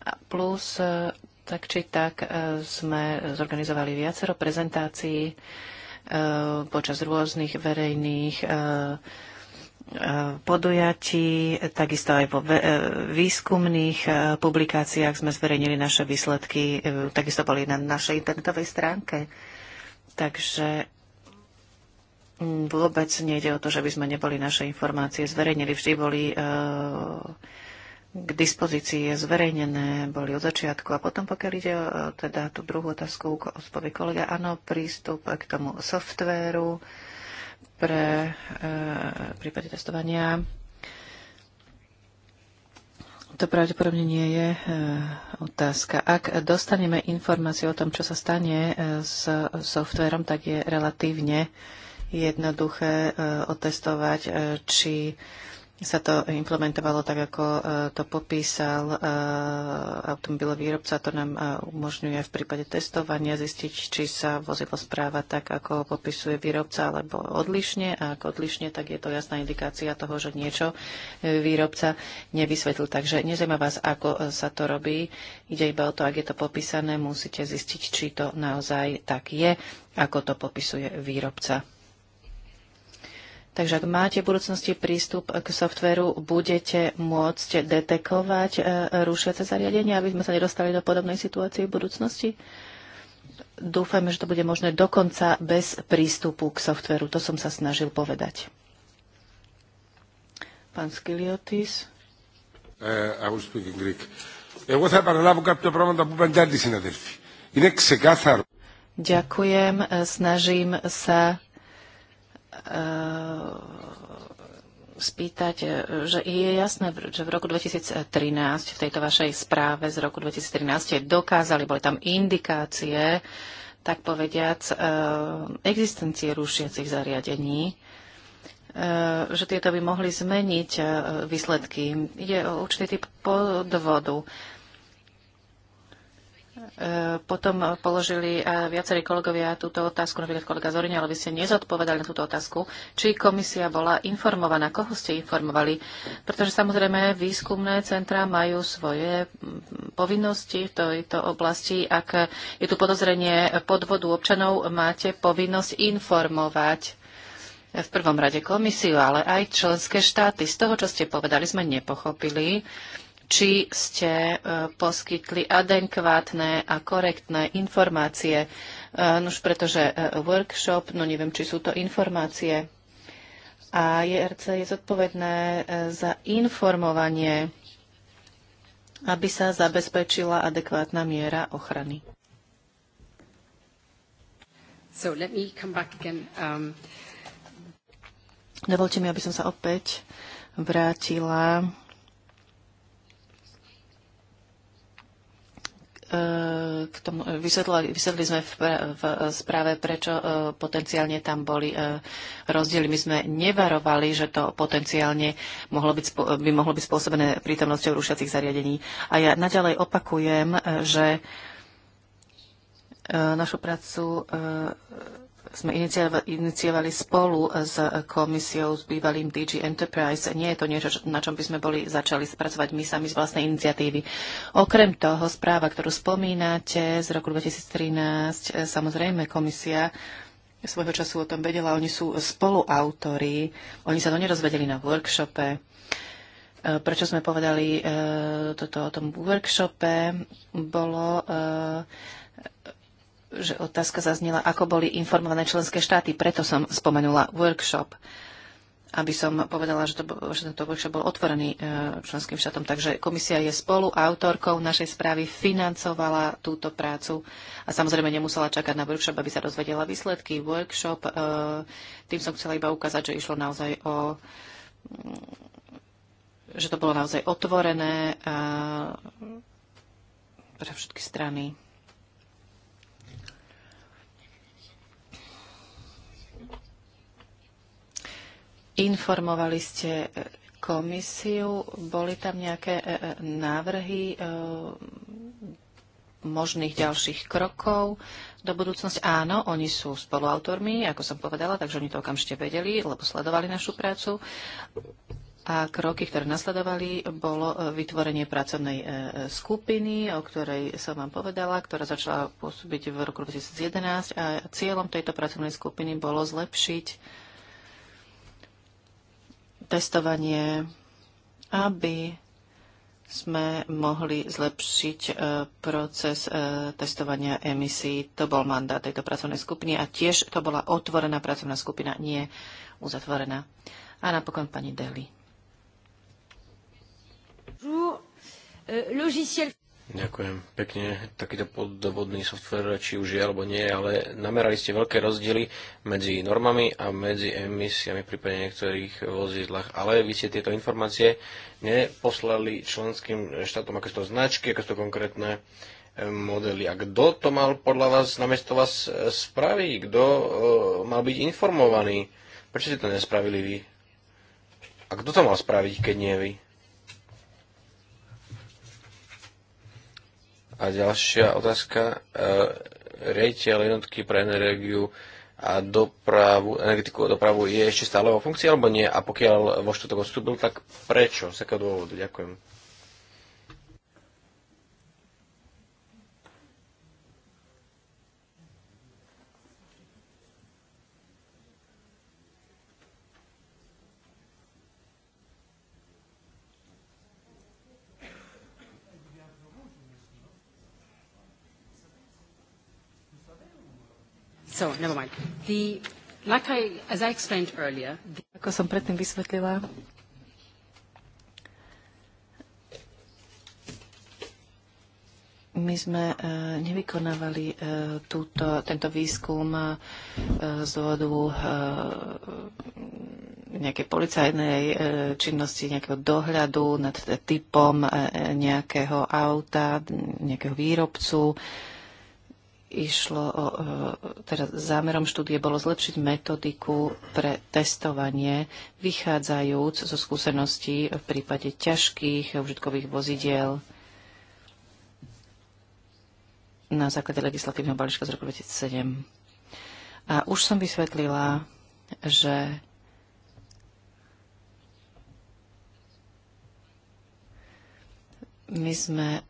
A plus, e, tak či tak, sme zorganizovali viacero prezentácií počas rôznych verejných podujatí, takisto aj vo výskumných publikáciách sme zverejnili naše výsledky, takisto boli na našej internetovej stránke. Takže mm, vôbec nejde o to, že by sme neboli naše informácie zverejnili. Vždy boli e, k dispozícii zverejnené, boli od začiatku. A potom, pokiaľ ide o eh, teda tú druhú otázku, odpovie kolega, áno, prístup k tomu softvéru pre e, eh, prípade testovania to pravdepodobne nie je e, otázka. Ak dostaneme informáciu o tom, čo sa stane e, s softverom, tak je relatívne jednoduché e, otestovať, či sa to implementovalo tak, ako e, to popísal e, automobilový výrobca. To nám e, umožňuje v prípade testovania zistiť, či sa vozidlo správa tak, ako popisuje výrobca, alebo odlišne. A ak odlišne, tak je to jasná indikácia toho, že niečo výrobca nevysvetlil. Takže nezaujíma vás, ako sa to robí. Ide iba o to, ak je to popísané, musíte zistiť, či to naozaj tak je, ako to popisuje výrobca. Takže ak máte v budúcnosti prístup k softveru, budete môcť detekovať e, rušiace zariadenia, aby sme sa nedostali do podobnej situácie v budúcnosti? Dúfajme, že to bude možné dokonca bez prístupu k softveru. To som sa snažil povedať. Pán Skiliotis. Uh, Ďakujem. Snažím sa E, spýtať, e, že je jasné, že v roku 2013, v tejto vašej správe z roku 2013 dokázali, boli tam indikácie, tak povediac, e, existencie rušiacich zariadení, že tieto by mohli zmeniť výsledky. Ide o určitý typ podvodu. E, potom položili e, viacerí kolegovia túto otázku, napríklad kolega Zorina, ale vy ste nezodpovedali na túto otázku, či komisia bola informovaná, koho ste informovali. Pretože samozrejme výskumné centra majú svoje povinnosti v tejto oblasti. Ak je tu podozrenie podvodu občanov, máte povinnosť informovať v prvom rade komisiu, ale aj členské štáty. Z toho, čo ste povedali, sme nepochopili, či ste e, poskytli adekvátne a korektné informácie. E, Už pretože e, workshop, no neviem, či sú to informácie. A JRC je zodpovedné za informovanie, aby sa zabezpečila adekvátna miera ochrany. So let me come back again. Um... Dovolte mi, aby som sa opäť vrátila E, k tomu, e, vysvetlili, vysvetlili sme v, v e, správe, prečo potenciálne tam boli rozdiely. My sme nevarovali, že to potenciálne mohlo byť, by mohlo byť spôsobené prítomnosťou rušiacich zariadení. A ja naďalej opakujem, že našu prácu sme iniciovali spolu s komisiou, s bývalým DG Enterprise. Nie je to niečo, na čom by sme boli začali spracovať my sami z vlastnej iniciatívy. Okrem toho, správa, ktorú spomínate z roku 2013, e, samozrejme komisia svojho času o tom vedela, oni sú spoluautori, oni sa to nerozvedeli na workshope. E, prečo sme povedali e, toto o tom workshope, bolo že otázka zaznela, ako boli informované členské štáty. Preto som spomenula workshop, aby som povedala, že, to, že tento workshop bol otvorený e, členským štátom. Takže komisia je spolu autorkou našej správy, financovala túto prácu a samozrejme nemusela čakať na workshop, aby sa dozvedela výsledky. Workshop, e, tým som chcela iba ukázať, že išlo naozaj o že to bolo naozaj otvorené e, pre všetky strany. Informovali ste e, komisiu, boli tam nejaké e, e, návrhy možných ďalších krokov do budúcnosti. Áno, oni sú spoluautormi, ako som povedala, takže oni to okamžite vedeli, lebo sledovali našu prácu. A kroky, ktoré nasledovali, bolo vytvorenie pracovnej skupiny, o ktorej som vám povedala, ktorá začala pôsobiť v roku 2011 a cieľom tejto pracovnej skupiny bolo zlepšiť testovanie, aby sme mohli zlepšiť e, proces e, testovania emisí. To bol mandát tejto pracovnej skupiny a tiež to bola otvorená pracovná skupina, nie uzatvorená. A napokon pani Deli. Euh, logiciel Ďakujem pekne. Takýto podvodný software, či už je alebo nie, ale namerali ste veľké rozdiely medzi normami a medzi emisiami pri niektorých vozidlách. Ale vy ste tieto informácie neposlali členským štátom, aké sú to značky, aké sú to konkrétne eh, modely. A kto to mal podľa vás namiesto vás eh, spraviť? Kto eh, mal byť informovaný? Prečo ste to nespravili vy? A kto to mal spraviť, keď nie vy? A ďalšia otázka. Eh, Rejtiel jednotky pre energiu a dopravu, energetiku a dopravu je ešte stále vo funkcii alebo nie? A pokiaľ vo štutok odstúpil, tak prečo? Z akého dôvodu? Ďakujem. So, never mind. The, like I, as I explained earlier, the... Ako som predtým vysvetlila, My sme e, nevykonávali e, túto, tento výskum e, z dôvodu nejakej policajnej činnosti, nejakého dohľadu nad typom nejakého auta, nejakého výrobcu išlo o, e, teda zámerom štúdie bolo zlepšiť metodiku pre testovanie, vychádzajúc zo skúseností v prípade ťažkých užitkových vozidiel na základe legislatívneho balíčka z roku 2007. A už som vysvetlila, že my sme e,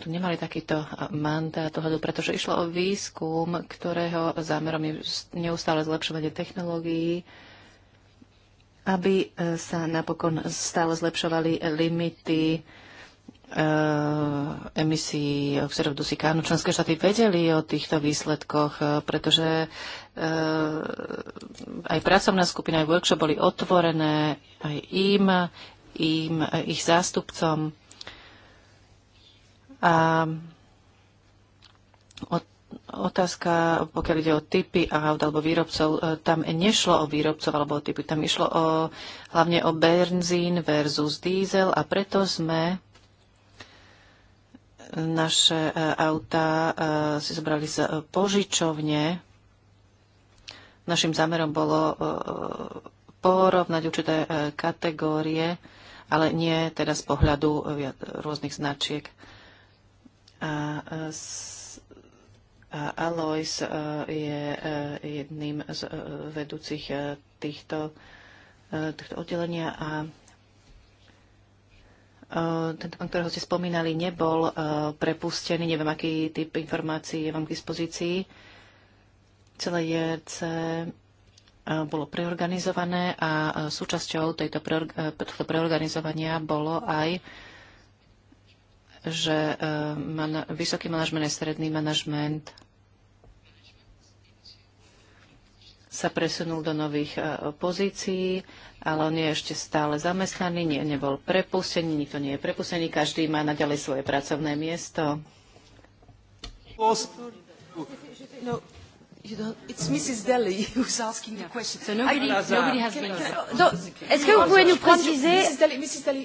tu nemali takýto mandát dohľadu, pretože išlo o výskum, ktorého zámerom je neustále zlepšovanie technológií, aby e, sa napokon stále zlepšovali limity e, emisí oxidov dusíka. členské štáty vedeli o týchto výsledkoch, pretože aj pracovná skupina, aj workshop boli otvorené aj im, im ich zástupcom. A otázka, pokiaľ ide o typy aut alebo výrobcov, e, tam nešlo o výrobcov alebo o typy, tam išlo o, hlavne o benzín versus diesel a preto sme naše e, auta e, si zobrali z požičovne. Našim zámerom bolo porovnať určité kategórie, ale nie teda z pohľadu rôznych značiek. A, e, a Alois e, je e, jedným z vedúcich týchto, týchto oddelenia a ten ktorého ste spomínali, nebol prepustený. Neviem, aký typ informácií je vám k dispozícii. Celé JRC bolo preorganizované a súčasťou tejto tohto preorganizovania bolo aj že e, vysoký manažment a stredný manažment sa presunul do nových e, pozícií, ale on je ešte stále zamestnaný, nie, nebol prepustený, nikto nie je prepustený, každý má naďalej svoje pracovné miesto. No, you don't, it's Mrs. Deli who's asking the question. So nobody, nobody has been... No, est-ce que vous pouvez nous préciser... Mrs. Deli, Mrs. Deli,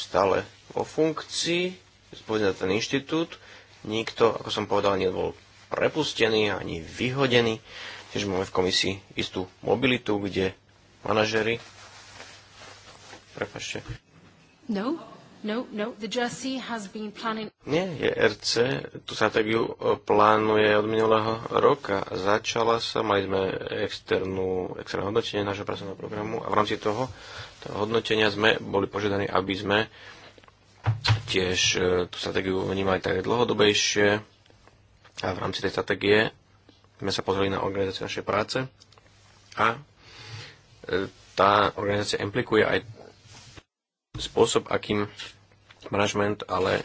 stále vo funkcii, zodpovedný ten inštitút. Nikto, ako som povedal, nebol prepustený ani vyhodený. Tiež máme v komisii istú mobilitu, kde manažery... Prepašte. No, No, no, the JRC has been planning... Nie, RC, tú stratégiu e, plánuje od minulého roka. Začala sa, mali sme externú, externé hodnotenie nášho pracovného programu a v rámci toho toho hodnotenia sme boli požiadaní, aby sme tiež e, tú stratégiu vnímali tak dlhodobejšie a v rámci tej stratégie sme sa pozreli na organizáciu našej práce a e, tá organizácia implikuje aj spôsob, akým manažment ale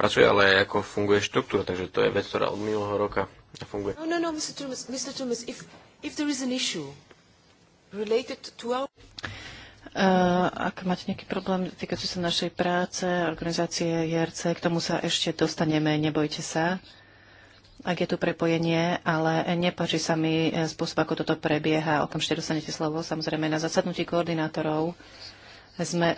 pracuje, ale aj ako funguje štruktúra, takže to je vec, ktorá od minulého roka funguje. No, no, no, Mr. Thomas, Mr. Thomas if, if there is an issue related to our... Eh, ak máte nejaký problém týkajúci sa našej práce, organizácie JRC, k tomu sa ešte dostaneme, nebojte sa, ak je tu prepojenie, ale nepáči sa mi eh, spôsob, ako toto prebieha. Okamžite dostanete slovo, samozrejme, na zasadnutí koordinátorov sme e,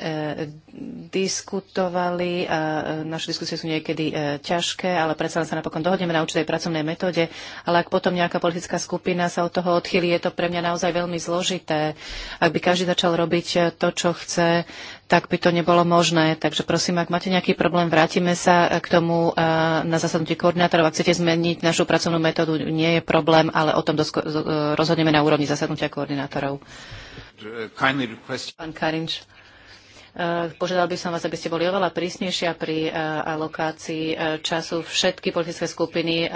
diskutovali a e, naše diskusie sú niekedy e, ťažké, ale predsa len sa napokon dohodneme na určitej pracovnej metóde, ale ak potom nejaká politická skupina sa od toho odchýli, je to pre mňa naozaj veľmi zložité. Ak by každý začal robiť to, čo chce, tak by to nebolo možné. Takže prosím, ak máte nejaký problém, vrátime sa k tomu na zasadnutí koordinátorov. Ak chcete zmeniť našu pracovnú metódu, nie je problém, ale o tom rozhodneme na úrovni zasadnutia koordinátorov. Pán Karinč. Eh, požiadal by som vás, aby ste boli oveľa prísnejšia pri eh, alokácii eh, času. Všetky politické skupiny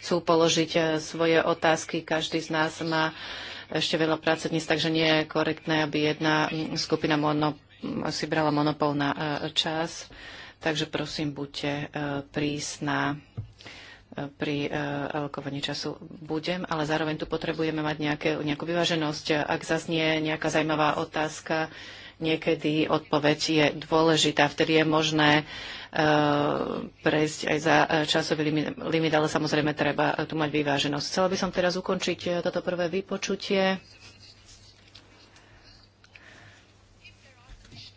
chcú položiť svoje otázky. Každý z nás má ešte veľa práce dnes, takže nie je korektné, aby jedna skupina mono, si brala monopol na čas. Takže prosím, buďte prísna pri alokovaní času budem, ale zároveň tu potrebujeme mať nejaké, nejakú vyváženosť. Ak zaznie nejaká zaujímavá otázka, Niekedy odpoveď je dôležitá, vtedy je možné e, prejsť aj za e, časový limit, ale samozrejme treba tu mať vyváženosť. Chcela by som teraz ukončiť e, toto prvé vypočutie.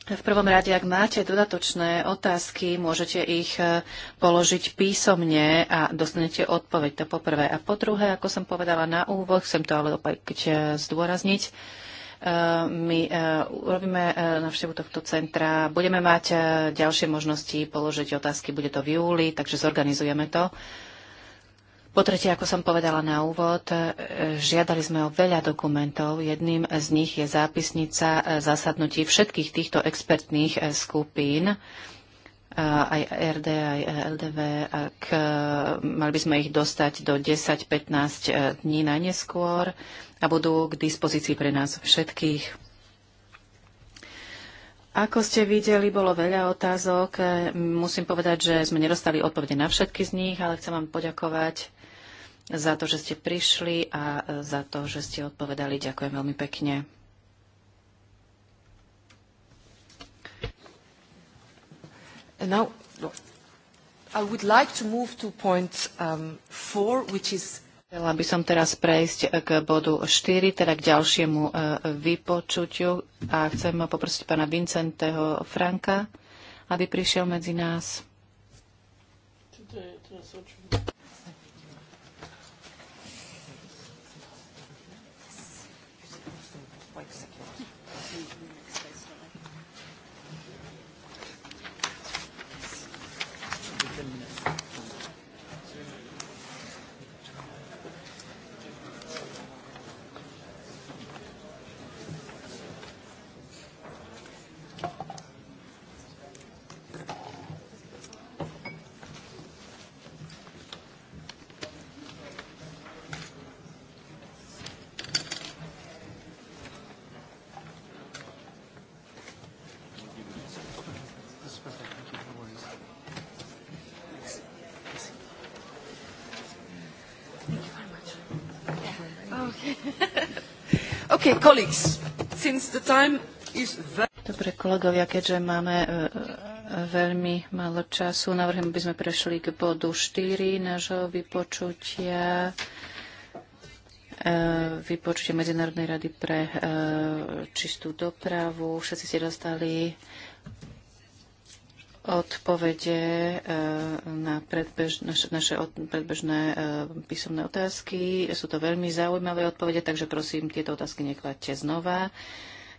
V prvom rade, ak máte dodatočné otázky, môžete ich položiť písomne a dostanete odpoveď. To poprvé. A po druhé, ako som povedala na úvod, chcem to ale opäť zdôrazniť, E, my e, urobíme e, návštevu tohto centra, budeme mať ďalšie možnosti položiť otázky, bude to v júli, takže zorganizujeme to. Po tretie, ako som povedala na úvod, žiadali sme o veľa dokumentov. Jedným z nich je zápisnica zasadnutí všetkých týchto expertných skupín aj RD, aj LDV, ak e, mali by sme ich dostať do 10-15 e, dní najneskôr a budú k dispozícii pre nás všetkých. Ako ste videli, bolo veľa otázok. E, musím povedať, že sme nedostali odpovede na všetky z nich, ale chcem vám poďakovať za to, že ste prišli a za to, že ste odpovedali. Ďakujem veľmi pekne. And now, no. I would like to move to point um, four, which is Chcela by som teraz prejsť eh, k bodu 4, teda k ďalšiemu eh, vypočutiu a chcem poprosiť pána Vincenteho Franka, aby prišiel medzi nás. Thank you. Okay, colleagues, since the time is very... Dobre, kolegovia, keďže máme e, e, veľmi málo času, navrhujem, aby sme prešli k bodu 4 nášho vypočutia e, vypočutie Medzinárodnej rady pre čistú dopravu. Všetci ste dostali odpovede eh, na predbež, naše, naše predbežné eh, písomné otázky. Sú to veľmi zaujímavé odpovede, takže prosím, tieto otázky nekladte znova.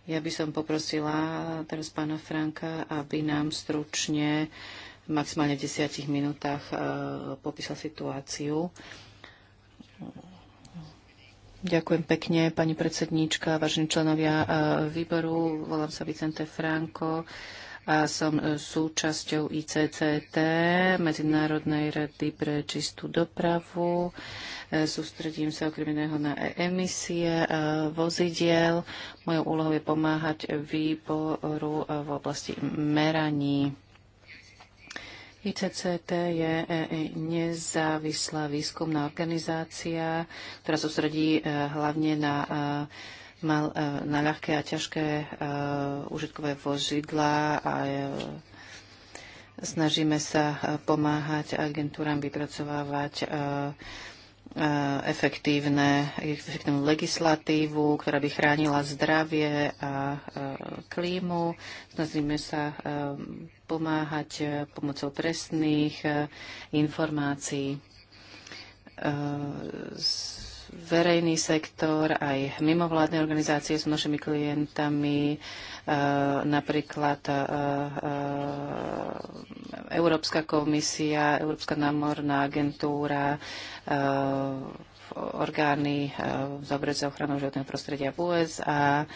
Ja by som poprosila teraz pána Franka, aby nám stručne v maximálne v desiatich minútach eh, popísal situáciu. Ďakujem pekne, pani predsedníčka, vážení členovia výboru. Volám sa Vicente Franko a som e, súčasťou ICCT, Medzinárodnej rady pre čistú dopravu. E, sústredím sa okrem iného na emisie e, vozidiel. Mojou úlohou je pomáhať výboru v oblasti meraní. ICCT je nezávislá výskumná organizácia, ktorá sústredí hlavne na mal e, na ľahké a ťažké e, užitkové vozidla a e, snažíme sa pomáhať agentúram vypracovávať efektívne, efektívnu legislatívu, ktorá by chránila zdravie a klímu. Snažíme sa pomáhať pomocou presných informácií. S verejný sektor, aj mimovládne organizácie s našimi klientami, e, napríklad e, e, Európska komisia, Európska námorná agentúra, orgány zaoberať za ochranou životného prostredia v USA,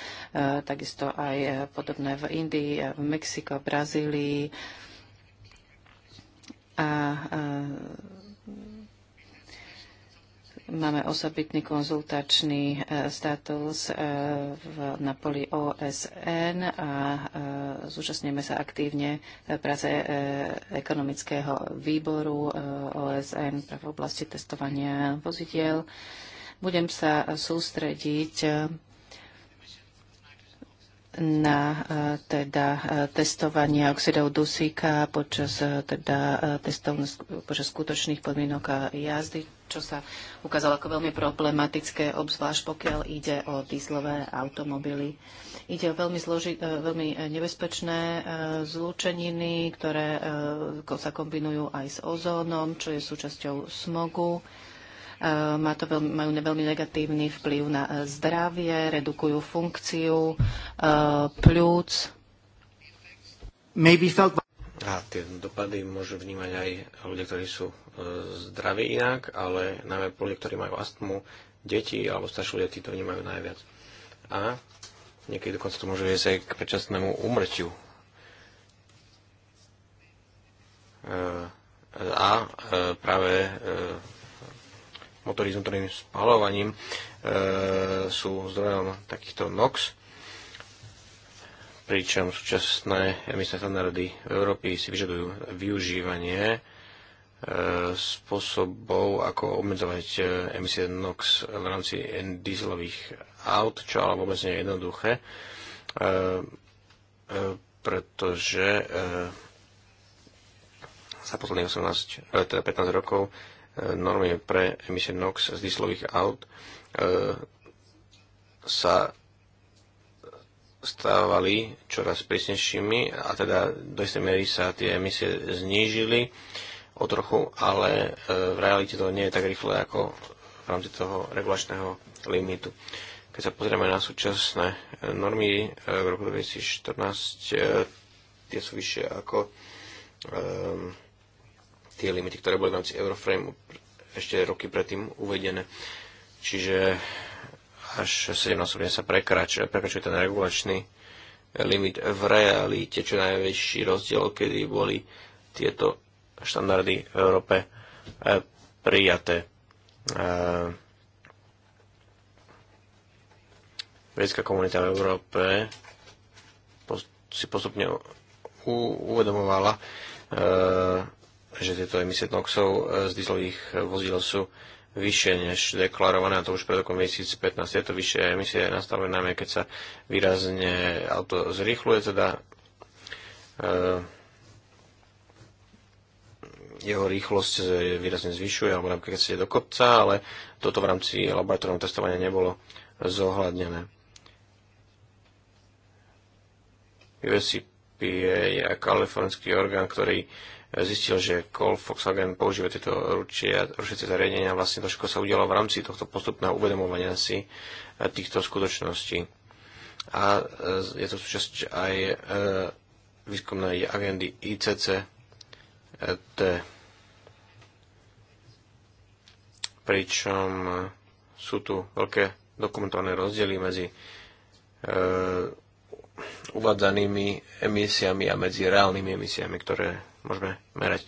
takisto aj podobné v Indii, v Mexiko, Brazílii. A, a Máme osobitný konzultačný e, status e, na poli OSN a e, zúčastňujeme sa aktívne práce ekonomického výboru OSN v oblasti testovania vozidiel. Budem sa sústrediť na teda testovanie oxidov dusíka počas, teda, testov, počas skutočných podmienok a jazdy čo sa ukázalo ako veľmi problematické, obzvlášť pokiaľ ide o dízlové automobily. Ide o veľmi, zloži, e, veľmi e, nebezpečné e, zlúčeniny, ktoré sa kombinujú aj s ozónom, čo je súčasťou smogu. Má to veľmi, majú veľmi negatívny vplyv na zdravie, redukujú funkciu pľúc. Maybe felt a tie dopady môžu vnímať aj ľudia, ktorí sú e, zdraví inak, ale najmä ľudia, ktorí majú astmu, deti alebo starší ľudia, tí to vnímajú najviac. A niekedy dokonca to môže viesť aj k predčasnému úmrtiu. E, a e, práve motorizm, ktorým spalovaním sú zdrojom takýchto NOx, pričom súčasné emisné standardy v Európy si vyžadujú využívanie e, spôsobov, ako obmedzovať e, emisie NOx v rámci dieselových aut, čo ale vôbec nie je jednoduché, e, e, pretože e, za posledných 18, e, teda 15 rokov normy pre emisie NOx z dieselových aut sa stávali čoraz prísnejšími a teda do istej miery sa tie emisie znížili o trochu, ale e, v realite to nie je tak rýchle ako v rámci toho regulačného limitu. Keď sa pozrieme na súčasné e, normy e, v roku 2014, tie sú vyššie ako um, tie limity, ktoré boli v rámci Euroframe ešte roky predtým uvedené. Čiže až 7 sa prekračuje, prekračuje ten regulačný limit v realite, čo najväčší rozdiel, kedy boli tieto štandardy v Európe eh, prijaté. Vedecká eh, komunita v Európe si postupne uvedomovala, eh, že tieto emisie NOxov z dieselových vozidel sú vyššie než deklarované, a to už pred rokom 2015. Tieto vyššie emisie Nastavené, najmä, keď sa výrazne auto zrýchluje, teda e, jeho rýchlosť výrazne zvyšuje, alebo napríklad keď ide do kopca, ale toto v rámci laboratórneho testovania nebolo zohľadnené. USCPA je kalifornský orgán, ktorý zistil, že Call Volkswagen používa tieto ručia, rušiace zariadenia. Vlastne to všetko sa udialo v rámci tohto postupného uvedomovania si eh, týchto skutočností. A eh, je to súčasť aj eh, výskumnej agendy ICCT. Pričom sú tu veľké dokumentované rozdiely medzi uvádzanými emisiami a medzi reálnymi emisiami, ktoré môžeme merať.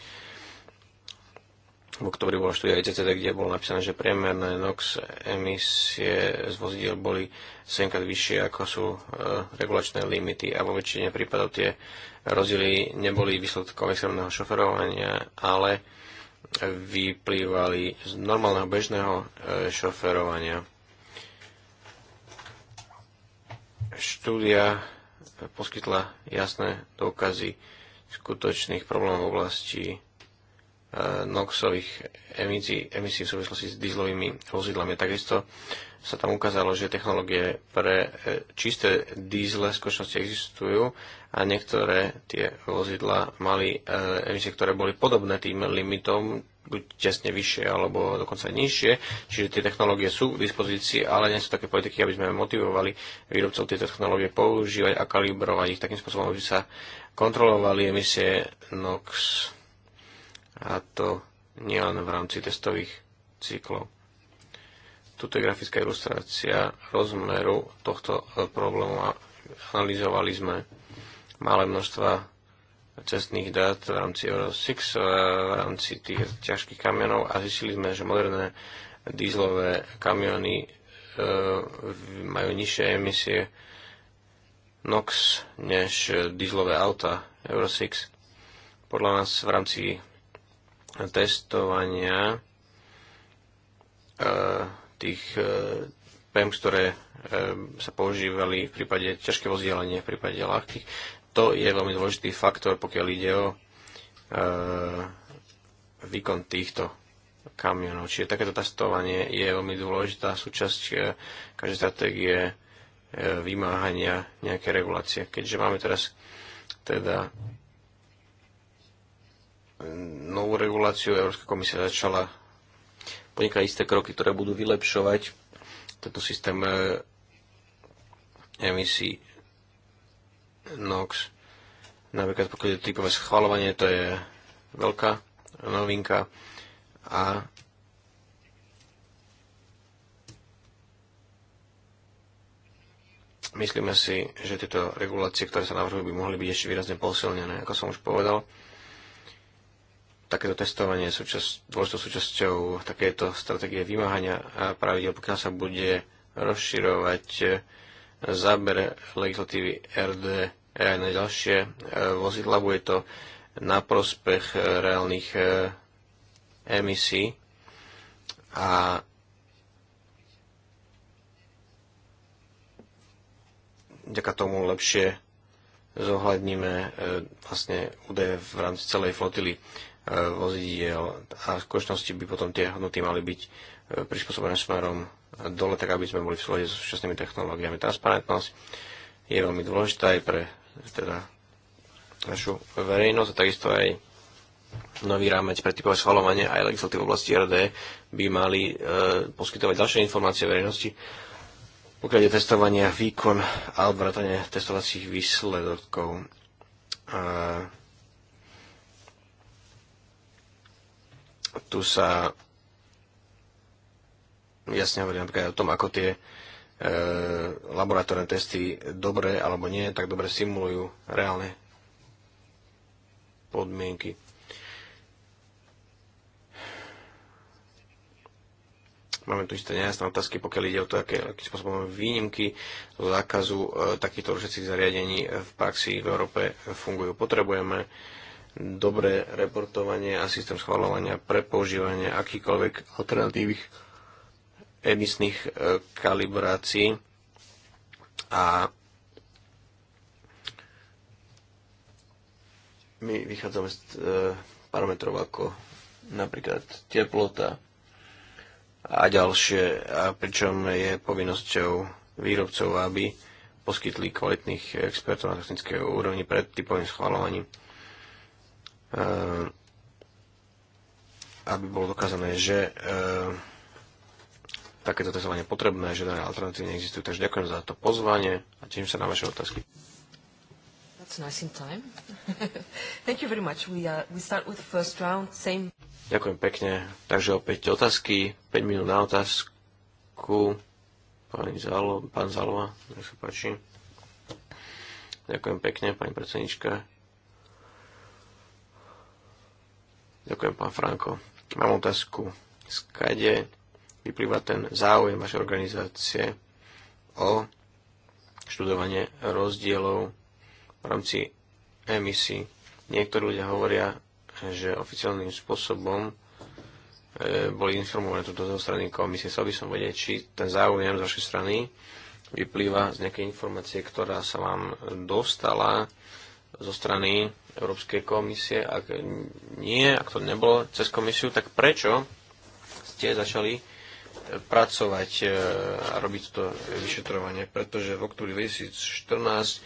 V oktobri bola štúdia ICCD, kde bolo napísané, že priemerné NOx emisie z vozidiel boli 7 krát vyššie ako sú e, regulačné limity a vo väčšine prípadov tie rozdiely neboli výsledkom extrémneho šoferovania, ale vyplývali z normálneho bežného e, šoferovania. Štúdia poskytla jasné dôkazy skutočných problémov v oblasti e, noxových emisí, emisí v súvislosti s dieslovými vozidlami. Takisto sa tam ukázalo, že technológie pre e, čisté diesle v skutočnosti existujú a niektoré tie vozidla mali e, emisie, ktoré boli podobné tým limitom, buď tesne vyššie alebo dokonca nižšie. Čiže tie technológie sú k dispozícii, ale nie sú také politiky, aby sme motivovali výrobcov tie technológie používať a kalibrovať ich takým spôsobom, aby sa kontrolovali emisie NOx. A to nielen v rámci testových cyklov. Tuto je grafická ilustrácia rozmeru tohto problému a analyzovali sme malé množstva cestných dát v rámci Euro 6, eh, v rámci tých ťažkých kamionov a zistili sme, že moderné dízlové kamiony eh, majú nižšie emisie NOx než dízlové auta Euro 6. Podľa nás v rámci testovania eh, tých PM, ktoré sa používali v prípade ťažké vozidela, v prípade ľahkých, to je veľmi dôležitý faktor, pokiaľ ide o e, výkon týchto kamionov. Čiže takéto testovanie je veľmi dôležitá súčasť e, každej stratégie e, vymáhania nejaké regulácie. Keďže máme teraz teda novú reguláciu, Európska komisia začala podnikať isté kroky, ktoré budú vylepšovať tento systém e, emisí NOx. Napríklad pokiaľ je typové schvalovanie, to je veľká novinka. A myslíme si, že tieto regulácie, ktoré sa navrhujú, by mohli byť ešte výrazne posilnené. Ako som už povedal, takéto testovanie je dôležitou súčasťou takéto stratégie vymáhania a pravidel, pokiaľ sa bude rozširovať zábere legislatívy RD aj e na ďalšie e, vozidla. Bude to na prospech e, reálnych emisí a vďaka tomu lepšie zohľadníme vlastne údaje v rámci celej flotily vozidiel a v skutočnosti by potom tie hodnoty mali byť prispôsobené smerom dole, tak aby sme boli v súlade so súčasnými technológiami. Transparentnosť je veľmi dôležitá aj pre teda, našu verejnosť a takisto aj nový rámec pre typové schvalovanie aj legislatív v oblasti RD by mali e, poskytovať ďalšie informácie verejnosti, pokiaľ je testovania výkon alebo vrátanie testovacích výsledkov. E, tu sa jasne hovorí napríklad o tom, ako tie e, laboratórne testy dobre alebo nie tak dobre simulujú reálne podmienky. Máme tu isté nejasné otázky, pokiaľ ide o to, aké, akým spôsobom výnimky zo zákazu e, takýchto rušecích zariadení v praxi v Európe fungujú. Potrebujeme dobré reportovanie a systém schvalovania pre používanie akýkoľvek alternatívnych emisných e, kalibrácií a my vychádzame z e, parametrov ako napríklad teplota a ďalšie, a pričom je povinnosťou výrobcov, aby poskytli kvalitných expertov na technické úrovni pred typovým schvalovaním. E, aby bolo dokázané, že takéto testovanie potrebné, že dané alternatívy neexistujú. Takže ďakujem za to pozvanie a teším sa na vaše otázky. Uh, ďakujem pekne. Takže opäť otázky, 5 minút na otázku. Pani Zalo, pán Zalova, nech sa páči. Ďakujem pekne, pani predsednička. Ďakujem, pán Franko. Mám otázku. Skade vyplýva ten záujem vašej organizácie o študovanie rozdielov v rámci emisí. Niektorí ľudia hovoria, že oficiálnym spôsobom e, boli informované túto zo strany komisie. Chcel by som vedieť, či ten záujem z vašej strany vyplýva z nejakej informácie, ktorá sa vám dostala zo strany Európskej komisie. Ak nie, ak to nebolo cez komisiu, tak prečo ste začali pracovať e, a robiť toto vyšetrovanie, pretože v oktobri 2014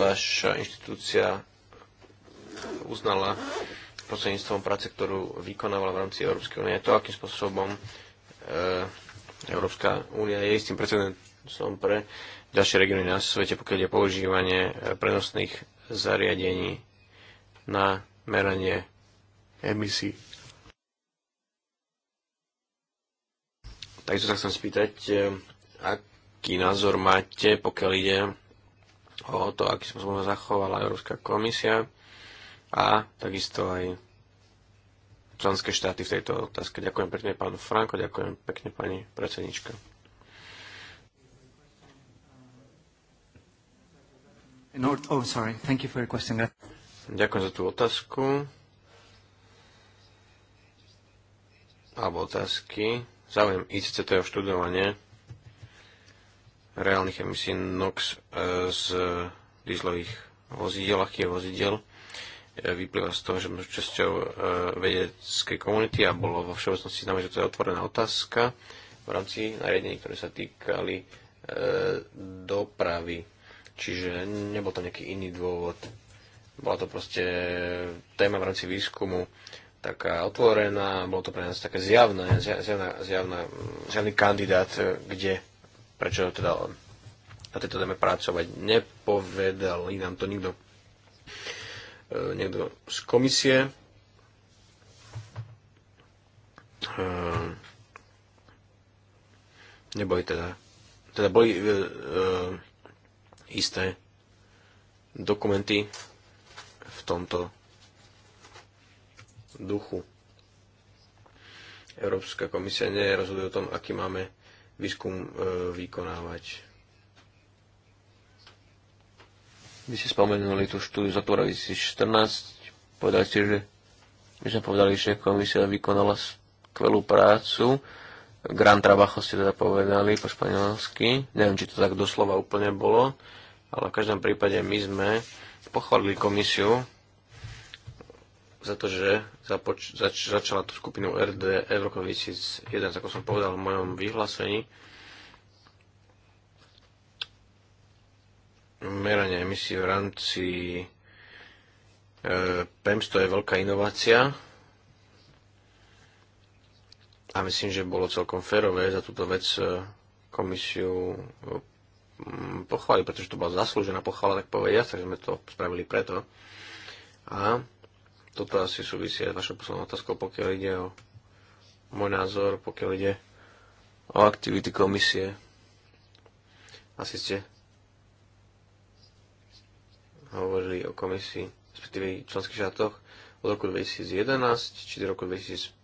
vaša inštitúcia uznala prostredníctvom práce, ktorú vykonávala v rámci Európskej únie, to, akým spôsobom e, Európska únia je istým precedentom pre ďalšie regióny na svete, pokiaľ je používanie e, prenosných zariadení na meranie emisí Takže sa chcem spýtať, e, aký názor máte, pokiaľ ide o to, aký spôsobom zachovala Európska komisia a takisto aj členské štáty v tejto otázke. Ďakujem pekne pánu Franko, ďakujem pekne pani predsednička. Oh, sorry. Thank you for your question. Ďakujem za tú otázku. Alebo otázky záujem ICCT o študovanie reálnych emisí NOx e, z dízlových vozidiel, je vozidiel e, vyplýva z toho, že sme časťou e, vedeckej komunity a bolo vo všeobecnosti známe, že to je otvorená otázka v rámci nariadení, ktoré sa týkali dopravy. Čiže nebol to nejaký iný dôvod. Bola to proste téma v rámci výskumu taká otvorená, bolo to pre nás také zjavné, zjavná, zjavná, zjavný kandidát, e, kde, prečo teda na tejto téme pracovať. Nepovedal nám to nikto, e, niekto z komisie. E, neboli teda, teda boli e, e, isté dokumenty v tomto duchu. Európska komisia nerozhoduje o tom, aký máme výskum e, vykonávať. Vy ste spomenuli tú štúdiu za 2014. Povedali ste, že my sme povedali, že komisia vykonala skvelú prácu. Gran Trabajo ste teda povedali po španielsky. Neviem, či to tak doslova úplne bolo, ale v každom prípade my sme pochválili komisiu za to, že započ- zač- začala tú skupinu RD Eurocon 2001, ako som povedal v mojom vyhlásení. Meranie emisí v rámci e, PEMS to je veľká inovácia a myslím, že bolo celkom férové za túto vec e, komisiu e, pochváliť, pretože to bola zaslúžená pochvala, tak povediať, takže sme to spravili preto. A toto asi súvisí s vašou poslednou otázkou, pokiaľ ide o môj názor, pokiaľ ide o aktivity komisie. Asi ste hovorili o komisii, respektíve členských štátoch od roku 2011, či do roku 2015,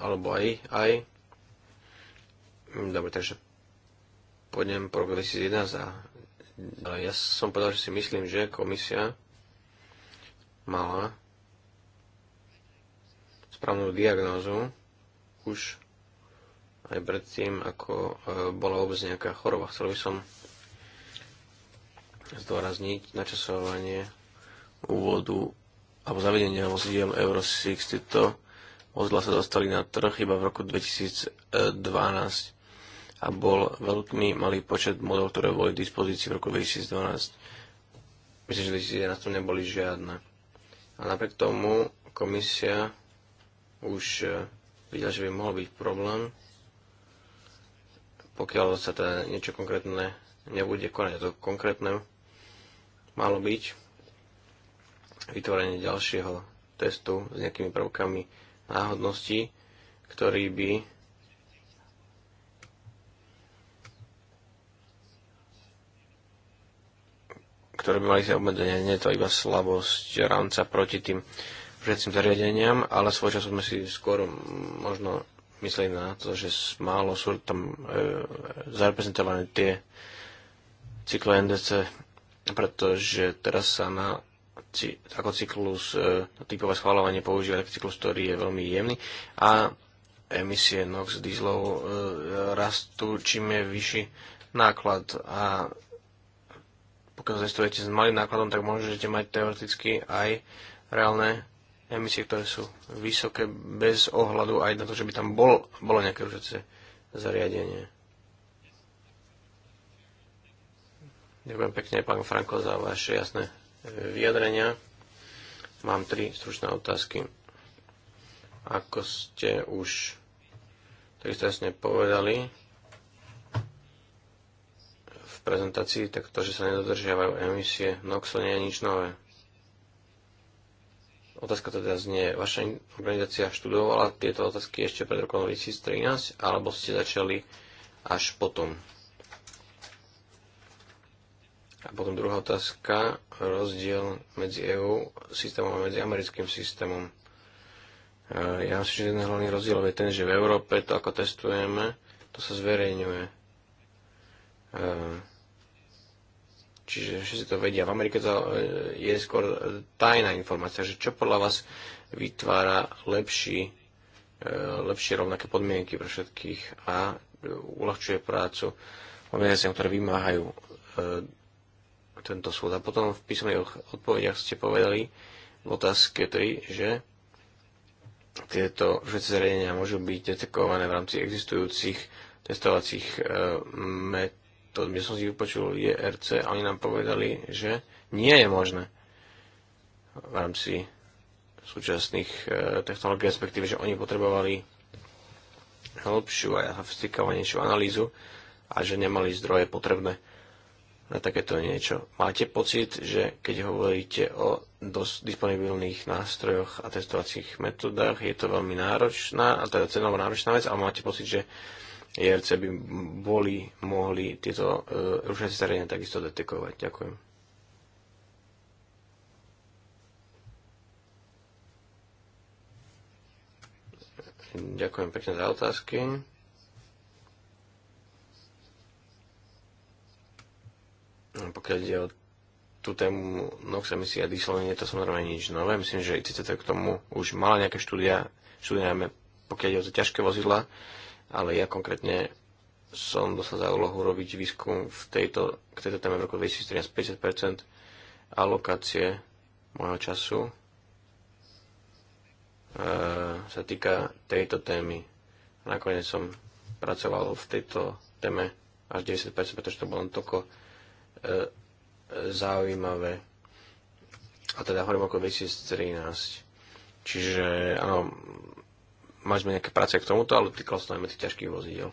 alebo aj, aj. Dobre, takže pôjdem po roku 2011 a ja som povedal, že si myslím, že komisia mala správnu diagnózu už aj predtým, ako e, bola vôbec nejaká choroba. Chcel by som zdôrazniť načasovanie úvodu alebo zavedenia vozidiel Euro 6. Tieto vozidla sa dostali na trh iba v roku 2012 a bol veľmi malý počet modelov, ktoré boli v dispozícii v roku 2012. Myslím, že 2011 neboli žiadne. A napriek tomu komisia už e, videla, že by mohol byť problém, pokiaľ sa teda niečo konkrétne nebude konať. to konkrétne malo byť vytvorenie ďalšieho testu s nejakými prvkami náhodnosti, ktorý by ktoré by mali tie obmedzenia. Nie je to iba slabosť rámca proti tým všetkým zariadeniam, ale svoj času sme si skôr možno mysleli na to, že málo sú tam e, zareprezentované tie cyklo NDC, pretože teraz sa na ako cyklus e, typové schváľovanie používa taký cyklus, ktorý je veľmi jemný a emisie NOx dieselov e, rastú, čím je vyšší náklad a pokiaľ zestujete s malým nákladom, tak môžete mať teoreticky aj reálne emisie, ktoré sú vysoké bez ohľadu aj na to, že by tam bol, bolo nejaké rušacie zariadenie. Ďakujem pekne, pán Franko, za vaše jasné vyjadrenia. Mám tri stručné otázky. Ako ste už takisto jasne povedali, prezentácii, tak to, že sa nedodržiavajú emisie to no, nie je nič nové. Otázka teda znie, vaša organizácia študovala tieto otázky ešte pred rokom 2013, alebo ste začali až potom? A potom druhá otázka, rozdiel medzi EU systémom a medzi americkým systémom. E, ja myslím, že jeden hlavný rozdiel je ten, že v Európe to, ako testujeme, to sa zverejňuje. E, Čiže všetci to vedia. V Amerike to e, je skôr e, tajná informácia, že čo podľa vás vytvára lepší, e, lepšie rovnaké podmienky pre všetkých a uľahčuje prácu organizáciám, ktoré vymáhajú tento súd. A potom v písomných odpovediach ste povedali v otázke 3, že tieto všetci zariadenia môžu byť detekované v rámci existujúcich testovacích metód to ja som si vypočul JRC a oni nám povedali, že nie je možné v rámci súčasných e, technológií, respektíve, že oni potrebovali hĺbšiu a sofistikovanejšiu analýzu a že nemali zdroje potrebné na takéto niečo. Máte pocit, že keď hovoríte o dos- disponibilných nástrojoch a testovacích metodách, je to veľmi náročná, a teda cenovo náročná vec, ale máte pocit, že ERC by boli, mohli tieto e, rušacie zariadenia takisto detekovať. Ďakujem. Ďakujem pekne za otázky. Pokiaľ ide o tú tému NOx emisie a dyslovenie, to samozrejme nič nové. Myslím, že ICCT k tomu už mala nejaké štúdia, štúdia najmä pokiaľ ide o tie ťažké vozidla ale ja konkrétne som dostal za úlohu robiť výskum v tejto, k tejto téme v roku 2013 50% alokácie môjho času e, sa týka tejto témy. Nakoniec som pracoval v tejto téme až 90%, pretože to bolo toľko e, zaujímavé. A teda hovorím ako 2013. Čiže áno, mali sme nejaké práce k tomuto, ale týkalo sa najmä tých ťažkých vozidel.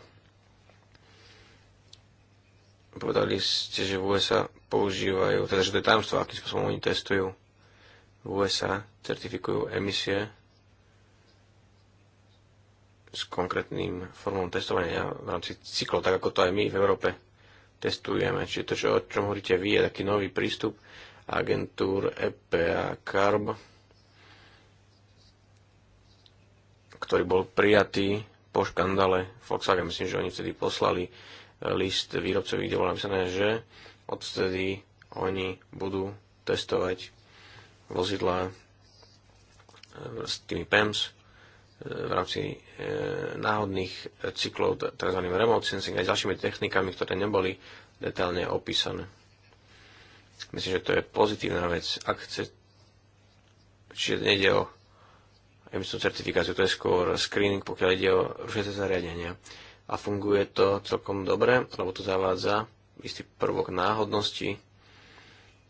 Povedali ste, že v USA používajú, teda že to je tajomstvo, akým spôsobom oni testujú. V USA certifikujú emisie s konkrétnym formou testovania v rámci cyklov, tak ako to aj my v Európe testujeme. Čiže to, čo, o čom hovoríte vy, je taký nový prístup agentúr EPA CARB ktorý bol prijatý po škandále Volkswagen. Myslím, že oni vtedy poslali e, list výrobcovi, kde bolo napísané, že odvtedy oni budú testovať vozidla e, s tými PEMS e, v rámci náhodných cyklov, tzv. remote sensing aj ďalšími technikami, ktoré neboli detailne opísané. Myslím, že to je pozitívna vec. Ak chce, čiže nejde o emisnú certifikáciu, to je skôr screening, pokiaľ ide o rušiace zariadenia. A funguje to celkom dobre, lebo to zavádza istý prvok náhodnosti.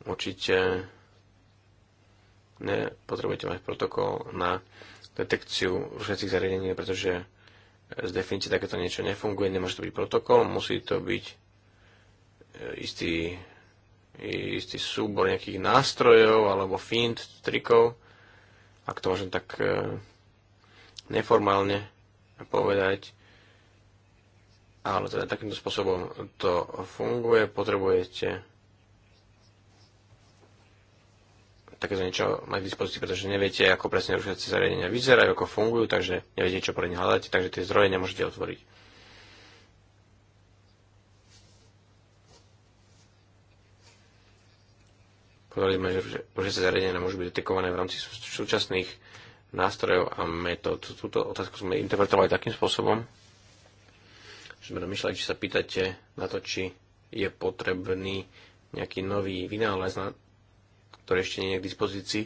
Určite nepotrebujete mať protokol na detekciu rušiacich zariadení, pretože z definície takéto niečo nefunguje, nemôže to byť protokol, musí to byť e, istý, istý súbor nejakých nástrojov alebo fint, trikov, ak to môžem tak e, neformálne povedať, ale teda takýmto spôsobom to funguje, potrebujete za niečo mať k dispozícii, pretože neviete, ako presne rušiace zariadenia vyzerajú, ako fungujú, takže neviete, čo pre ne hľadáte, takže tie zdroje nemôžete otvoriť. sme, že boženské zariadenia môžu byť detekované v rámci súčasných nástrojov a metód. Túto otázku sme interpretovali takým spôsobom, že sme domýšľali, či sa pýtate na to, či je potrebný nejaký nový vynález, ktorý ešte nie je k dispozícii,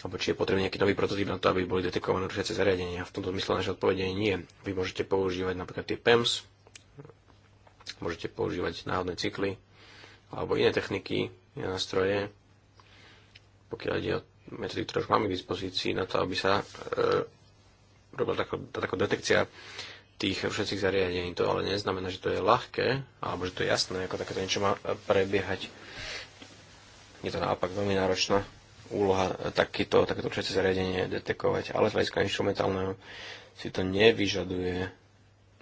alebo či je potrebný nejaký nový prototyp na to, aby boli detekované rušiace zariadenia. V tomto zmysle naše odpovede nie. Vy môžete používať napríklad tie PEMS, Môžete používať náhodné cykly alebo iné techniky, iné nástroje, pokiaľ ide o metódy, ktoré už máme k dispozícii na to, aby sa e, robila taká, taká detekcia tých všetkých zariadení. To ale neznamená, že to je ľahké, alebo že to je jasné, ako takéto niečo má prebiehať. Je to naopak veľmi náročná úloha e, takýto, takéto všetky zariadenie detekovať, ale z hľadiska instrumentálneho si to nevyžaduje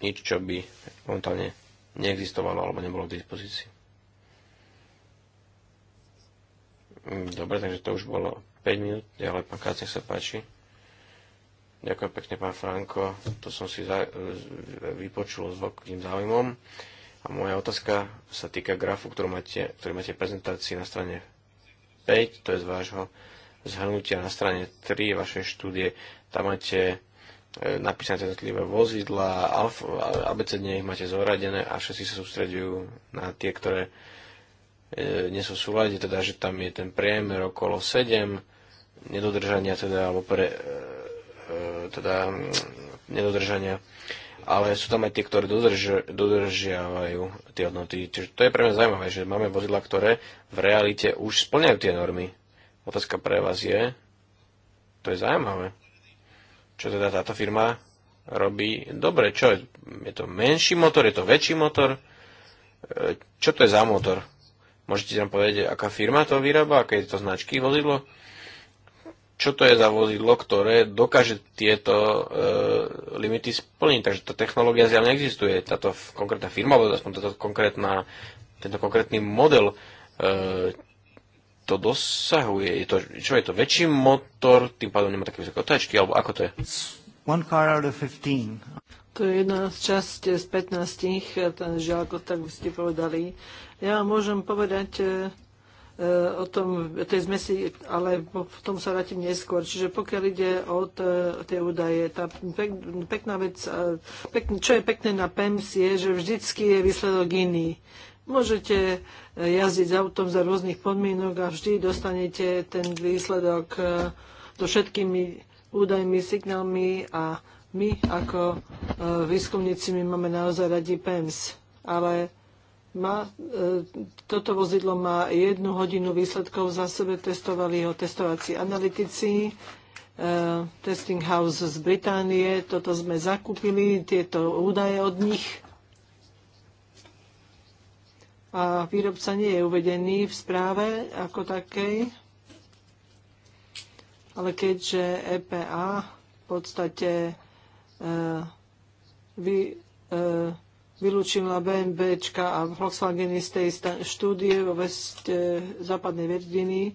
nič, čo by momentálne neexistovalo alebo nebolo k dispozícii. Mm, Dobre, takže to už bolo 5 minút, ďalej pán Kác, nech sa páči. Ďakujem pekne, pán Franko. To som si za, vypočul s veľkým záujmom. A moja otázka sa týka grafu, ktorú máte, ktorý máte v prezentácii na strane 5, to je z vášho zhrnutia na strane 3 vašej štúdie. Tam máte E, napísané jednotlivé vozidla, dne ich máte zoradené a všetci sa sústredujú na tie, ktoré e, nie sú v súlade, teda že tam je ten priemer okolo 7 nedodržania teda, alebo pre, e, e, teda nedodržania ale sú tam aj tie, ktoré dodrž, dodržiavajú tie hodnoty. Čiže to je pre mňa zaujímavé, že máme vozidla, ktoré v realite už splňajú tie normy. Otázka pre vás je, to je zaujímavé čo teda táto firma robí dobre. Čo je, je to menší motor, je to väčší motor? E, čo to je za motor? Môžete nám povedať, aká firma to vyrába, aké je to značky vozidlo? Čo to je za vozidlo, ktoré dokáže tieto e, limity splniť? Takže tá technológia zjavne existuje. Táto konkrétna firma, alebo aspoň tento konkrétny model, e, to dosahuje? Je to, čo je to väčší motor, tým pádom nemá také vysoké otáčky, alebo ako to je? One car out of 15. To je jedna z časť z 15, eh, ten žiaľko, tak by ste povedali. Ja môžem povedať eh, eh, o tom, tej zmesi, ale v tom sa vrátim neskôr. Čiže pokiaľ ide o tie údaje, tá pek, pekná vec, pek, čo je pekné na PEMS je, že vždycky je výsledok iný. Môžete e, jazdiť autom za rôznych podmienok a vždy dostanete ten výsledok e, so všetkými údajmi, signálmi a my ako e, výskumníci my máme naozaj radi PEMS, ale má, toto vozidlo má jednu hodinu výsledkov za sebe, testovali ho testovací analytici, testing house z Británie, toto sme zakúpili, tieto údaje od nich a výrobca nie je uvedený v správe ako takej, ale keďže EPA v podstate e, vy, e, vylúčila BNB a Volkswageny z tej štúdie vo veste západnej Virginii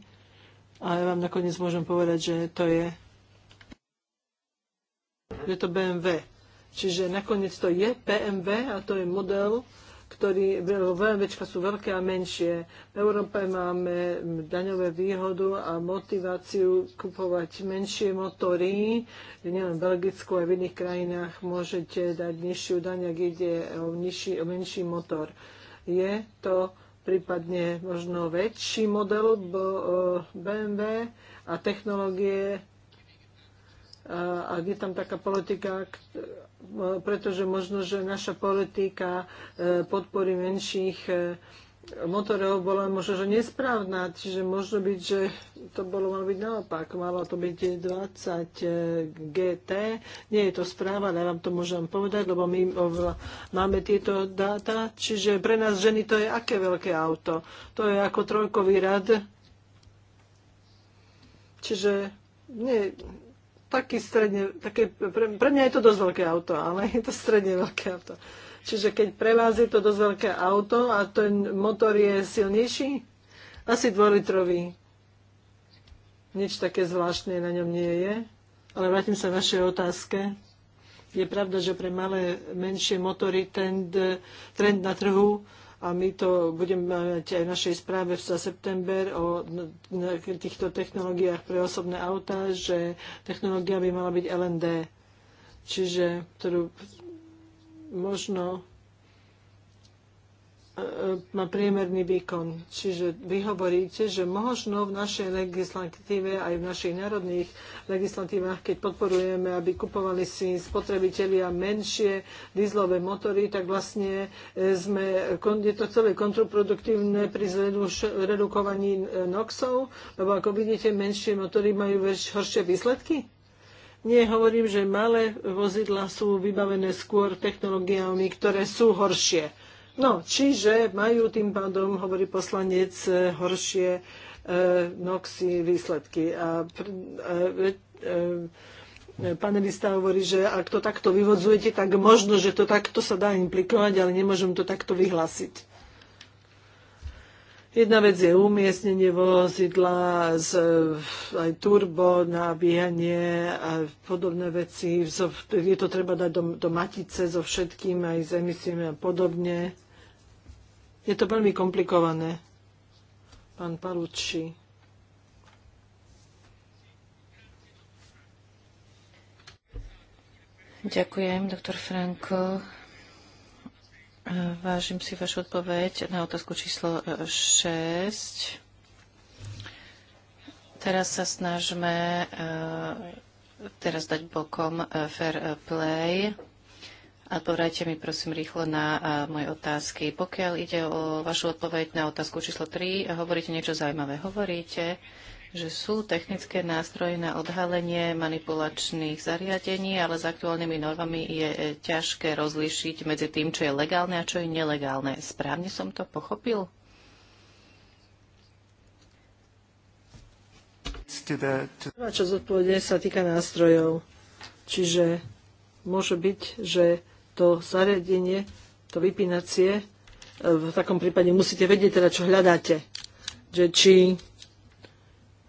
a ja vám nakoniec môžem povedať, že to je že to BMW. Čiže nakoniec to je PMV a to je model, ktorí VMVčka sú veľké a menšie. V Európe máme daňové výhodu a motiváciu kupovať menšie motory. Nielen v Belgicku, aj v iných krajinách môžete dať nižšiu daň, ak ide o, nižší, o menší motor. Je to prípadne možno väčší model BMW eh, a technológie a, a je tam taká politika, pretože možno, že naša politika e, podpory menších e, motorov bola možno, že nesprávna, čiže možno byť, že to bolo malo byť naopak, malo to byť 20 e, GT, nie je to správa, ja vám to môžem povedať, lebo my máme tieto dáta, čiže pre nás ženy to je aké veľké auto, to je ako trojkový rad, čiže nie, taký stredne, také, pre, pre mňa je to dosť veľké auto, ale je to stredne veľké auto. Čiže keď pre vás je to dosť veľké auto a ten motor je silnejší, asi dvolitrový. Nič také zvláštne na ňom nie je. Ale vrátim sa vašej otázke. Je pravda, že pre malé, menšie motory ten trend na trhu a my to budeme mať aj v našej správe za september o týchto technológiách pre osobné autá, že technológia by mala byť LND, čiže ktorú možno E, má priemerný výkon. Čiže vy hovoríte, že možno v našej legislatíve, aj v našich národných legislatívach, keď podporujeme, aby kupovali si spotrebitelia menšie dizlové motory, tak vlastne e, sme, je to celé kontraproduktívne pri redukovaní e, NOXov, lebo ako vidíte, menšie motory majú horšie výsledky. Nie, hovorím, že malé vozidla sú vybavené skôr technológiami, ktoré sú horšie No, čiže majú tým pádom, hovorí poslanec, eh, horšie e, noxy výsledky. A pr, e, e, panelista hovorí, že ak to takto vyvodzujete, tak možno, že to takto sa dá implikovať, ale nemôžem to takto vyhlásiť. Jedna vec je umiestnenie vozidla, z, e, aj turbo nabíjanie a podobné veci. Je to treba dať do, do matice so všetkým, aj s emisiami a podobne. Je to veľmi komplikované. Pán Palucci. Ďakujem, doktor Franko. Vážim si vašu odpoveď na otázku číslo 6. E, teraz sa snažme e, teraz dať bokom e, fair play. a povrajte mi prosím rýchlo na moje otázky. Pokiaľ ide o vašu odpoveď na otázku číslo 3, hovoríte niečo zaujímavé. Hovoríte, že sú technické nástroje na odhalenie manipulačných zariadení, ale s aktuálnymi normami je e, ťažké rozlišiť medzi tým, čo je legálne a čo je nelegálne. Správne som to pochopil? Prvá časť odpovede sa týka nástrojov. Čiže môže byť, že to zariadenie, to vypínacie, e, v takom prípade musíte vedieť teda, čo hľadáte. Že či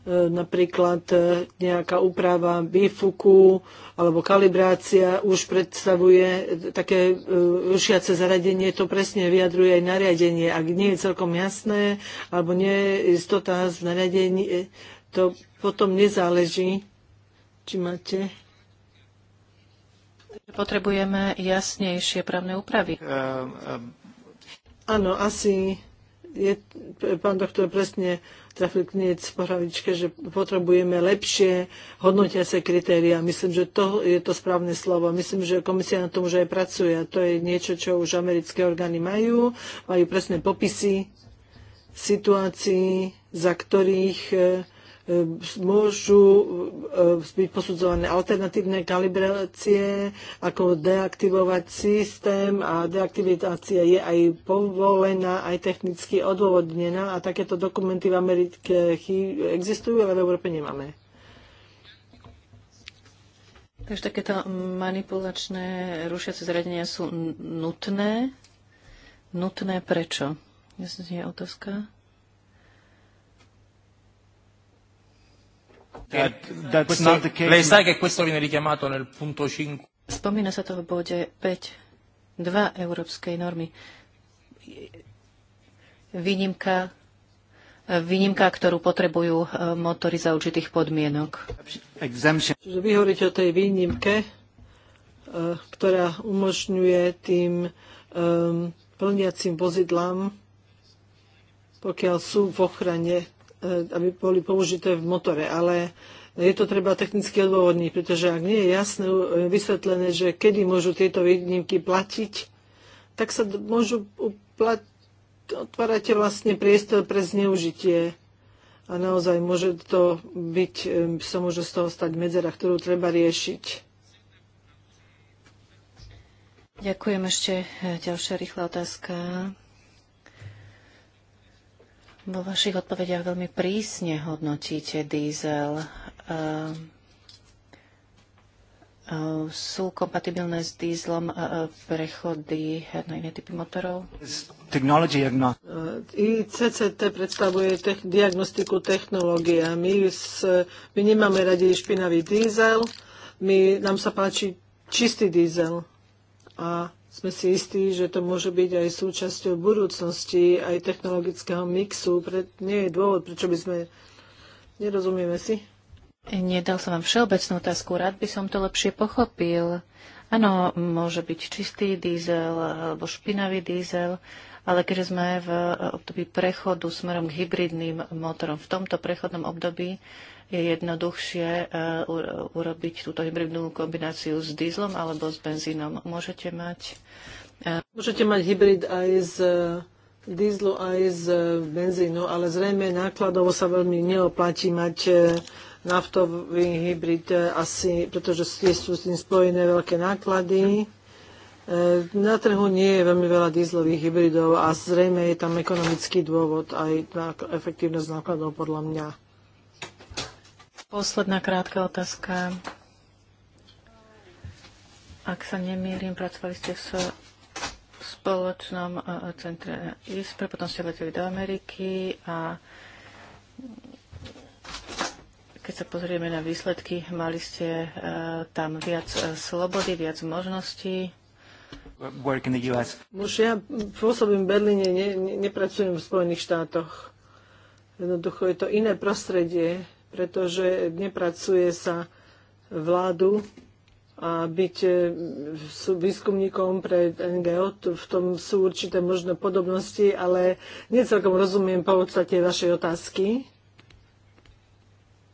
E, napríklad e, nejaká úprava výfuku alebo kalibrácia už predstavuje také e, rušiace zaradenie, to presne vyjadruje aj nariadenie. Ak nie je celkom jasné alebo nie je istota z nariadení, to potom nezáleží, či máte. Potrebujeme jasnejšie právne úpravy. Ehm, ehm. Áno, um, um. asi je, pán doktor presne trafil kniec v hlavičke, že potrebujeme lepšie hodnotiace kritéria. Myslím, že to je to správne slovo. Myslím, že komisia na tom už aj pracuje. to je niečo, čo už americké orgány majú. Majú presné popisy situácií, za ktorých E, môžu e, byť posudzované alternatívne kalibrácie, ako deaktivovať systém a deaktivácia je aj povolená, aj technicky odôvodnená a takéto dokumenty v Amerike existujú, ale v Európe nemáme. Takže takéto manipulačné rušiace zariadenia sú nutné. Nutné prečo? Je otázka. lei sa che questo viene richiamato nel punto 5. Spomína sa to v bode 5, dva európskej normy. Výnimka, výnimka, ktorú potrebujú eh, motory za určitých podmienok. Čiže vy hovoríte o tej výnimke, eh, ktorá umožňuje tým eh, plniacim vozidlám, pokiaľ sú v ochrane E, aby boli použité v motore, ale je to treba technicky odôvodniť, pretože ak nie je jasné e, vysvetlené, že kedy môžu tieto výnimky platiť, tak sa môžu uplat- otvárať vlastne priestor pre zneužitie. A naozaj môže to byť, e, sa môže z toho stať medzera, ktorú treba riešiť. Ďakujem ešte. Ďalšia rýchla otázka vo vašich odpovediach veľmi prísne hodnotíte diesel. Ehm, ehm, sú kompatibilné s dieselom e, e, prechody na iné typy motorov? ICCT e, predstavuje diagnostiku technológia. My nemáme radi špinavý diesel, my, nám sa páči čistý diesel. A sme si istí, že to môže byť aj súčasťou budúcnosti, aj technologického mixu. Pre, nie je dôvod, prečo by sme... Nerozumieme si? Nedal som vám všeobecnú otázku, rád by som to lepšie pochopil. Áno, môže byť čistý diesel alebo špinavý diesel, ale keďže sme v období prechodu smerom k hybridným motorom, v tomto prechodnom období je jednoduchšie e, urobiť túto hybridnú kombináciu s dieslom alebo s benzínom. Môžete mať... E, Môžete mať hybrid aj z e, dieslu, aj z benzínu, ale zrejme nákladovo sa veľmi neoplatí mať naftový hybrid e, asi, pretože sú s tým spojené veľké náklady. E, na trhu nie je veľmi veľa dízlových hybridov a zrejme je tam ekonomický dôvod aj na efektívnosť nákladov podľa mňa. Posledná krátka otázka. Ak sa nemýlim, pracovali ste v spoločnom e, centre ISPE, potom ste leteli do Ameriky a keď sa pozrieme na výsledky, mali ste e, tam viac e, slobody, viac možností. Work in the US. Už ja pôsobím v Berlíne, ne, ne, nepracujem v Spojených štátoch. Jednoducho je to iné prostredie, pretože nepracuje sa vládu a byť e, výskumníkom pre NGO, v tom sú určité možno podobnosti, ale necelkom rozumiem po podstate vašej otázky.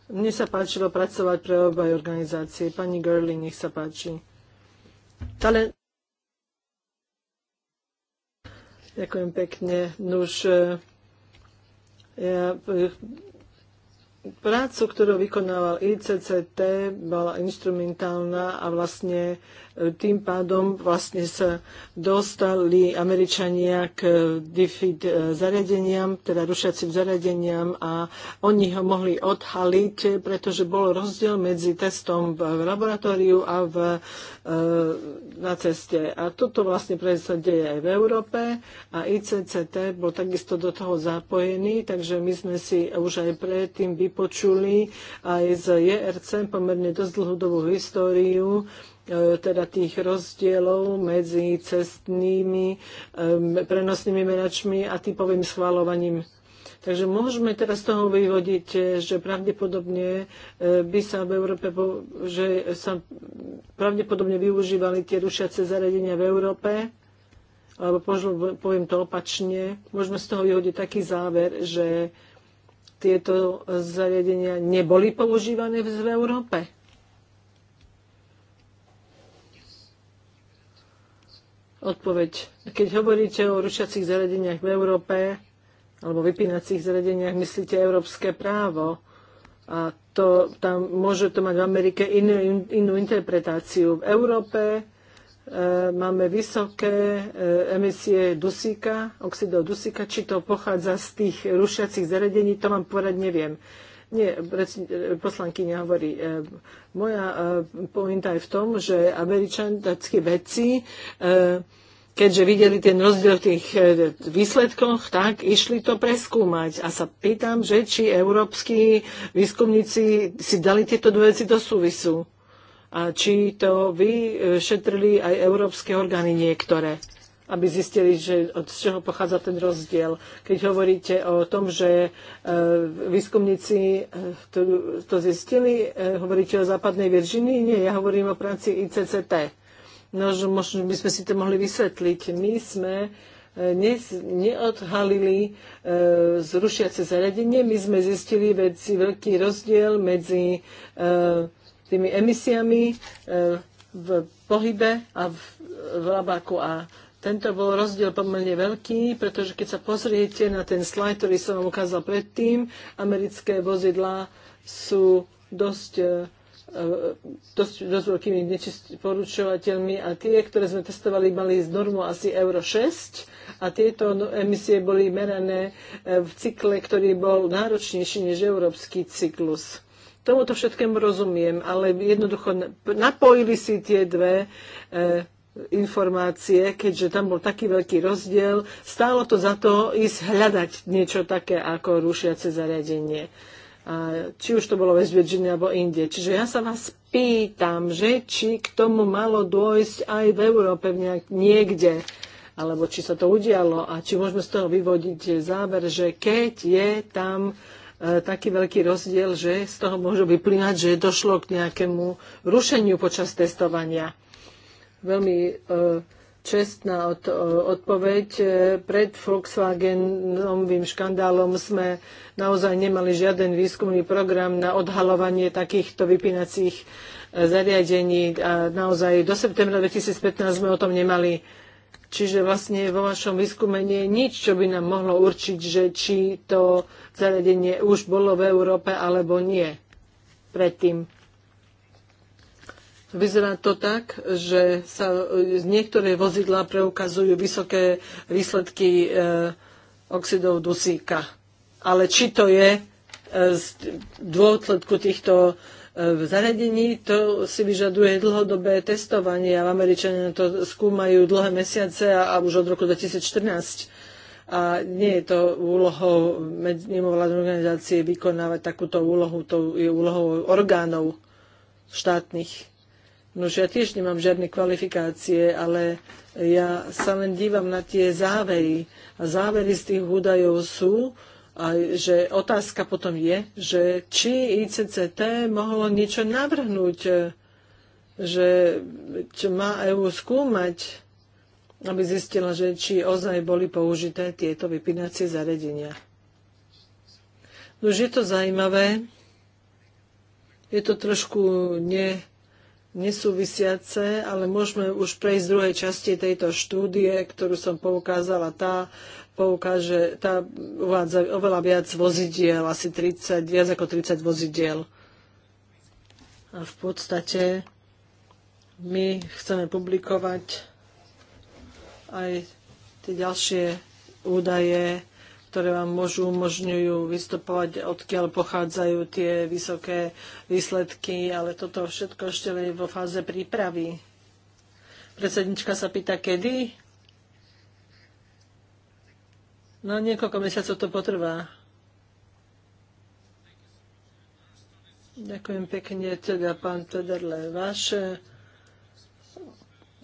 Mne sa páčilo pracovať pre obaj organizácie. Pani Gurley, nech sa páči. Talent... Ďakujem pekne. Nuž, e, ja, e, prácu, ktorú vykonával ICCT, bola instrumentálna a vlastne tým pádom vlastne sa dostali Američania k DFID e, zariadeniam, teda rušiacim zariadeniam a oni ho mohli odhaliť, pretože bol rozdiel medzi testom v laboratóriu a v, e, na ceste. A toto vlastne sa deje aj v Európe a ICCT bol takisto do toho zapojený, takže my sme si už aj predtým vypočuli aj z JRC pomerne dosť dlhodobú históriu, E, teda tých rozdielov medzi cestnými e, prenosnými menačmi a typovým schvalovaním. Takže môžeme teraz z toho vyvodiť, že pravdepodobne e, by sa v Európe, že sa pravdepodobne využívali tie rušiace zariadenia v Európe, alebo poviem to opačne, môžeme z toho vyhodiť taký záver, že tieto zariadenia neboli používané v Európe. odpoveď. Keď hovoríte o rušiacich zariadeniach v Európe alebo vypínacích zariadeniach, myslíte európske právo. A to, tam môže to mať v Amerike inú, inú interpretáciu. V Európe e, máme vysoké e, emisie dusíka, oxidov dusíka. Či to pochádza z tých rušiacich zariadení, to vám povedať neviem. Nie, poslankyňa hovorí, e, moja e, pointa je v tom, že američanské vedci e, keďže videli ten rozdiel v tých výsledkoch, tak išli to preskúmať. A sa pýtam, že či európsky výskumníci si dali tieto dve veci do súvisu. A či to vyšetrili aj európske orgány niektoré aby zistili, že od čoho pochádza ten rozdiel. Keď hovoríte o tom, že e, výskumníci e, to, to zistili, e, hovoríte o západnej Virginii? Nie, ja hovorím o práci ICCT. No, že možno by sme si to mohli vysvetliť. My sme ne, neodhalili e, zrušiace zariadenie. My sme zistili veci, veľký rozdiel medzi e, tými emisiami e, v pohybe a v, v labáku a tento bol rozdiel pomerne veľký, pretože keď sa pozriete na ten slajd, ktorý som vám ukázal predtým, americké vozidlá sú dosť e, e, dosť, dosť veľkými poručovateľmi a tie, ktoré sme testovali, mali z normu asi Euro 6 a tieto no, emisie boli merané e, v cykle, ktorý bol náročnejší než európsky cyklus. Tomuto všetkému rozumiem, ale jednoducho napojili si tie dve informácie, keďže tam bol taký veľký rozdiel. Stálo to za to ísť hľadať niečo také ako rušiace zariadenie. A či už to bolo West Virginia alebo inde. Čiže ja sa vás pýtam, že či k tomu malo dôjsť aj v Európe nejak, niekde, alebo či sa to udialo a či môžeme z toho vyvodiť záver, že keď je tam e, taký veľký rozdiel, že z toho môžu vyplývať, že došlo k nejakému rušeniu počas testovania veľmi e, čestná od, e, odpoveď. E, pred Volkswagenovým škandálom sme naozaj nemali žiaden výskumný program na odhalovanie takýchto vypínacích zariadení a naozaj do septembra 2015 sme o tom nemali Čiže vlastne vo vašom výskume nie je nič, čo by nám mohlo určiť, že či to zariadenie už bolo v Európe alebo nie predtým. Vyzerá to tak, že sa e, niektoré vozidlá preukazujú vysoké výsledky e, oxidov dusíka. Ale či to je e, z dôsledku týchto zariadení, to si vyžaduje dlhodobé testovanie a Američania to skúmajú dlhé mesiace a už od roku 2014 a nie je to úlohou mimovládnej organizácie vykonávať takúto úlohu, to je úlohou orgánov štátnych. No, že ja tiež nemám žiadne kvalifikácie, ale ja sa len dívam na tie závery. A závery z tých údajov sú, a že otázka potom je, že či ICCT mohlo niečo navrhnúť, e, že čo má EU skúmať, aby zistila, že či ozaj boli použité tieto vypínacie zariadenia. Nož je to zajímavé, je to trošku ne, nesúvisiace, ale môžeme už prejsť z druhej časti tejto štúdie, ktorú som poukázala. Tá, poukáže, tá uvádza oveľa viac vozidiel, asi 30, viac ako 30 vozidiel. A v podstate my chceme publikovať aj tie ďalšie údaje ktoré vám môžu, umožňujú vystupovať, odkiaľ pochádzajú tie vysoké výsledky, ale toto všetko ešte je vo fáze prípravy. Predsednička sa pýta, kedy? No niekoľko mesiacov to potrvá. Ďakujem pekne, teda pán Federle. Vaše,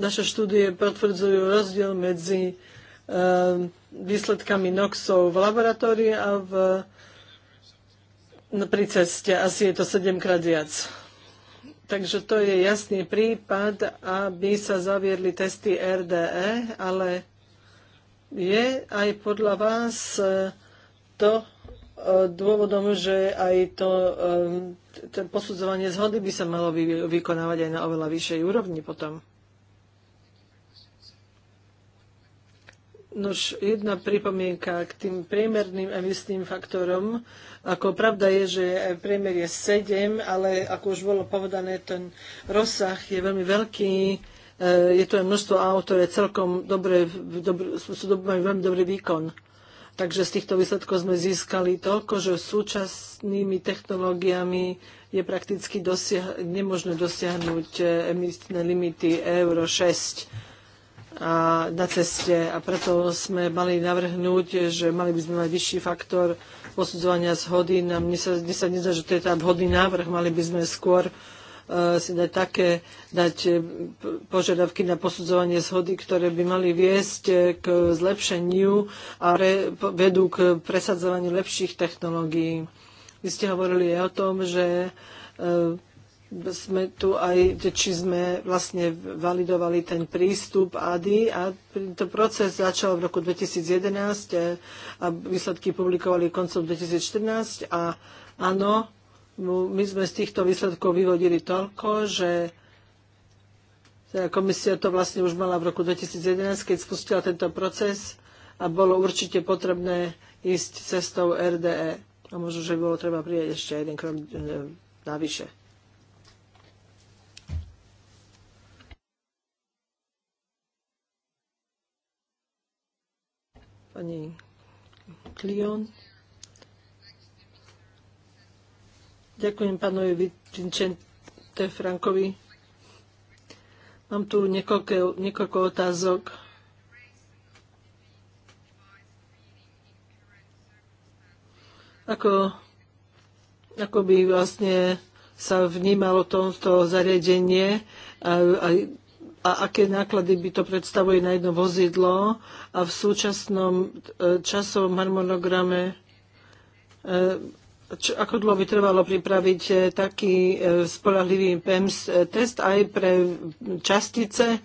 naše štúdie potvrdzujú rozdiel medzi um, výsledkami NOXov v laboratórii a v, no, pri ceste. Asi je to 7 krát viac. Takže to je jasný prípad, aby sa zaviedli testy RDE, ale je aj podľa vás to e, dôvodom, že aj e, to posudzovanie zhody by sa malo vykonávať aj na oveľa vyššej úrovni potom. Nož jedna pripomienka k tým priemerným emisným faktorom. Ako pravda je, že priemer je 7, ale ako už bolo povedané, ten rozsah je veľmi veľký. E, je to aj množstvo aut, ktoré celkom dobre, sú, majú veľmi dobrý výkon. Takže z týchto výsledkov sme získali toľko, že súčasnými technológiami je prakticky dosiah- nemožné dosiahnuť e, emisné limity Euro 6 a na ceste a preto sme mali navrhnúť, že mali by sme mať vyšší faktor posudzovania zhody. A mne sa, mne sa nezda, že to je tá vhodný návrh. Mali by sme skôr e, si dať také, dať e, požiadavky na posudzovanie zhody, ktoré by mali viesť e, k zlepšeniu a pre, vedú k presadzovaniu lepších technológií. Vy ste hovorili aj o tom, že sme tu aj, či sme vlastne validovali ten prístup ADI a to proces začal v roku 2011 eh, a výsledky publikovali koncom 2014 a áno, my sme z týchto výsledkov vyvodili toľko, že komisia to vlastne už mala v roku 2011, keď spustila tento proces a bolo určite potrebné ísť cestou RDE. A možno, že bolo treba prijať ešte jeden krok eh, navyše. pani Klion. Ďakujem pánovi Vincente Frankovi. Mám tu niekoľko, niekoľko otázok. Ako, ako by vlastne sa vnímalo tomto zariadenie, a, a, a aké náklady by to predstavuje na jedno vozidlo a v súčasnom e, časovom harmonograme e, čo, ako dlho by trvalo pripraviť e, taký spolahlivý PEMS test aj pre častice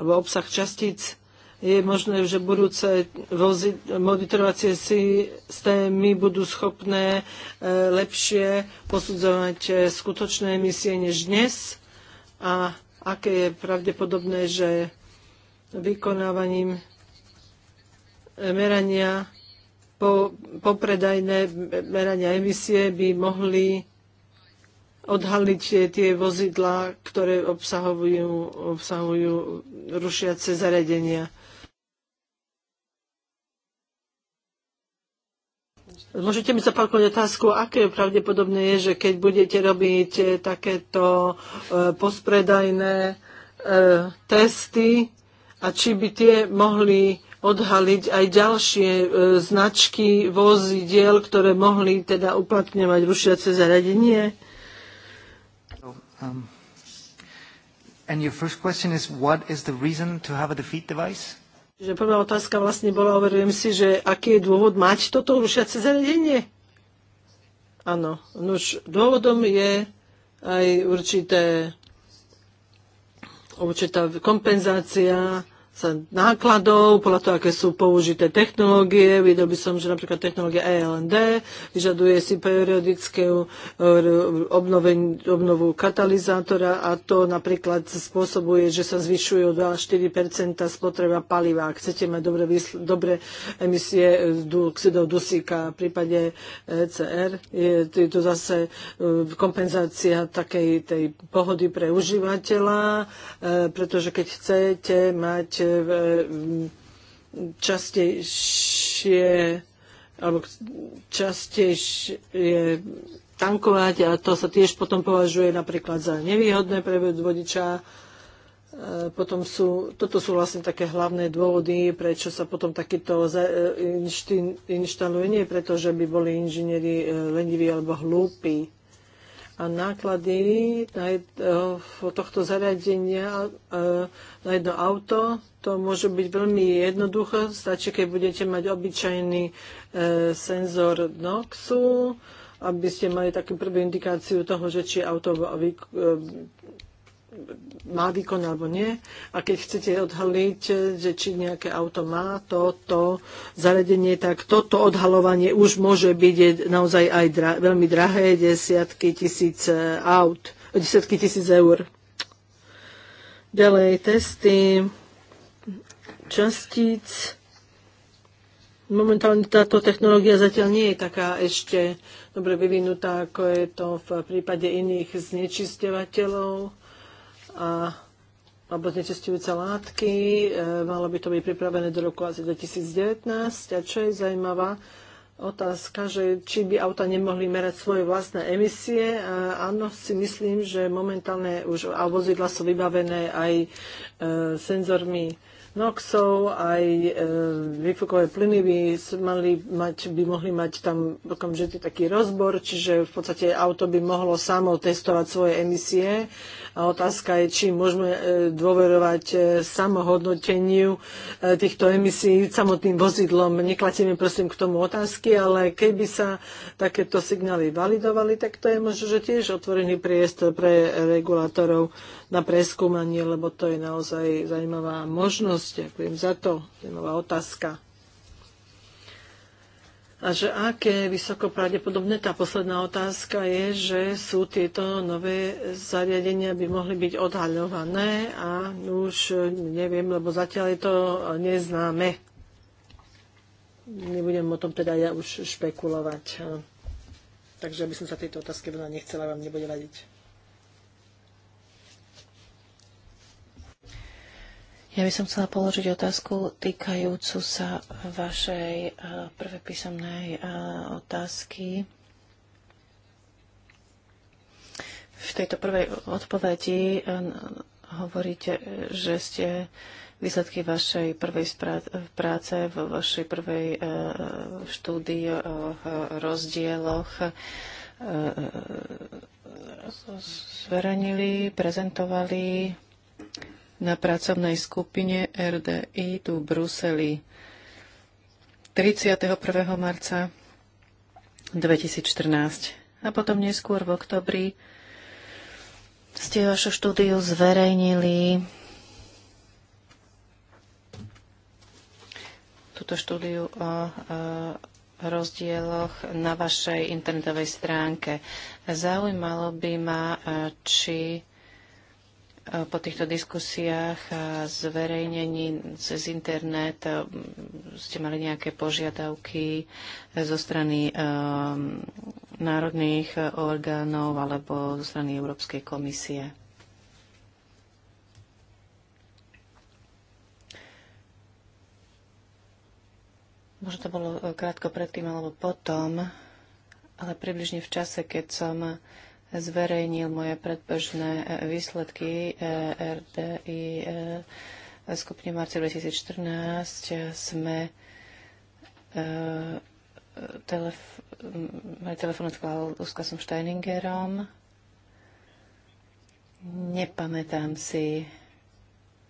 alebo obsah častíc. Je možné, že budúce vozi, monitorovacie systémy budú schopné lepšie posudzovať skutočné emisie než dnes a aké je pravdepodobné, že vykonávaním e, merania po, popredajné e, merania emisie by mohli odhaliť e, tie vozidlá, ktoré obsahujú, obsahujú rušiace zariadenia. Môžete mi zapakovať otázku, aké pravdepodobné je, že keď budete robiť eh, takéto eh, pospredajné eh, testy a či by tie mohli odhaliť aj ďalšie značky vozidiel, ktoré mohli teda uplatňovať rušiace zariadenie? Um, and your first question is, what is the reason to have a defeat device? Že prvá otázka vlastne bola, overujem si, že aký je dôvod mať toto rušiace zariadenie? Áno, nož dôvodom je aj určité, určitá kompenzácia nákladov, podľa toho, aké sú použité technológie. Videl by som, že napríklad technológia ELND vyžaduje si periodické uh, obnovu katalizátora a to napríklad spôsobuje, že sa zvyšuje o 2-4 spotreba paliva. Ak chcete mať dobré dobré emisie eh, oxidov dusíka, v prípade ECR eh, e je, je to zase eh, kompenzácia takej tej pohody pre užívateľa, pretože keď chcete mať častejšie alebo častejšie tankovať a to sa tiež potom považuje napríklad za nevýhodné pre vodiča. E, potom sú, toto sú vlastne také hlavné dôvody, prečo sa potom takýto e, inštaluje. Nie preto, že by boli inžinieri e, leniví alebo hlúpi, a náklady na jedno, tohto zariadenia e, na jedno auto, to môže byť veľmi jednoduché. Stačí, keď budete mať obyčajný e, senzor NOXu, aby ste mali takú prvú indikáciu toho, že či auto má výkon alebo nie. A keď chcete odhaliť, e, že či nejaké auto má toto zaredenie, tak toto odhalovanie už môže byť naozaj aj dra- veľmi drahé, desiatky tisíc e, aut, desiatky tisíc eur. Ďalej testy častíc. Momentálne táto technológia zatiaľ nie je taká ešte dobre vyvinutá, ako je to v prípade iných znečisťovateľov a alebo znečistujúce látky. E, malo by to byť pripravené do roku asi 2019. A čo je zaujímavá otázka, že či by auta nemohli merať svoje vlastné emisie. E, áno, si myslím, že momentálne už a vozidla sú vybavené aj e, senzormi NOXov, aj e, výfukové plyny by, mali mať, by mohli mať tam okamžitý taký rozbor, čiže v podstate auto by mohlo samo testovať svoje emisie a otázka je, či môžeme e, dôverovať e, samohodnoteniu e, týchto emisí samotným vozidlom. Neklatíme prosím k tomu otázky, ale keby sa takéto signály validovali, tak to je možno, že tiež otvorený priestor pre regulátorov na preskúmanie, lebo to je naozaj zaujímavá možnosť. Ďakujem za to. Zaujímavá otázka. A že aké vysoko pravdepodobné, tá posledná otázka je, že sú tieto nové zariadenia by mohli byť odhaľované a už neviem, lebo zatiaľ je to neznáme. Nebudem o tom teda ja už špekulovať. Takže by som sa tejto otázke veľa nechcela, vám nebude vadiť. Ja by som chcela položiť otázku týkajúcu sa vašej eh, prvé písomnej eh, otázky. V tejto prvej odpovedi eh, hovoríte, že ste výsledky vašej prvej práce, v vašej prvej štúdii o rozdieloch zverejnili, prezentovali na pracovnej skupine RDI tu v Bruseli 31. marca 2014. A potom neskôr v oktobri ste vašu štúdiu zverejnili. Túto štúdiu o, rozdieloch na vašej internetovej stránke. Zaujímalo by ma, či po týchto diskusiách a zverejnení cez internet e, ste mali nejaké požiadavky zo strany um, národných orgánov alebo zo strany Európskej komisie? Možno to bolo e, krátko predtým alebo potom, ale približne v čase, keď som zverejnil moje predbežné e, výsledky RDI skupne v marci 2014. Sme e, telef- mali telefonát s Kasom Steiningerom. Nepamätám si,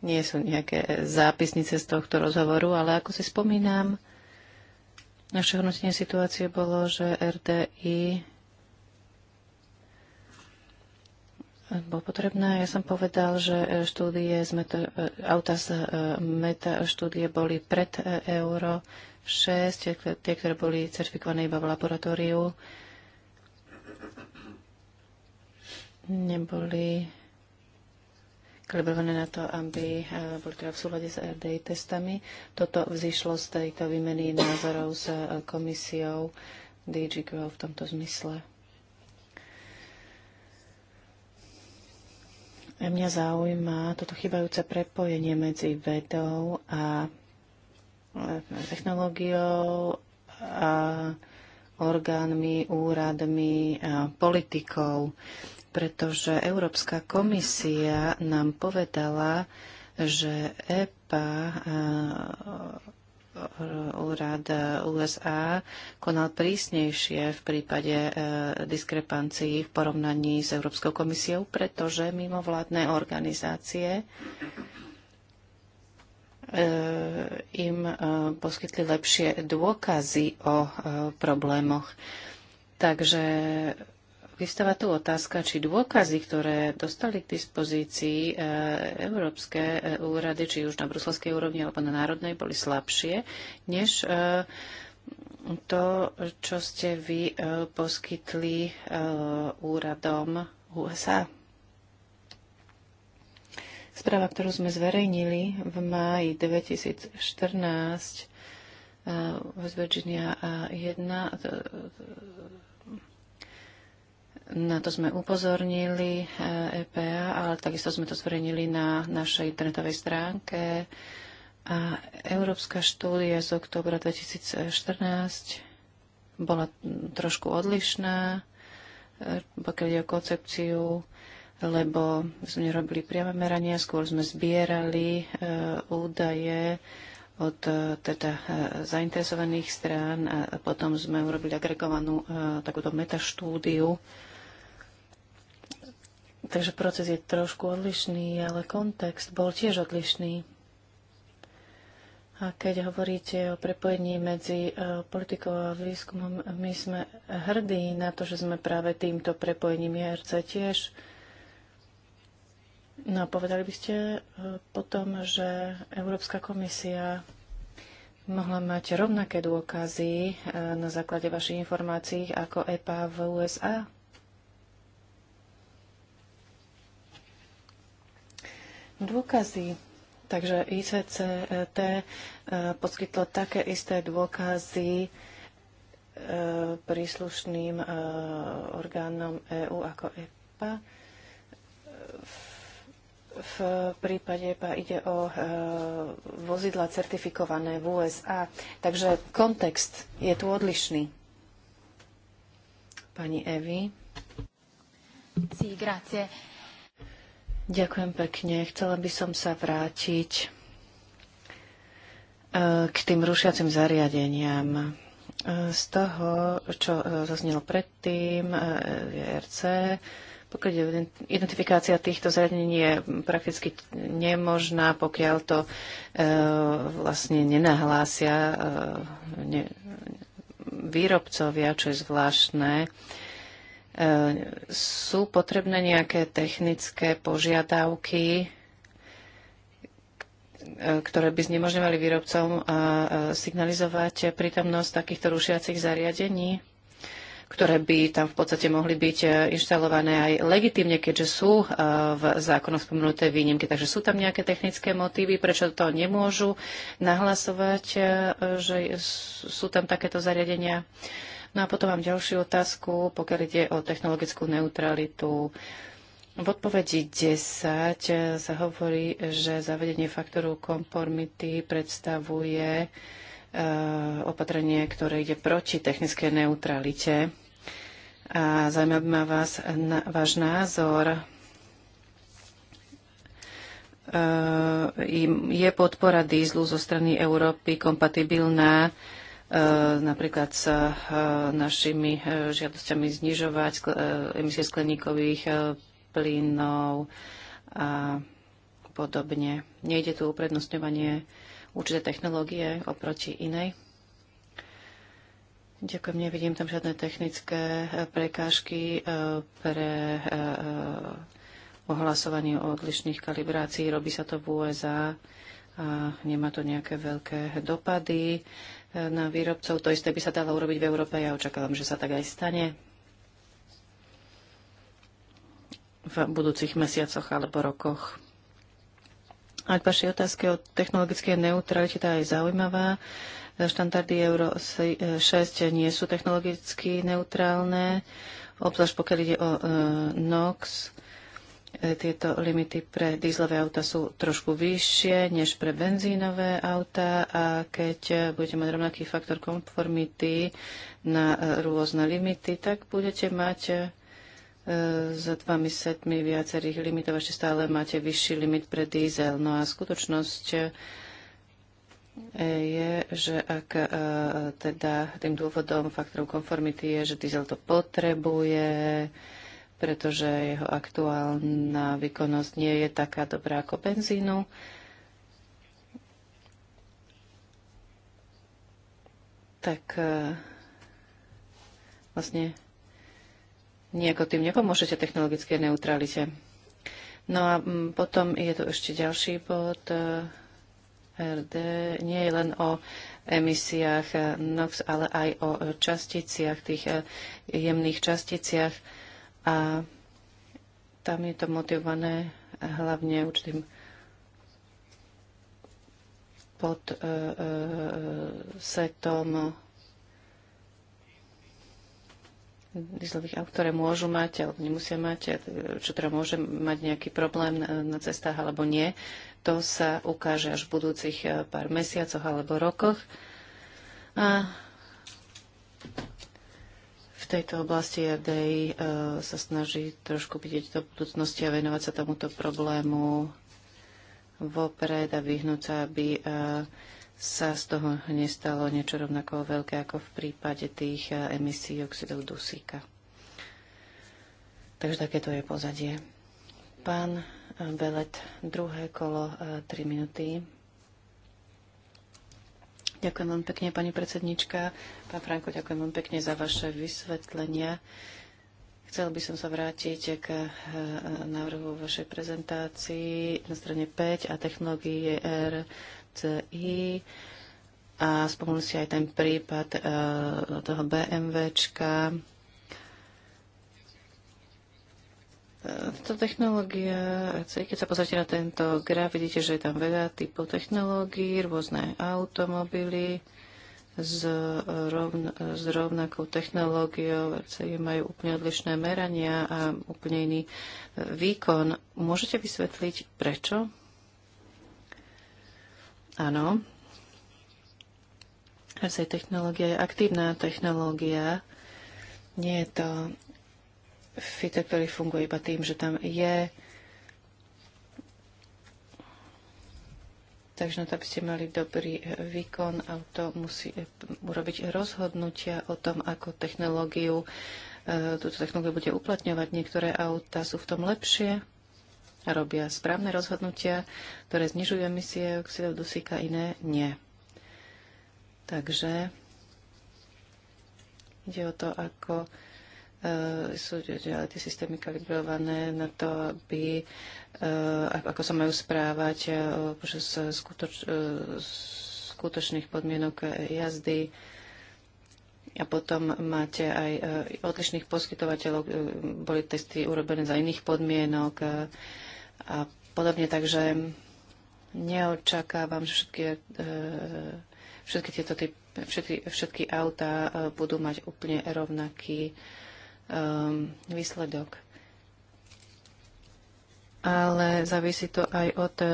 nie sú nejaké zápisnice z tohto rozhovoru, ale ako si spomínam, naše hodnotenie situácie bolo, že RDI bol potrebná. Ja som povedal, že e, štúdie z meta, e, auta z e, meta štúdie boli pred euro 6, tie, ktoré boli certifikované iba v laboratóriu, neboli kalibrované na to, aby boli teda v súlade s RDI testami. Toto vzýšlo z tejto výmeny názorov s komisiou DG Grow v tomto zmysle. Mňa zaujíma toto chybajúce prepojenie medzi vedou a technológiou a orgánmi, úradmi, a politikou, pretože Európska komisia nám povedala, že EPA úrad USA konal prísnejšie v prípade e, diskrepancií v porovnaní s Európskou komisiou, pretože mimovládne organizácie e, im e, poskytli lepšie dôkazy o problémoch. Takže Vystáva tu otázka, či dôkazy, ktoré dostali k dispozícii e, európske e, úrady, či už na bruselskej úrovni alebo na národnej, boli slabšie, než e, to, čo ste vy poskytli úradom USA. Správa, ktorú sme zverejnili v máji 2014 z Virginia 1, na to sme upozornili EPA, eh, e ale takisto sme to zverejnili na našej internetovej stránke. A európska štúdia z oktobra 2014 bola hm, trošku odlišná, eh, pokiaľ ide o koncepciu, lebo sme nerobili priame merania, skôr sme zbierali eh, údaje od teda zainteresovaných strán a potom sme urobili agregovanú takúto metaštúdiu Takže proces je trošku odlišný, ale kontext bol tiež odlišný. A keď hovoríte o prepojení medzi e, politikou a výskumom, my sme hrdí na to, že sme práve týmto prepojením IRC tiež. No a povedali by ste e, potom, že Európska komisia mohla mať rovnaké dôkazy e, na základe vašich informácií ako EPA v USA? dôkazy. Takže ICCT eh, poskytlo také isté dôkazy eh, príslušným eh, orgánom EÚ ako EPA. V prípade EPA ide o vozidla certifikované v USA. Takže kontext je tu odlišný. Pani Evi. Sí, grazie. Ďakujem pekne. Chcela by som sa vrátiť e, k tým rušiacim zariadeniam. E, z toho, čo e, zaznelo predtým, ERC, pokiaľ identifikácia týchto zariadení je prakticky nemožná, pokiaľ to vlastne nenahlásia výrobcovia, čo je zvláštne. E, sú potrebné nejaké technické požiadavky, e, ktoré by znemožňovali výrobcom e, signalizovať prítomnosť takýchto rušiacich zariadení, ktoré by tam v podstate mohli byť inštalované aj legitimne, keďže sú v zákonoch spomenuté výnimky. Takže sú tam nejaké technické motívy, prečo to nemôžu nahlasovať, že sú tam takéto zariadenia. No a potom mám ďalšiu otázku, pokiaľ ide o technologickú neutralitu. V odpovedi 10 sa hovorí, že zavedenie faktoru konformity predstavuje e, opatrenie, ktoré ide proti technickej neutralite. A zaujímavý ma vás, na, váš názor. E, je podpora dýzlu zo strany Európy kompatibilná E, napríklad s e, našimi e, žiadosťami znižovať emisie skleníkových plynov a podobne. Nejde tu uprednostňovanie určité technológie oproti inej. Ďakujem, nevidím tam žiadne technické prekážky pre ohlasovanie o odlišných kalibrácií. Robí sa to v USA a nemá to nejaké veľké dopady na výrobcov. To isté by sa dalo urobiť v Európe. Ja očakávam, že sa tak aj stane v budúcich mesiacoch alebo rokoch. Ak vaše otázky o technologickej neutralite, tá je zaujímavá. Štandardy Euro 6 nie sú technologicky neutrálne, obzvlášť pokiaľ ide o e, NOx. E, tieto limity pre dízlové auta sú trošku vyššie než pre benzínové auta a keď e, budete mať rovnaký faktor konformity na e, rôzne limity, tak budete mať za dvami setmi viacerých limitov ešte stále máte vyšší limit pre diesel. No a skutočnosť je, že ak teda tým dôvodom faktorov konformity je, že diesel to potrebuje, pretože jeho aktuálna výkonnosť nie je taká dobrá ako benzínu. Tak e, vlastne nejako tým nepomôžete technologické neutralite. No a potom je tu ešte ďalší bod. E, RD nie je len o emisiách NOx, ale aj o časticiach, tých e, jemných časticiach. A tam je to motivované hlavne určitým pod e, e, setom dieselových ktoré môžu mať alebo nemusia mať, e, čo teda môže mať nejaký problém na cestách alebo nie, to sa ukáže až v budúcich e, pár mesiacoch alebo rokoch. A v tejto oblasti ADI e, sa snaží trošku vidieť do budúcnosti a venovať sa tomuto problému vopred a vyhnúť sa, aby e, sa z toho nestalo niečo rovnako veľké ako v prípade tých e, emisí oxidov dusíka. Takže takéto je pozadie. Pán Belet, druhé kolo, 3 minúty. Ďakujem veľmi pekne, pani predsednička. Pán Franko, ďakujem veľmi pekne za vaše vysvetlenia. Chcel by som sa vrátiť k eh, návrhu vašej prezentácii na strane 5 a technológii RCI. A spomenul si aj ten prípad eh, toho BMWčka, Táto technológia, keď sa pozrite na tento graf, vidíte, že je tam veľa typov technológií, rôzne automobily s, rovn, s rovnakou technológiou, RCI majú úplne odlišné merania a úplne iný e, výkon. Môžete vysvetliť prečo? Áno. RCI technológia je aktívna technológia. Nie je to Fito, ktorý funguje iba tým, že tam je. Takže na to, aby ste mali dobrý e, výkon, auto musí e, urobiť rozhodnutia o tom, ako technológiu, e, túto technológiu bude uplatňovať. Niektoré auta sú v tom lepšie a robia správne rozhodnutia, ktoré znižujú emisie oxidov dusíka, iné nie. Takže ide o to, ako Eh, sú tie systémy kalibrované na to, aby, eh, ako sa majú správať eh, počas skutoč, skutočných podmienok jazdy. A potom máte aj odlišných poskytovateľov, boli testy urobené za iných podmienok a podobne. Takže neočakávam, že všetky, všetky tieto typy, všetky, všetky autá budú mať úplne rovnaký um, výsledok. Ale závisí to aj od eh,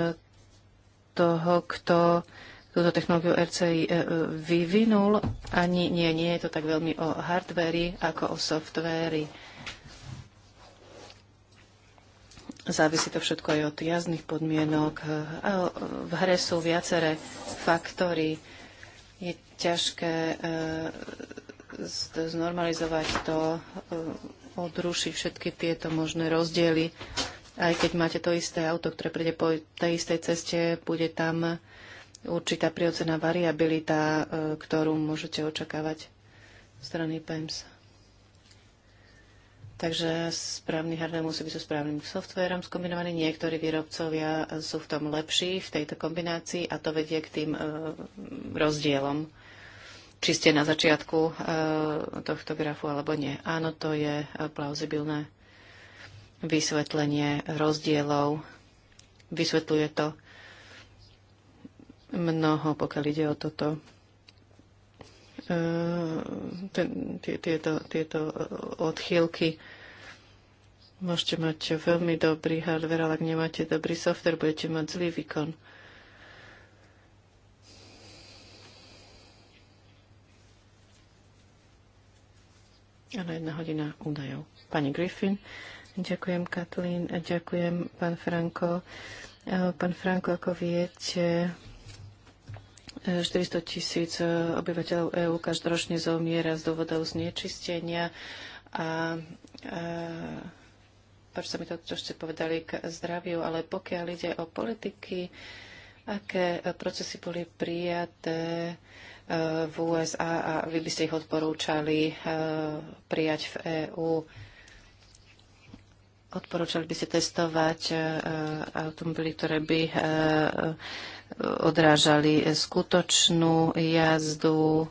toho, kto túto technológiu RCI eh, eh, vyvinul. Ani nie, nie je to tak veľmi o hardvery ako o softvery. Závisí to všetko aj od jazdných podmienok. A v hre sú viaceré faktory. Je ťažké znormalizovať to, e, odrušiť všetky tieto možné rozdiely. Aj keď máte to isté auto, ktoré príde po tej istej ceste, bude tam určitá prirodzená variabilita, e, ktorú môžete očakávať strany PEMS. Takže správny hardware musí byť so správnym softverom skombinovaný. Niektorí výrobcovia sú v tom lepší v tejto kombinácii a to vedie k tým e, rozdielom či ste na začiatku eh, tohto grafu alebo nie. Áno, to je eh, plauzibilné vysvetlenie rozdielov. Vysvetľuje to mnoho, pokiaľ ide o toto. Eh, ten, tieto, tieto odchýlky. Môžete mať veľmi dobrý hardware, ale ak nemáte dobrý software, budete mať zlý výkon. Áno, jedna hodina údajov. Pani Griffin, ďakujem Katlín, ďakujem pán Franko. E, pán Franko, ako viete, 400 e, tisíc e, obyvateľov EÚ každoročne zomiera z dôvodov znečistenia a, a prečo sa mi to, čo ste povedali, k zdraviu, ale pokiaľ ide o politiky, aké procesy boli prijaté, v USA a vy by ste ich odporúčali eh, prijať v EÚ. Odporúčali by ste testovať eh, automobily, ktoré by eh, odrážali skutočnú jazdu.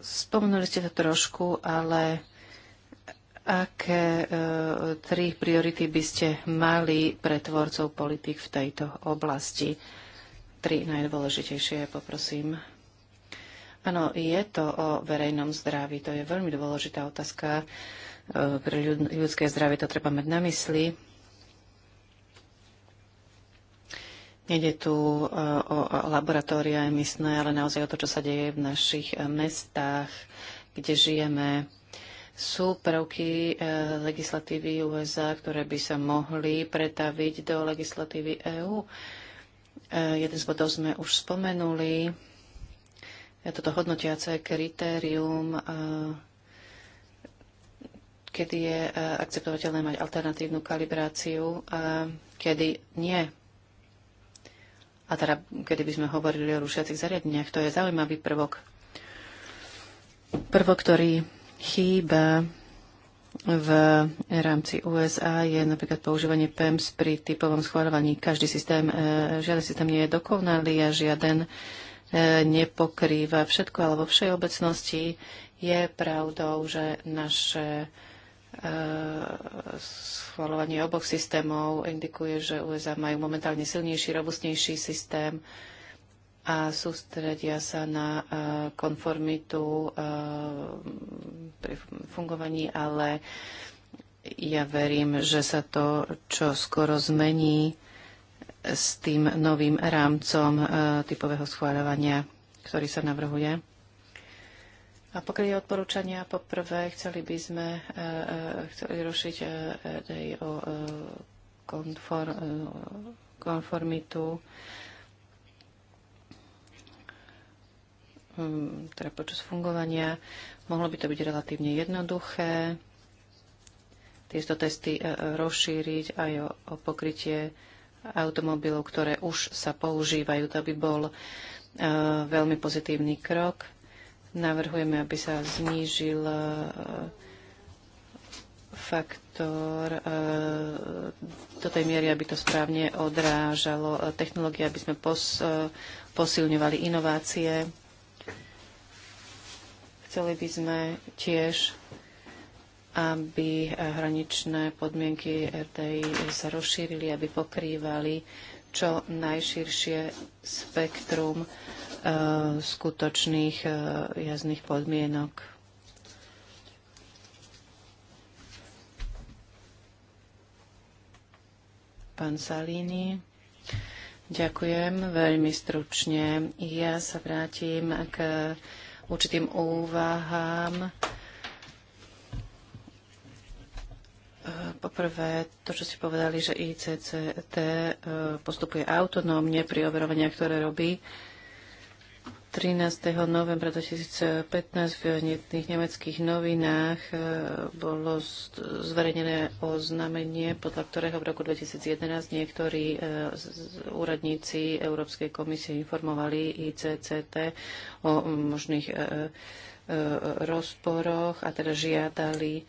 Spomenuli ste to trošku, ale aké tri priority by ste mali pre tvorcov politik v tejto oblasti? tri najdôležitejšie, poprosím. Áno, je to o verejnom zdraví. To je veľmi dôležitá otázka. E, pre ľudské zdravie to treba mať na mysli. Nede tu e, o laboratória emisné, ale naozaj o to, čo sa deje v našich e, mestách, kde žijeme. Sú prvky legislatívy USA, ktoré by sa mohli pretaviť do legislatívy EÚ. EU Eh, jeden z bodov sme už spomenuli. Eh, toto hodnotiace kritérium, eh, kedy je akceptovateľné mať alternatívnu kalibráciu, kedy nie. A teda, kedy by sme hovorili o rušiacich zariadeniach, to je zaujímavý prvok. Prvok, ktorý chýba v rámci USA je napríklad používanie PEMS pri typovom schváľovaní. Každý systém, e, žiaden systém nie je dokonalý a žiaden e, nepokrýva všetko, ale vo všeobecnosti je pravdou, že naše e, schváľovanie oboch systémov indikuje, že USA majú momentálne silnejší, robustnejší systém a sústredia sa na e, konformitu e, pri fungovaní, ale ja verím, že sa to, čo skoro zmení s tým novým rámcom e, typového schváľovania, ktorý sa navrhuje. A pokiaľ je odporúčania, poprvé chceli by sme chceli rušiť o konformitu Hm, teda počas fungovania. Mohlo by to byť relatívne jednoduché tieto testy e, e, rozšíriť aj o, o pokrytie automobilov, ktoré už sa používajú. To by bol e, veľmi pozitívny krok. Navrhujeme, aby sa znížil e, faktor e, do tej miery, aby to správne odrážalo e, technológie, aby sme pos, posilňovali inovácie. Chceli by sme tiež, aby eh, hraničné podmienky RDI sa rozšírili, aby pokrývali čo najširšie spektrum eh, skutočných eh, jazdných podmienok. Pán Salini. Ďakujem veľmi stručne. Ja sa vrátim k určitým úvahám. Poprvé, to, čo ste povedali, že ICCT eh, postupuje autonómne pri overovaniach, ktoré robí 13. novembra 2015 v jedných nemeckých novinách e, bolo zverejnené oznámenie, podľa ktorého v roku 2011 niektorí e, úradníci Európskej komisie informovali ICCT o možných e, rozporoch a teda žiadali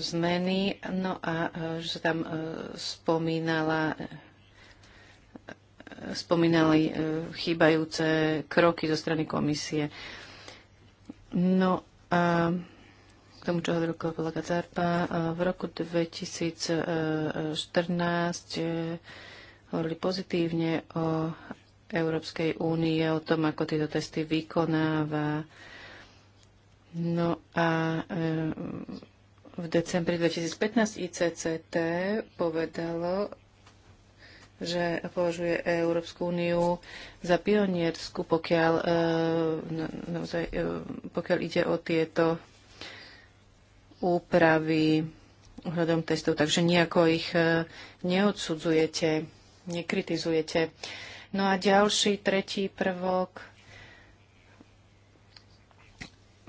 zmeny. No a že sa tam spomínala spomínali e, chýbajúce kroky zo strany komisie. No a k tomu, čo hovoril kolega Zarpa, e, v roku 2014 e, hovorili pozitívne o Európskej únie, o tom, ako tieto testy vykonáva. No a v decembri 2015 ICCT povedalo, že považuje Európsku úniu za pioniersku, pokiaľ, e, naozaj, e, pokiaľ ide o tieto úpravy ohľadom testov. Takže nejako ich e, neodsudzujete, nekritizujete. No a ďalší, tretí prvok,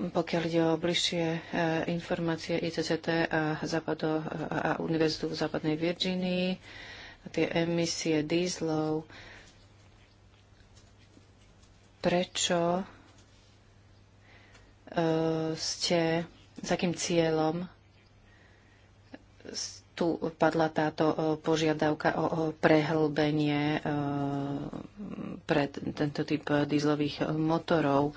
pokiaľ ide o bližšie informácie ICCT a, Západo, a Univerzitu v Západnej Virginii, a tie emisie dízlov. Prečo uh, ste, s akým cieľom tu padla táto e, požiadavka o prehlbenie e, pre tento typ dízlových motorov.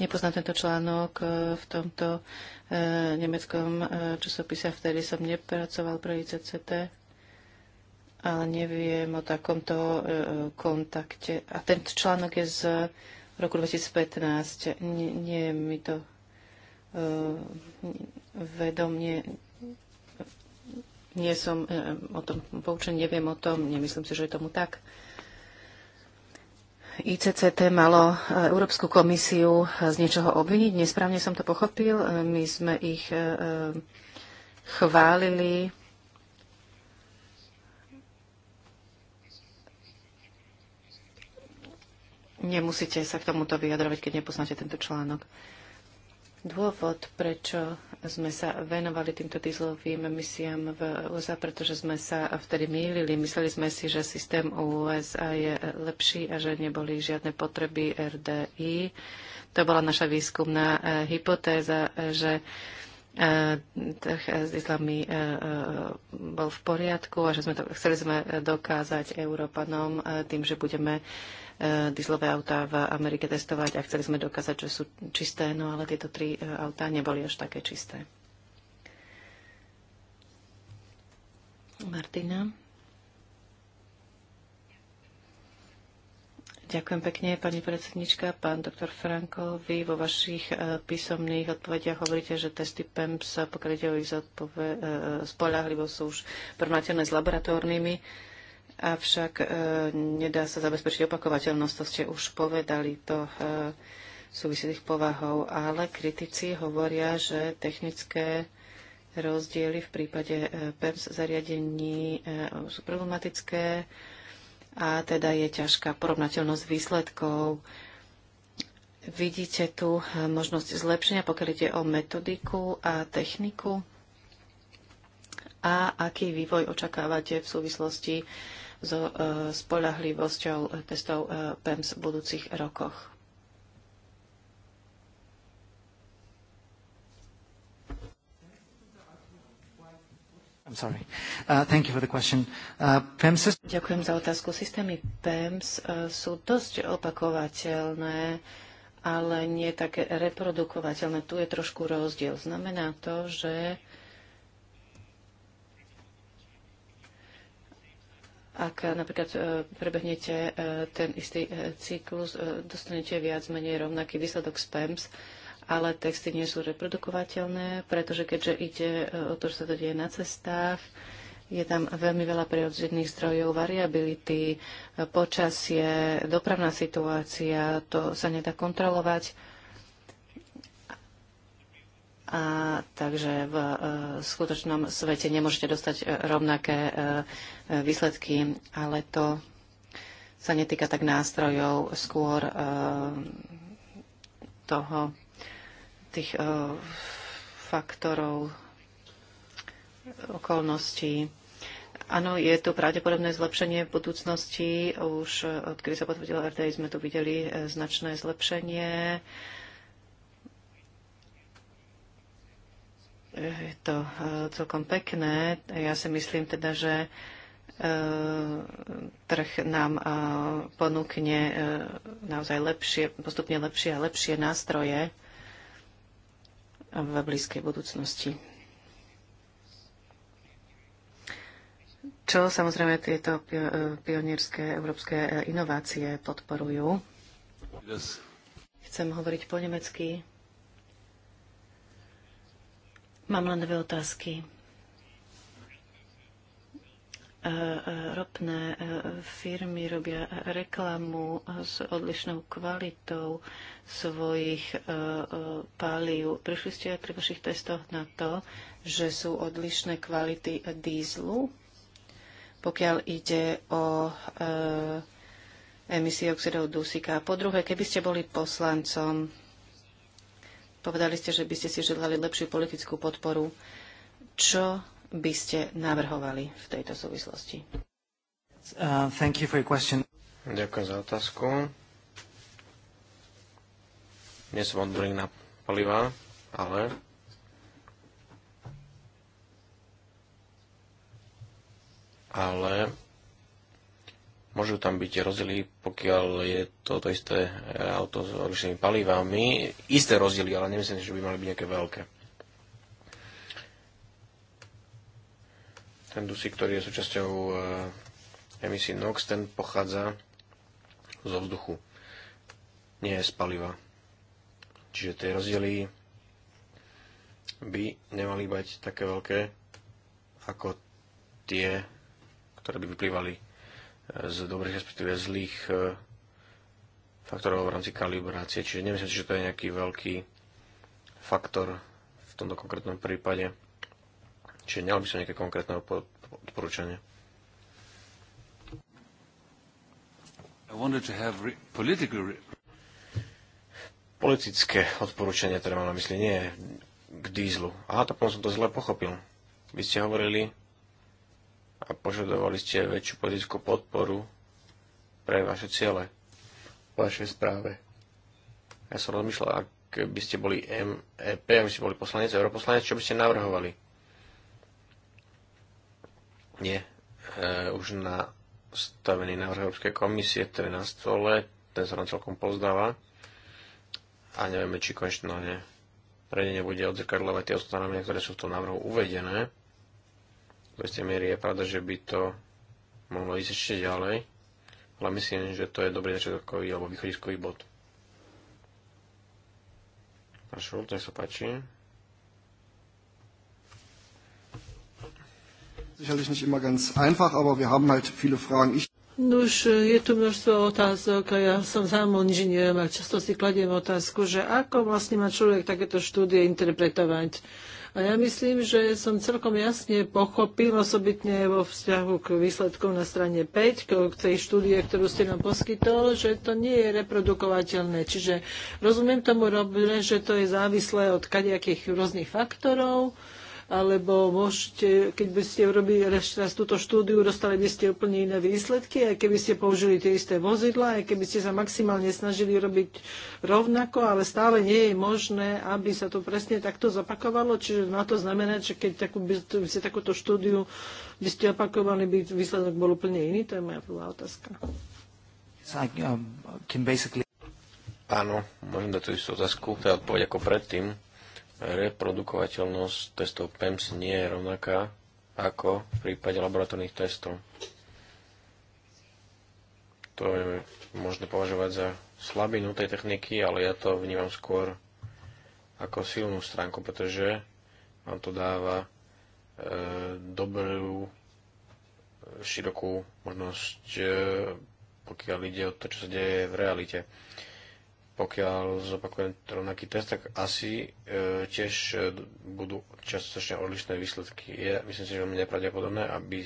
Nepoznám tento článok e, v tomto e, nemeckom e, časopise, vtedy som nepracoval pre ICCT, ale neviem o takomto kontakte. A tento článok je z roku 2015. Nie, nie je mi to vedomne nie som o tom poučený, neviem o tom, nemyslím si, že je tomu tak. Uh, ICCT malo e, Európsku komisiu e, z niečoho obviniť. Nesprávne som to pochopil. E, my sme ich chválili. Nemusíte sa k tomuto vyjadrovať, keď nepoznáte tento článok. Dôvod, prečo sme sa venovali týmto dieselovým emisiám v USA, pretože sme sa vtedy mýlili. Mysleli sme si, že systém USA je lepší a že neboli žiadne potreby RDI. To bola naša výskumná e, hypotéza, e, že e, trh s dieselami bol v poriadku a že sme to, chceli sme dokázať Európanom tým, že budeme Eh, dieslové autá v Amerike testovať a chceli sme dokázať, že sú čisté, no ale tieto tri eh, autá neboli až také čisté. Martina. Ďakujem pekne, pani predsednička. Pán doktor Franko, vy vo vašich eh, písomných odpovediach hovoríte, že testy PEMS, pokiaľ ide o ich spolahlivosť, sú už prvnateľné s laboratórnymi avšak e, nedá sa zabezpečiť opakovateľnosť, to ste už povedali, to e, súvisí s povahou, ale kritici hovoria, že technické rozdiely v prípade e, PEMS zariadení sú problematické a teda je ťažká porovnateľnosť výsledkov. Vidíte tu možnosť zlepšenia, pokiaľ ide o metodiku a techniku a aký vývoj očakávate v súvislosti so e, spolahlivosťou testov e, PEMS v budúcich rokoch. I'm sorry. Uh, thank you for the question. Uh, PEMS... Ďakujem za otázku. Systémy PEMS e, sú dosť opakovateľné ale nie také reprodukovateľné. Tu je trošku rozdiel. Znamená to, že Ak eh, napríklad eh, prebehnete eh, ten istý cyklus, dostanete viac menej rovnaký výsledok z PEMS, ale texty nie sú reprodukovateľné, pretože keďže ide o to, že sa to deje na cestách, je tam veľmi veľa prirodzených zdrojov variability, počasie, dopravná situácia, to sa nedá kontrolovať a takže v e, skutočnom svete nemôžete dostať e, rovnaké e, výsledky, ale to sa netýka tak nástrojov, skôr toho, tých faktorov, okolností. Áno, je tu pravdepodobné zlepšenie v budúcnosti. Už odkedy sa potvrdilo RTI, sme tu videli značné zlepšenie. Uh, Je to eh, celkom pekné. Ja si myslím teda, že eh, trh nám eh, ponúkne naozaj lepšie, postupne lepšie a lepšie nástroje v blízkej budúcnosti. Čo samozrejme tieto pionierské európske inovácie podporujú. Chcem hovoriť po nemecky. Mám len dve otázky. E, e, ropné e, firmy robia reklamu s odlišnou kvalitou svojich palív. Prišli ste aj pri vašich testoch na to, že sú odlišné kvality dízlu, pokiaľ ide o emisie oxidov dusíka. Po druhé, keby ste boli poslancom Povedali ste, že by ste si želali lepšiu politickú podporu. Čo by ste navrhovali v tejto súvislosti? Uh, thank you for your question. Ďakujem za otázku. Nie som odborník na paliva, ale ale Môžu tam byť rozdiely, pokiaľ je toto isté e, auto s odlišnými palivami. Isté rozdiely, ale nemyslím, že by mali byť nejaké veľké. Ten dusík, ktorý je súčasťou e, emisí NOx, ten pochádza zo vzduchu, nie z paliva. Čiže tie rozdiely by nemali mať také veľké ako tie, ktoré by vyplývali z dobrých respektíve zlých e, faktorov v rámci kalibrácie. Čiže nemyslím si, že to je nejaký veľký faktor v tomto konkrétnom prípade. Čiže nemal by som nejaké konkrétne odporúčanie. Politické odporúčanie, ktoré mám na mysli, nie k dízlu. Aha, tak som to zle pochopil. Vy ste hovorili a požadovali ste väčšiu politickú podporu pre vaše ciele v vašej správe. Ja som rozmýšľal, ak by ste boli MEP, aby ste boli poslanec, europoslanec, čo by ste navrhovali? Nie. E, už na stavený návrh Európskej komisie, ktorý je na stole, ten sa nám celkom pozdáva a nevieme, či konečne prejdenie bude odzrkadľovať tie ustanovenia, ktoré sú v tom návrhu uvedené. Do istej miery je pravda, že by to mohlo ísť ešte ďalej, ale myslím, že to je dobrý začiatkový alebo východiskový bod. Pán nech sa páči. Sicherlich nicht immer ganz einfach, aber wir haben halt viele Fragen. Ich Nuž, je tu množstvo otázok a ja som sám inžinierom a často si kladiem otázku, že ako vlastne má človek takéto štúdie interpretovať. A ja myslím, že som celkom jasne pochopil, osobitne vo vzťahu k výsledkom na strane 5, k tej štúdie, ktorú ste nám poskytol, že to nie je reprodukovateľné. Čiže rozumiem tomu, že to je závislé od kadejakých rôznych faktorov, alebo môžete, keď by ste urobili ešte raz túto štúdiu, dostali by ste úplne iné výsledky, aj keby ste použili tie isté vozidla, aj keby ste sa maximálne snažili robiť rovnako, ale stále nie je možné, aby sa to presne takto zapakovalo. Čiže na to znamená, že keď takú, by, by ste takúto štúdiu by ste opakovali, by výsledok bol úplne iný. To je moja prvá otázka. Um, Áno, môžem dať tú istú otázku, teda odpoveď ako predtým reprodukovateľnosť testov PEMS nie je rovnaká ako v prípade laboratórnych testov. To je možno považovať za slabinu tej techniky, ale ja to vnímam skôr ako silnú stránku, pretože vám to dáva e, dobrú, širokú možnosť, e, pokiaľ ide o to, čo sa deje v realite. E, pokiaľ zopakujem rovnaký test, tak asi e, tiež e, budú častočne odlišné výsledky. Je, myslím si, že veľmi nepravdepodobné, aby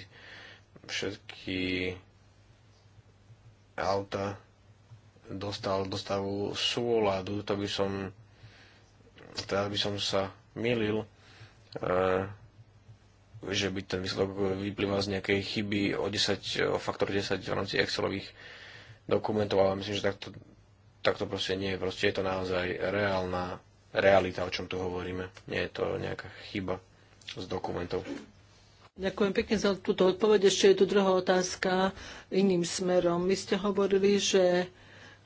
všetky auta dostal do stavu súladu, to by som teda by som sa milil, e, že by ten výsledok vyplýval z nejakej chyby o 10, o faktor 10 v rámci Excelových dokumentov, ale myslím, že takto tak to proste nie je. Proste je to naozaj reálna realita, o čom tu hovoríme. Nie je to nejaká chyba z dokumentov. Ďakujem pekne za túto odpoveď. Ešte je tu druhá otázka iným smerom. Vy ste hovorili, že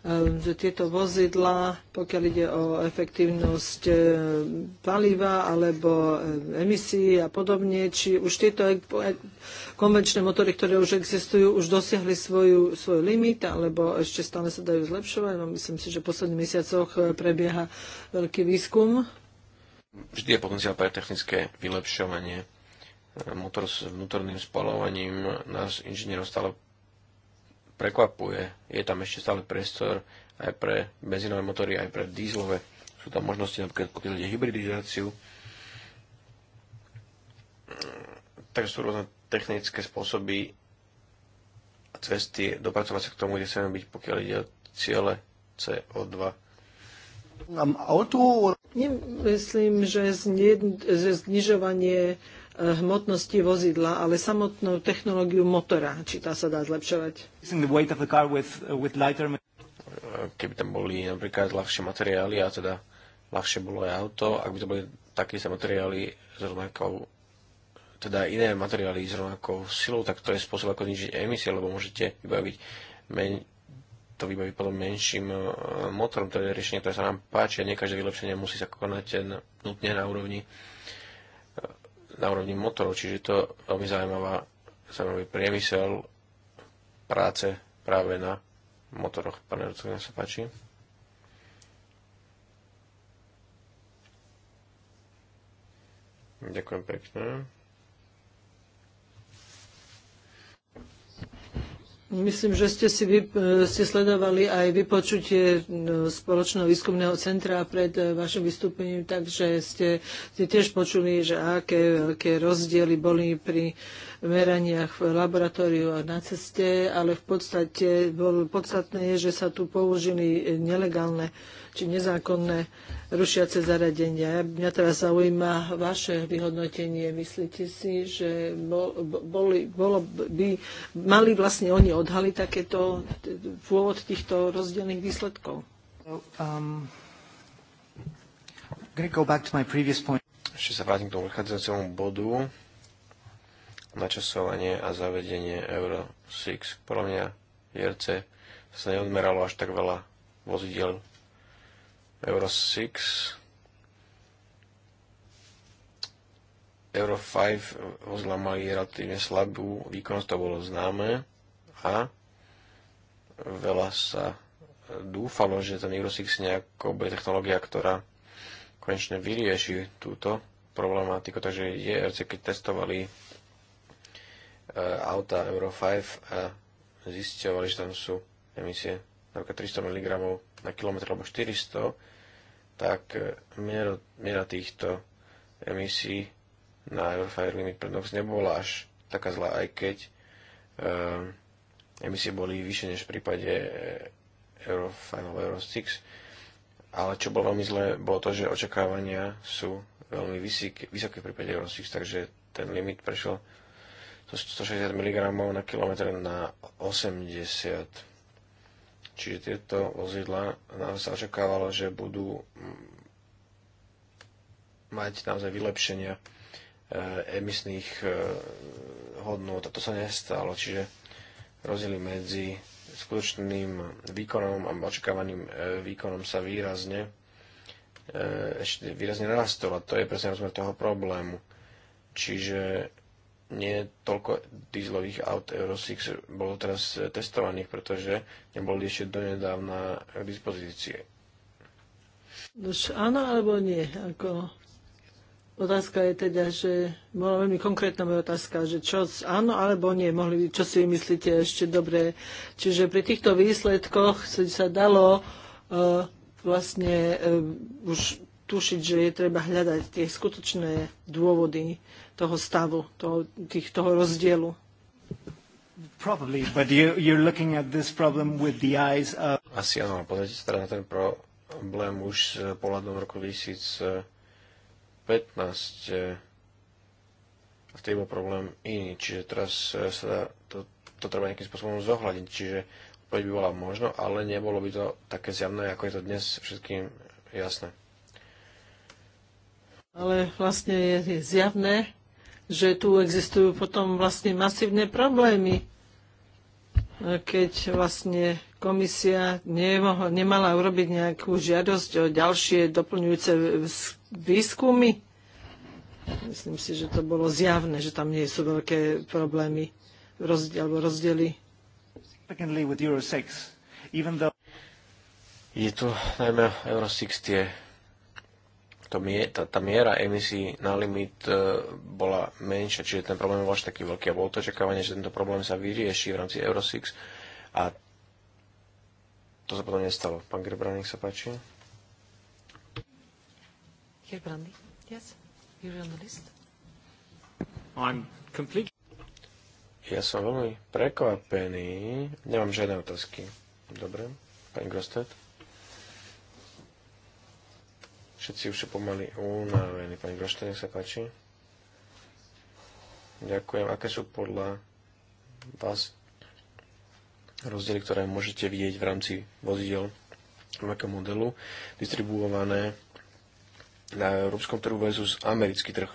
Ehm, že tieto vozidla, pokiaľ ide o efektívnosť ehm, paliva alebo ehm, emisí a podobne, či už tieto konvenčné motory, ktoré už existujú, už dosiahli svoju, svoj limit alebo ešte stále sa dajú zlepšovať. No, myslím si, že v posledných mesiacoch prebieha veľký výskum. Vždy je potenciál pre technické vylepšovanie. Motor s vnútorným spalovaním nás inžinierov stále prekvapuje. Je tam ešte stále priestor aj pre benzínové motory, aj pre dízlové. Sú tam možnosti napríklad pokiaľ ide hybridizáciu. Takže sú rôzne technické spôsoby a cesty dopracovať sa k tomu, kde chceme byť, pokiaľ ide o ciele CO2 Myslím, Nemyslím, že, zni- že znižovanie hmotnosti vozidla, ale samotnú technológiu motora, či tá sa dá zlepšovať. Uh, Keby tam boli napríklad ľahšie materiály, a teda ľahšie bolo aj auto, ak by to boli také sa materiály s rovnakou teda iné materiály s rovnakou silou, tak to je spôsob, ako znižiť emisie, lebo môžete vybaviť men- to vybaviť potom menším uh, motorom, to je riešenie, ktoré sa nám páči a nie každé vylepšenie musí sa konať uh, nutne na úrovni na úrovni motorov, čiže to je veľmi zaujímavá, zaujímavý priemysel práce práve na motoroch. Pane Rucu, sa páči. Ďakujem pekne. Myslím, že ste si vy, ste sledovali aj vypočutie no, spoločného výskumného centra pred e, vašim vystúpením, takže ste, ste tiež počuli, že aké, aké rozdiely boli pri meraniach v laboratóriu a na ceste, ale v podstate bol, podstatné je, že sa tu použili nelegálne či nezákonné rušiace zariadenia. Mňa teraz zaujíma vaše vyhodnotenie. Myslíte si, že bol, boli, bolo by, mali vlastne oni odhaliť takéto pôvod týchto rozdielných výsledkov? um, Ešte sa vrátim k tomu predchádzajúcemu bodu načasovanie a zavedenie Euro 6. Podľa mňa JRC sa neodmeralo až tak veľa vozidel Euro 6. Euro 5 vozidla mali relatívne slabú výkonnosť, to bolo známe a veľa sa dúfalo, že ten Euro 6 nejako bude technológia, ktorá konečne vyrieši túto problematiku, takže JRC keď testovali Eh, auta Euro 5 eh, zistovali, že tam sú emisie napríklad 300 mg na kilometr alebo 400, tak eh, miera, miera týchto emisí na Eurofire Limit pre NOx nebola až taká zlá, aj keď emisie boli vyššie než v prípade Euro 5 alebo Euro 6. Ale čo bolo veľmi zlé, bolo to, že očakávania sú veľmi vysoké, vysoké v prípade Euro 6, takže ten limit prešiel 160 mg na kilometr na 80. Čiže tieto vozidla nám sa očakávalo, že budú mm, mať naozaj vylepšenia e, emisných e, hodnot a to sa nestalo. Čiže rozdiely medzi skutočným výkonom a očakávaným e, výkonom sa výrazne ešte výrazne narastol a to je presne rozmer toho problému. Čiže nie toľko dieselových aut Euro 6 bolo teraz eh, testovaných, pretože neboli ešte donedávna k dispozícii. Už áno alebo nie? Ako otázka je teda, že bola veľmi konkrétna moja otázka, že čo áno alebo nie, mohli, čo si myslíte ešte dobre. Čiže pri týchto výsledkoch sa dalo uh, vlastne uh, už tušiť, že je treba hľadať tie skutočné dôvody toho stavu, toho, tých, toho rozdielu. Probably, but you, you're looking at this problem with the eyes of... Asi áno, pozrite sa teda na ten problém už s pohľadom roku 2015. Vtedy bol problém iný, čiže teraz sa dá, to, to treba nejakým spôsobom zohľadiť, čiže odpoveď by bola možno, ale nebolo by to také zjavné, ako je to dnes všetkým jasné. Ale vlastne je zjavné, že tu existujú potom vlastne masívne problémy, e, keď vlastne komisia nemohla, nemala urobiť nejakú žiadosť o ďalšie doplňujúce výskumy. Myslím si, že to bolo zjavné, že tam nie sú veľké problémy rozdiel, alebo rozdiely. Je to najmä Euro 6 tie to mie, tá, tá miera emisí na limit e, bola menšia, čiže ten problém bol vlastne až taký veľký a bolo to očakávanie, že tento problém sa vyrieši v rámci Euro 6 a to sa potom nestalo. Pán Gerbrandy, nech sa páči. Gerbrandy, yes, I'm completely... Ja som veľmi prekvapený. Nemám žiadne otázky. Dobre, pani Grostet. Všetci už sú pomaly unavení. Pani Grošta, nech sa páči. Ďakujem. Aké sú podľa vás rozdiely, ktoré môžete vidieť v rámci vozidel akého modelu distribuované na európskom trhu versus americký trh?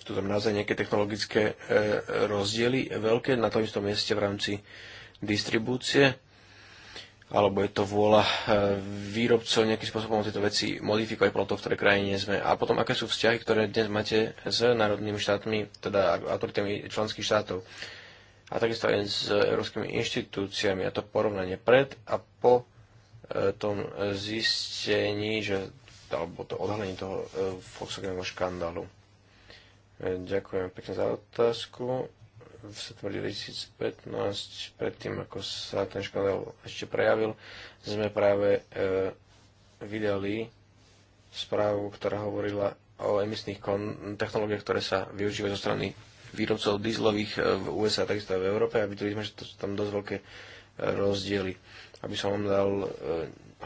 Sú tam naozaj nejaké technologické e, e, rozdiely veľké na tom istom mieste v rámci distribúcie? alebo je to vôľa eh, výrobcov nejakým spôsobom tieto veci modifikovať podľa toho, v ktorej krajine sme. A potom, aké sú vzťahy, ktoré dnes máte s národnými štátmi, teda autoritami členských štátov a takisto aj s európskymi inštitúciami a to porovnanie pred a po eh, tom zistení, že, alebo to odhalenie toho eh, Volkswagenového škandálu. Ďakujem pekne za otázku v septembri 2015, predtým ako sa ten škandál ešte prejavil, sme práve e, vydali správu, ktorá hovorila o emisných technológiách, ktoré sa využívajú zo strany výrobcov dieselových e, v USA, takisto aj v Európe a videli sme, že to sú tam dosť veľké e, rozdiely. Aby som vám dal e,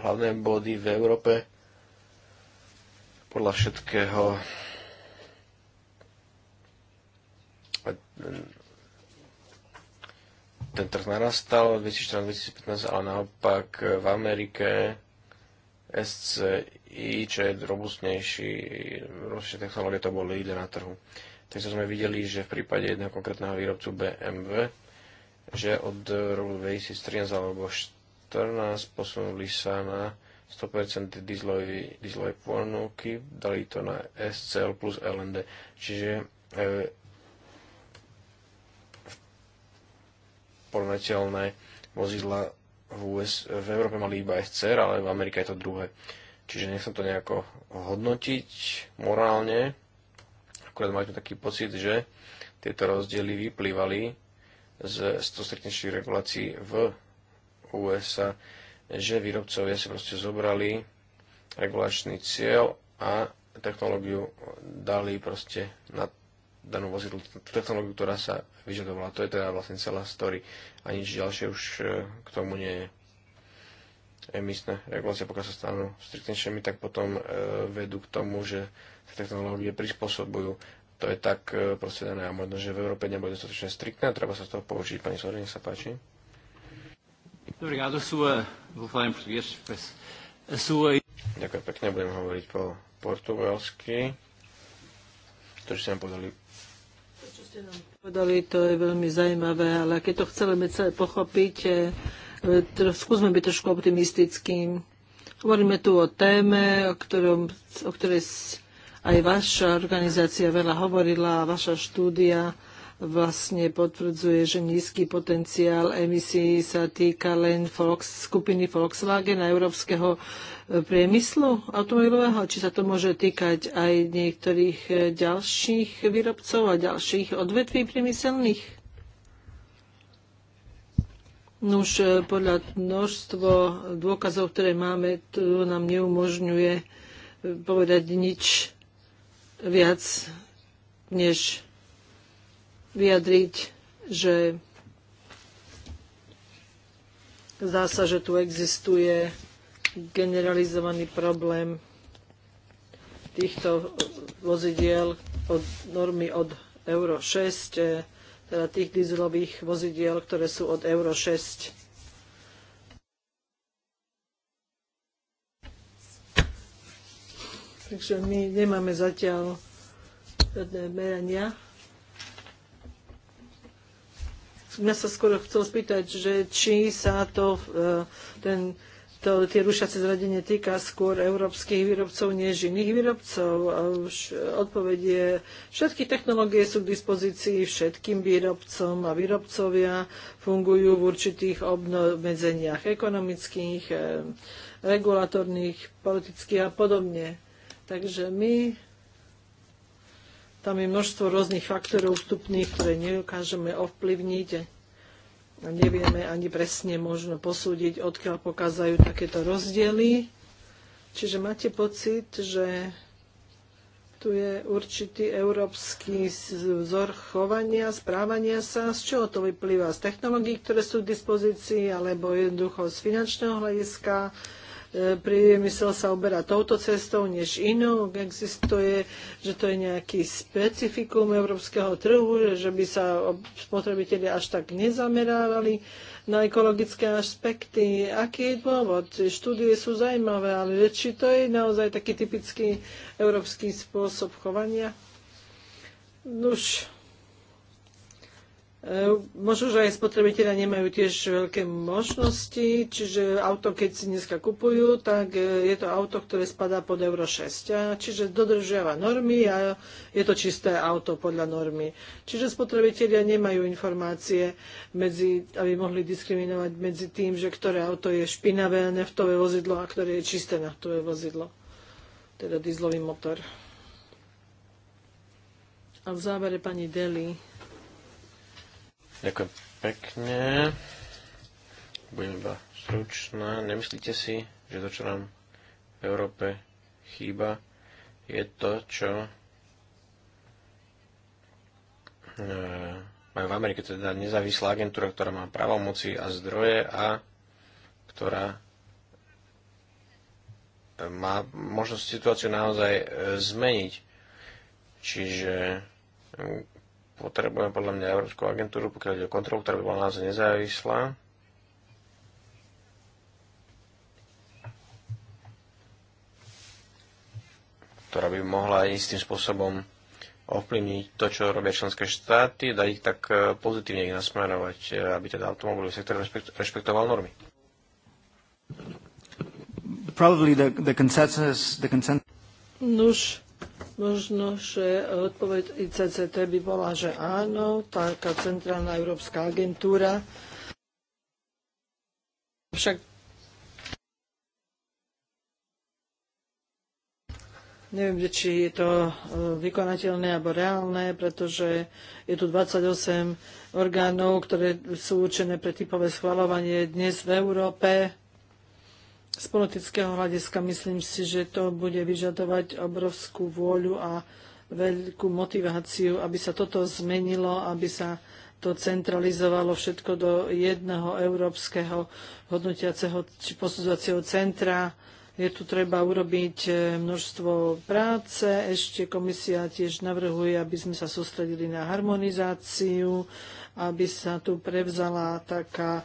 hlavné body v Európe, podľa všetkého e, ten trh narastal 2014-2015, ale naopak v Amerike SCI, čo je robustnejší, robustnejšie technológie, to boli líder na trhu. Takže sme videli, že v prípade jedného konkrétneho výrobcu BMW, že od roku 2013 alebo 2014 posunuli sa na 100% dieselovej ponuky, dali to na SCL plus LND. Čiže e, porovnateľné vozidla v, US, v Európe mali iba SCR, ale v Amerike je to druhé. Čiže nechcem to nejako hodnotiť morálne, akurát máte taký pocit, že tieto rozdiely vyplývali z 100 regulácií v USA, že výrobcovia si proste zobrali regulačný cieľ a technológiu dali proste na danú vozidlu, technológiu, ktorá sa vyžadovala. To je teda vlastne celá story a nič ďalšie už e, k tomu nie je emisné regulácie, pokiaľ sa stanú striktnejšími, tak potom e, vedú k tomu, že sa technológie prispôsobujú. To je tak e, proste dané a možno, že v Európe nebude dostatočne striktné, treba sa z toho poučiť. Pani Sori, nech sa páči. Obrigado, Ďakujem pekne, budem hovoriť po portugalsky. To, že ste nám povedali ste nám povedali, to je veľmi zaujímavé, ale keď to chceme celé pochopiť, e, skúsme byť trošku optimistickým. Hovoríme tu o téme, o, ktorom, o ktorej aj vaša organizácia veľa hovorila, vaša štúdia vlastne potvrdzuje, že nízky potenciál emisí sa týka len Volks, skupiny Volkswagen a európskeho e, priemyslu automobilového, či sa to môže týkať aj niektorých e, ďalších výrobcov a ďalších odvetví priemyselných? Nuž e, podľa množstvo dôkazov, ktoré máme, to nám neumožňuje povedať nič viac, než vyjadriť, že zdá sa, že tu existuje generalizovaný problém týchto vozidiel od normy od Euro 6, eh, teda tých dizelových vozidiel, ktoré sú od Euro 6. Takže my nemáme zatiaľ žiadne merania mňa sa skoro chcel spýtať, že či sa to, e, ten, to, tie rušiace zradenie týka skôr európskych výrobcov než iných výrobcov. A už odpoveď je, všetky technológie sú k dispozícii všetkým výrobcom a výrobcovia fungujú v určitých obmedzeniach ekonomických, e, regulatorných, politických a podobne. Takže my tam je množstvo rôznych faktorov vstupných, ktoré nedokážeme ovplyvniť a nevieme ani presne možno posúdiť, odkiaľ pokázajú takéto rozdiely. Čiže máte pocit, že tu je určitý európsky vzor chovania, správania sa. Z čoho to vyplýva? Z technológií, ktoré sú k dispozícii, alebo jednoducho z finančného hľadiska, E, priemysel sa oberá touto cestou než inou. Existuje, že to je nejaký specifikum európskeho trhu, že by sa spotrebitelia až tak nezamerávali na ekologické aspekty. Aký je dôvod? Štúdie sú zaujímavé, ale či to je naozaj taký typický európsky spôsob chovania? Nuž, E, možno, že aj spotrebitelia nemajú tiež veľké možnosti, čiže auto, keď si dneska kupujú, tak e, je to auto, ktoré spadá pod Euro 6, čiže dodržiava normy a je to čisté auto podľa normy. Čiže spotrebitelia nemajú informácie, medzi, aby mohli diskriminovať medzi tým, že ktoré auto je špinavé naftové vozidlo a ktoré je čisté naftové vozidlo, teda dieselový motor. A v závere pani Deli Ďakujem pekne. Budem iba stručná. Nemyslíte si, že to, čo nám v Európe chýba, je to, čo e, majú v Amerike teda nezávislá agentúra, ktorá má právomoci a zdroje a ktorá e, má možnosť situáciu naozaj e, zmeniť. Čiže Potrebujeme podľa mňa Európsku agentúru, pokiaľ ide o kontrolu, ktorá by bola naozaj nezávislá. ktorá by mohla istým spôsobom ovplyvniť to, čo robia členské štáty, dať ich tak e, pozitívne ich nasmerovať, e, aby teda automobilový sektor rešpektoval normy. Probably the, the consensus, the consensus. Nuž, Možno, že e, odpoveď ICCT by bola, že áno, taká centrálna európska agentúra. Však neviem, či je to e, vykonateľné alebo reálne, pretože je tu 28 orgánov, ktoré sú určené pre typové schvalovanie dnes v Európe z politického hľadiska myslím si, že to bude vyžadovať obrovskú vôľu a veľkú motiváciu, aby sa toto zmenilo, aby sa to centralizovalo všetko do jedného európskeho hodnotiaceho či posudzovacieho centra. Je tu treba urobiť e, množstvo práce. Ešte komisia tiež navrhuje, aby sme sa sústredili na harmonizáciu, aby sa tu prevzala taká e,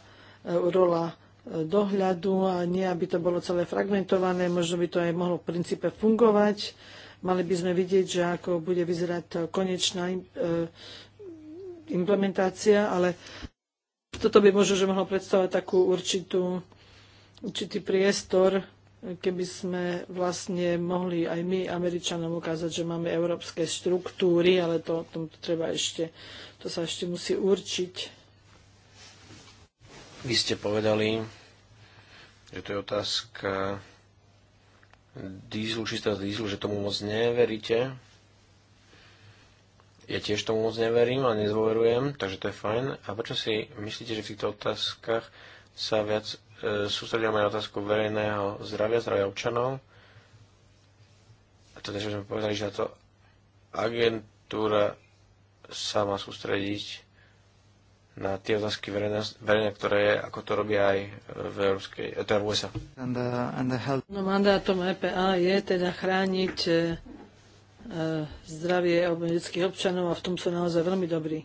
rola dohľadu a nie, aby to bolo celé fragmentované. Možno by to aj mohlo v princípe fungovať. Mali by sme vidieť, že ako bude vyzerať konečná e, implementácia, ale toto by možno, že mohlo predstavovať takú určitú, určitý priestor, keby sme vlastne mohli aj my, Američanom, ukázať, že máme európske štruktúry, ale to, to, to treba ešte, to sa ešte musí určiť. Vy ste povedali, že to je otázka dízlu, čistého dízlu, že tomu moc neveríte. Ja tiež tomu moc neverím a nezôverujem, takže to je fajn. A prečo si myslíte, že v týchto otázkach sa viac e, sústredíme na otázku verejného zdravia, zdravia občanov? A teda, že sme povedali, že táto agentúra sa má sústrediť na tie otázky verejné, ktoré, je, ako to robia aj v, Európskej, eh, teda v USA. And the, uh, and the health... No mandátom EPA je teda chrániť e, zdravie amerických občanov a v tom sú naozaj veľmi dobrí.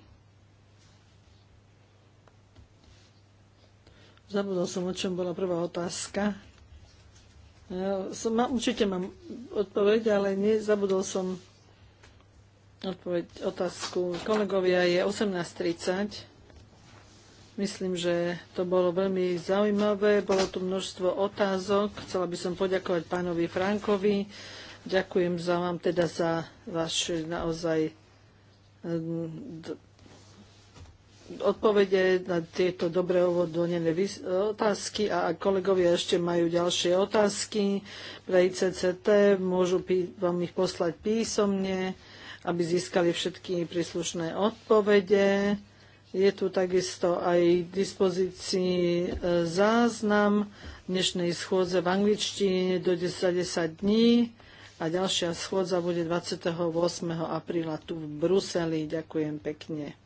Zabudol som, o čom bola prvá otázka. Ja som, ma, určite mám odpoveď, ale nezabudol som odpoveď, otázku. Kolegovia je 18.30. Myslím, že to bolo veľmi zaujímavé. Bolo tu množstvo otázok. Chcela by som poďakovať pánovi Frankovi. Ďakujem za vám teda za vaše naozaj ehm, odpovede na tieto dobre ovodonené otázky a ak kolegovia ešte majú ďalšie otázky pre ICCT, môžu vám ich poslať písomne, aby získali všetky príslušné odpovede. Je tu takisto aj k dispozícii e, záznam dnešnej schôdze v angličtine do 10 dní a ďalšia schôdza bude 28. apríla tu v Bruseli. Ďakujem pekne.